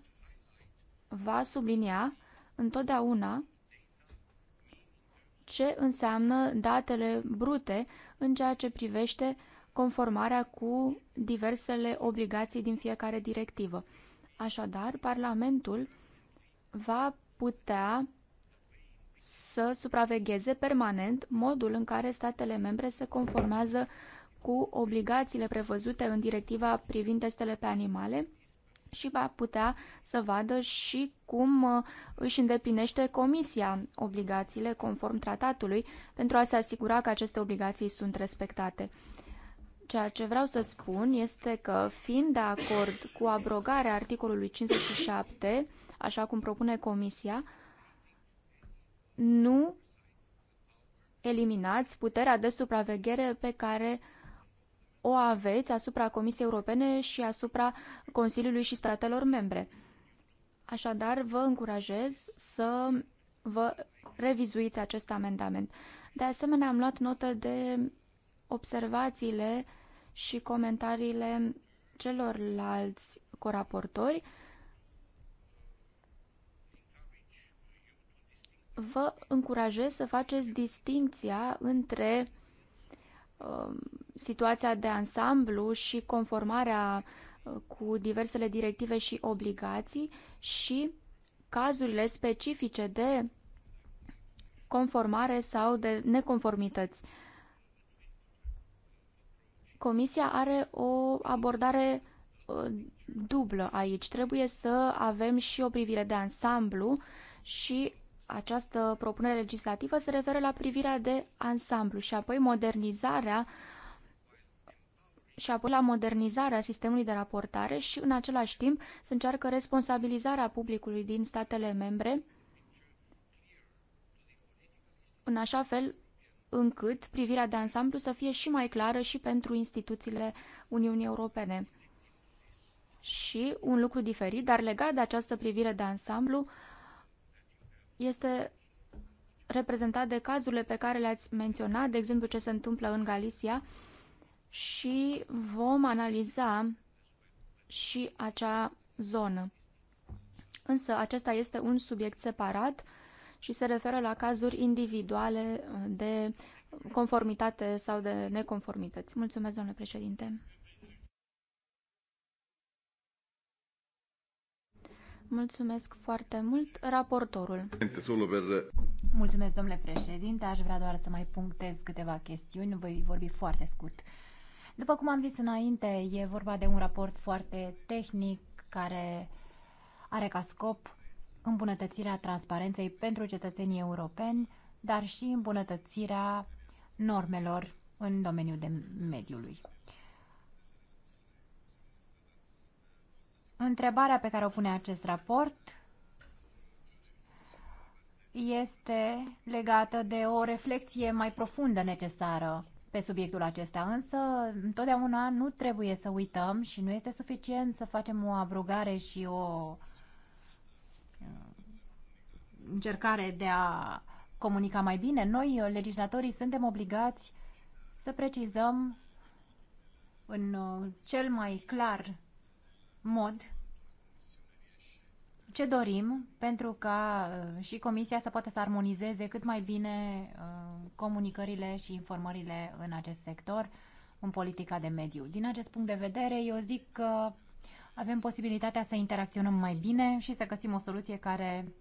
va sublinia întotdeauna ce înseamnă datele brute în ceea ce privește conformarea cu diversele obligații din fiecare directivă. Așadar, Parlamentul va putea să supravegheze permanent modul în care statele membre se conformează cu obligațiile prevăzute în directiva privind testele pe animale și va putea să vadă și cum uh, își îndeplinește Comisia obligațiile conform tratatului pentru a se asigura că aceste obligații sunt respectate. Ceea ce vreau să spun este că, fiind de acord cu abrogarea articolului 57, așa cum propune Comisia, nu eliminați puterea de supraveghere pe care o aveți asupra Comisiei Europene și asupra Consiliului și statelor membre. Așadar, vă încurajez să vă revizuiți acest amendament. De asemenea, am luat notă de observațiile și comentariile celorlalți coraportori. Vă încurajez să faceți distinția între Um, situația de ansamblu și conformarea uh, cu diversele directive și obligații și cazurile specifice de conformare sau de neconformități. Comisia are o abordare uh, dublă aici. Trebuie să avem și o privire de ansamblu și această propunere legislativă se referă la privirea de ansamblu și apoi modernizarea și apoi la modernizarea sistemului de raportare și în același timp se încearcă responsabilizarea publicului din statele membre în așa fel încât privirea de ansamblu să fie și mai clară și pentru instituțiile Uniunii Europene. Și un lucru diferit, dar legat de această privire de ansamblu, este reprezentat de cazurile pe care le-ați menționat, de exemplu ce se întâmplă în Galicia și vom analiza și acea zonă. Însă acesta este un subiect separat și se referă la cazuri individuale de conformitate sau de neconformități. Mulțumesc, domnule președinte. Mulțumesc foarte mult, raportorul. Mulțumesc, domnule președinte. Aș vrea doar să mai punctez câteva chestiuni. Voi vorbi foarte scurt. După cum am zis înainte, e vorba de un raport foarte tehnic care are ca scop îmbunătățirea transparenței pentru cetățenii europeni, dar și îmbunătățirea normelor în domeniul de mediului. Întrebarea pe care o pune acest raport este legată de o reflexie mai profundă necesară pe subiectul acesta, însă întotdeauna nu trebuie să uităm și nu este suficient să facem o abrogare și o uh, încercare de a comunica mai bine. Noi, uh, legislatorii, suntem obligați să precizăm în uh, cel mai clar mod ce dorim pentru ca uh, și Comisia să poată să armonizeze cât mai bine uh, comunicările și informările în acest sector, în politica de mediu. Din acest punct de vedere, eu zic că avem posibilitatea să interacționăm mai bine și să găsim o soluție care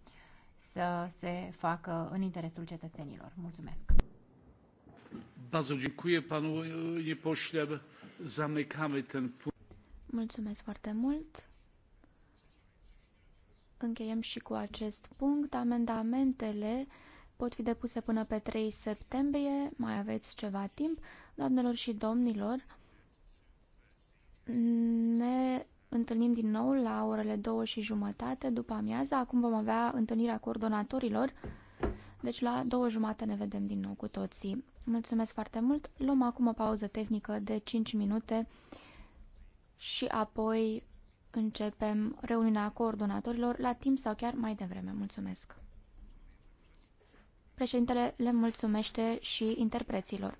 să se facă în interesul cetățenilor. Mulțumesc! Bardzo dziękuję panu, nie pośle. Zamykamy ten punkt. Mulțumesc foarte mult. Încheiem și cu acest punct. Amendamentele pot fi depuse până pe 3 septembrie. Mai aveți ceva timp. Doamnelor și domnilor, ne întâlnim din nou la orele 2 și jumătate după amiază. Acum vom avea întâlnirea coordonatorilor. Deci la două jumate ne vedem din nou cu toții. Mulțumesc foarte mult. Luăm acum o pauză tehnică de 5 minute și apoi începem reuniunea coordonatorilor la timp sau chiar mai devreme. Mulțumesc! Președintele le mulțumește și interpreților.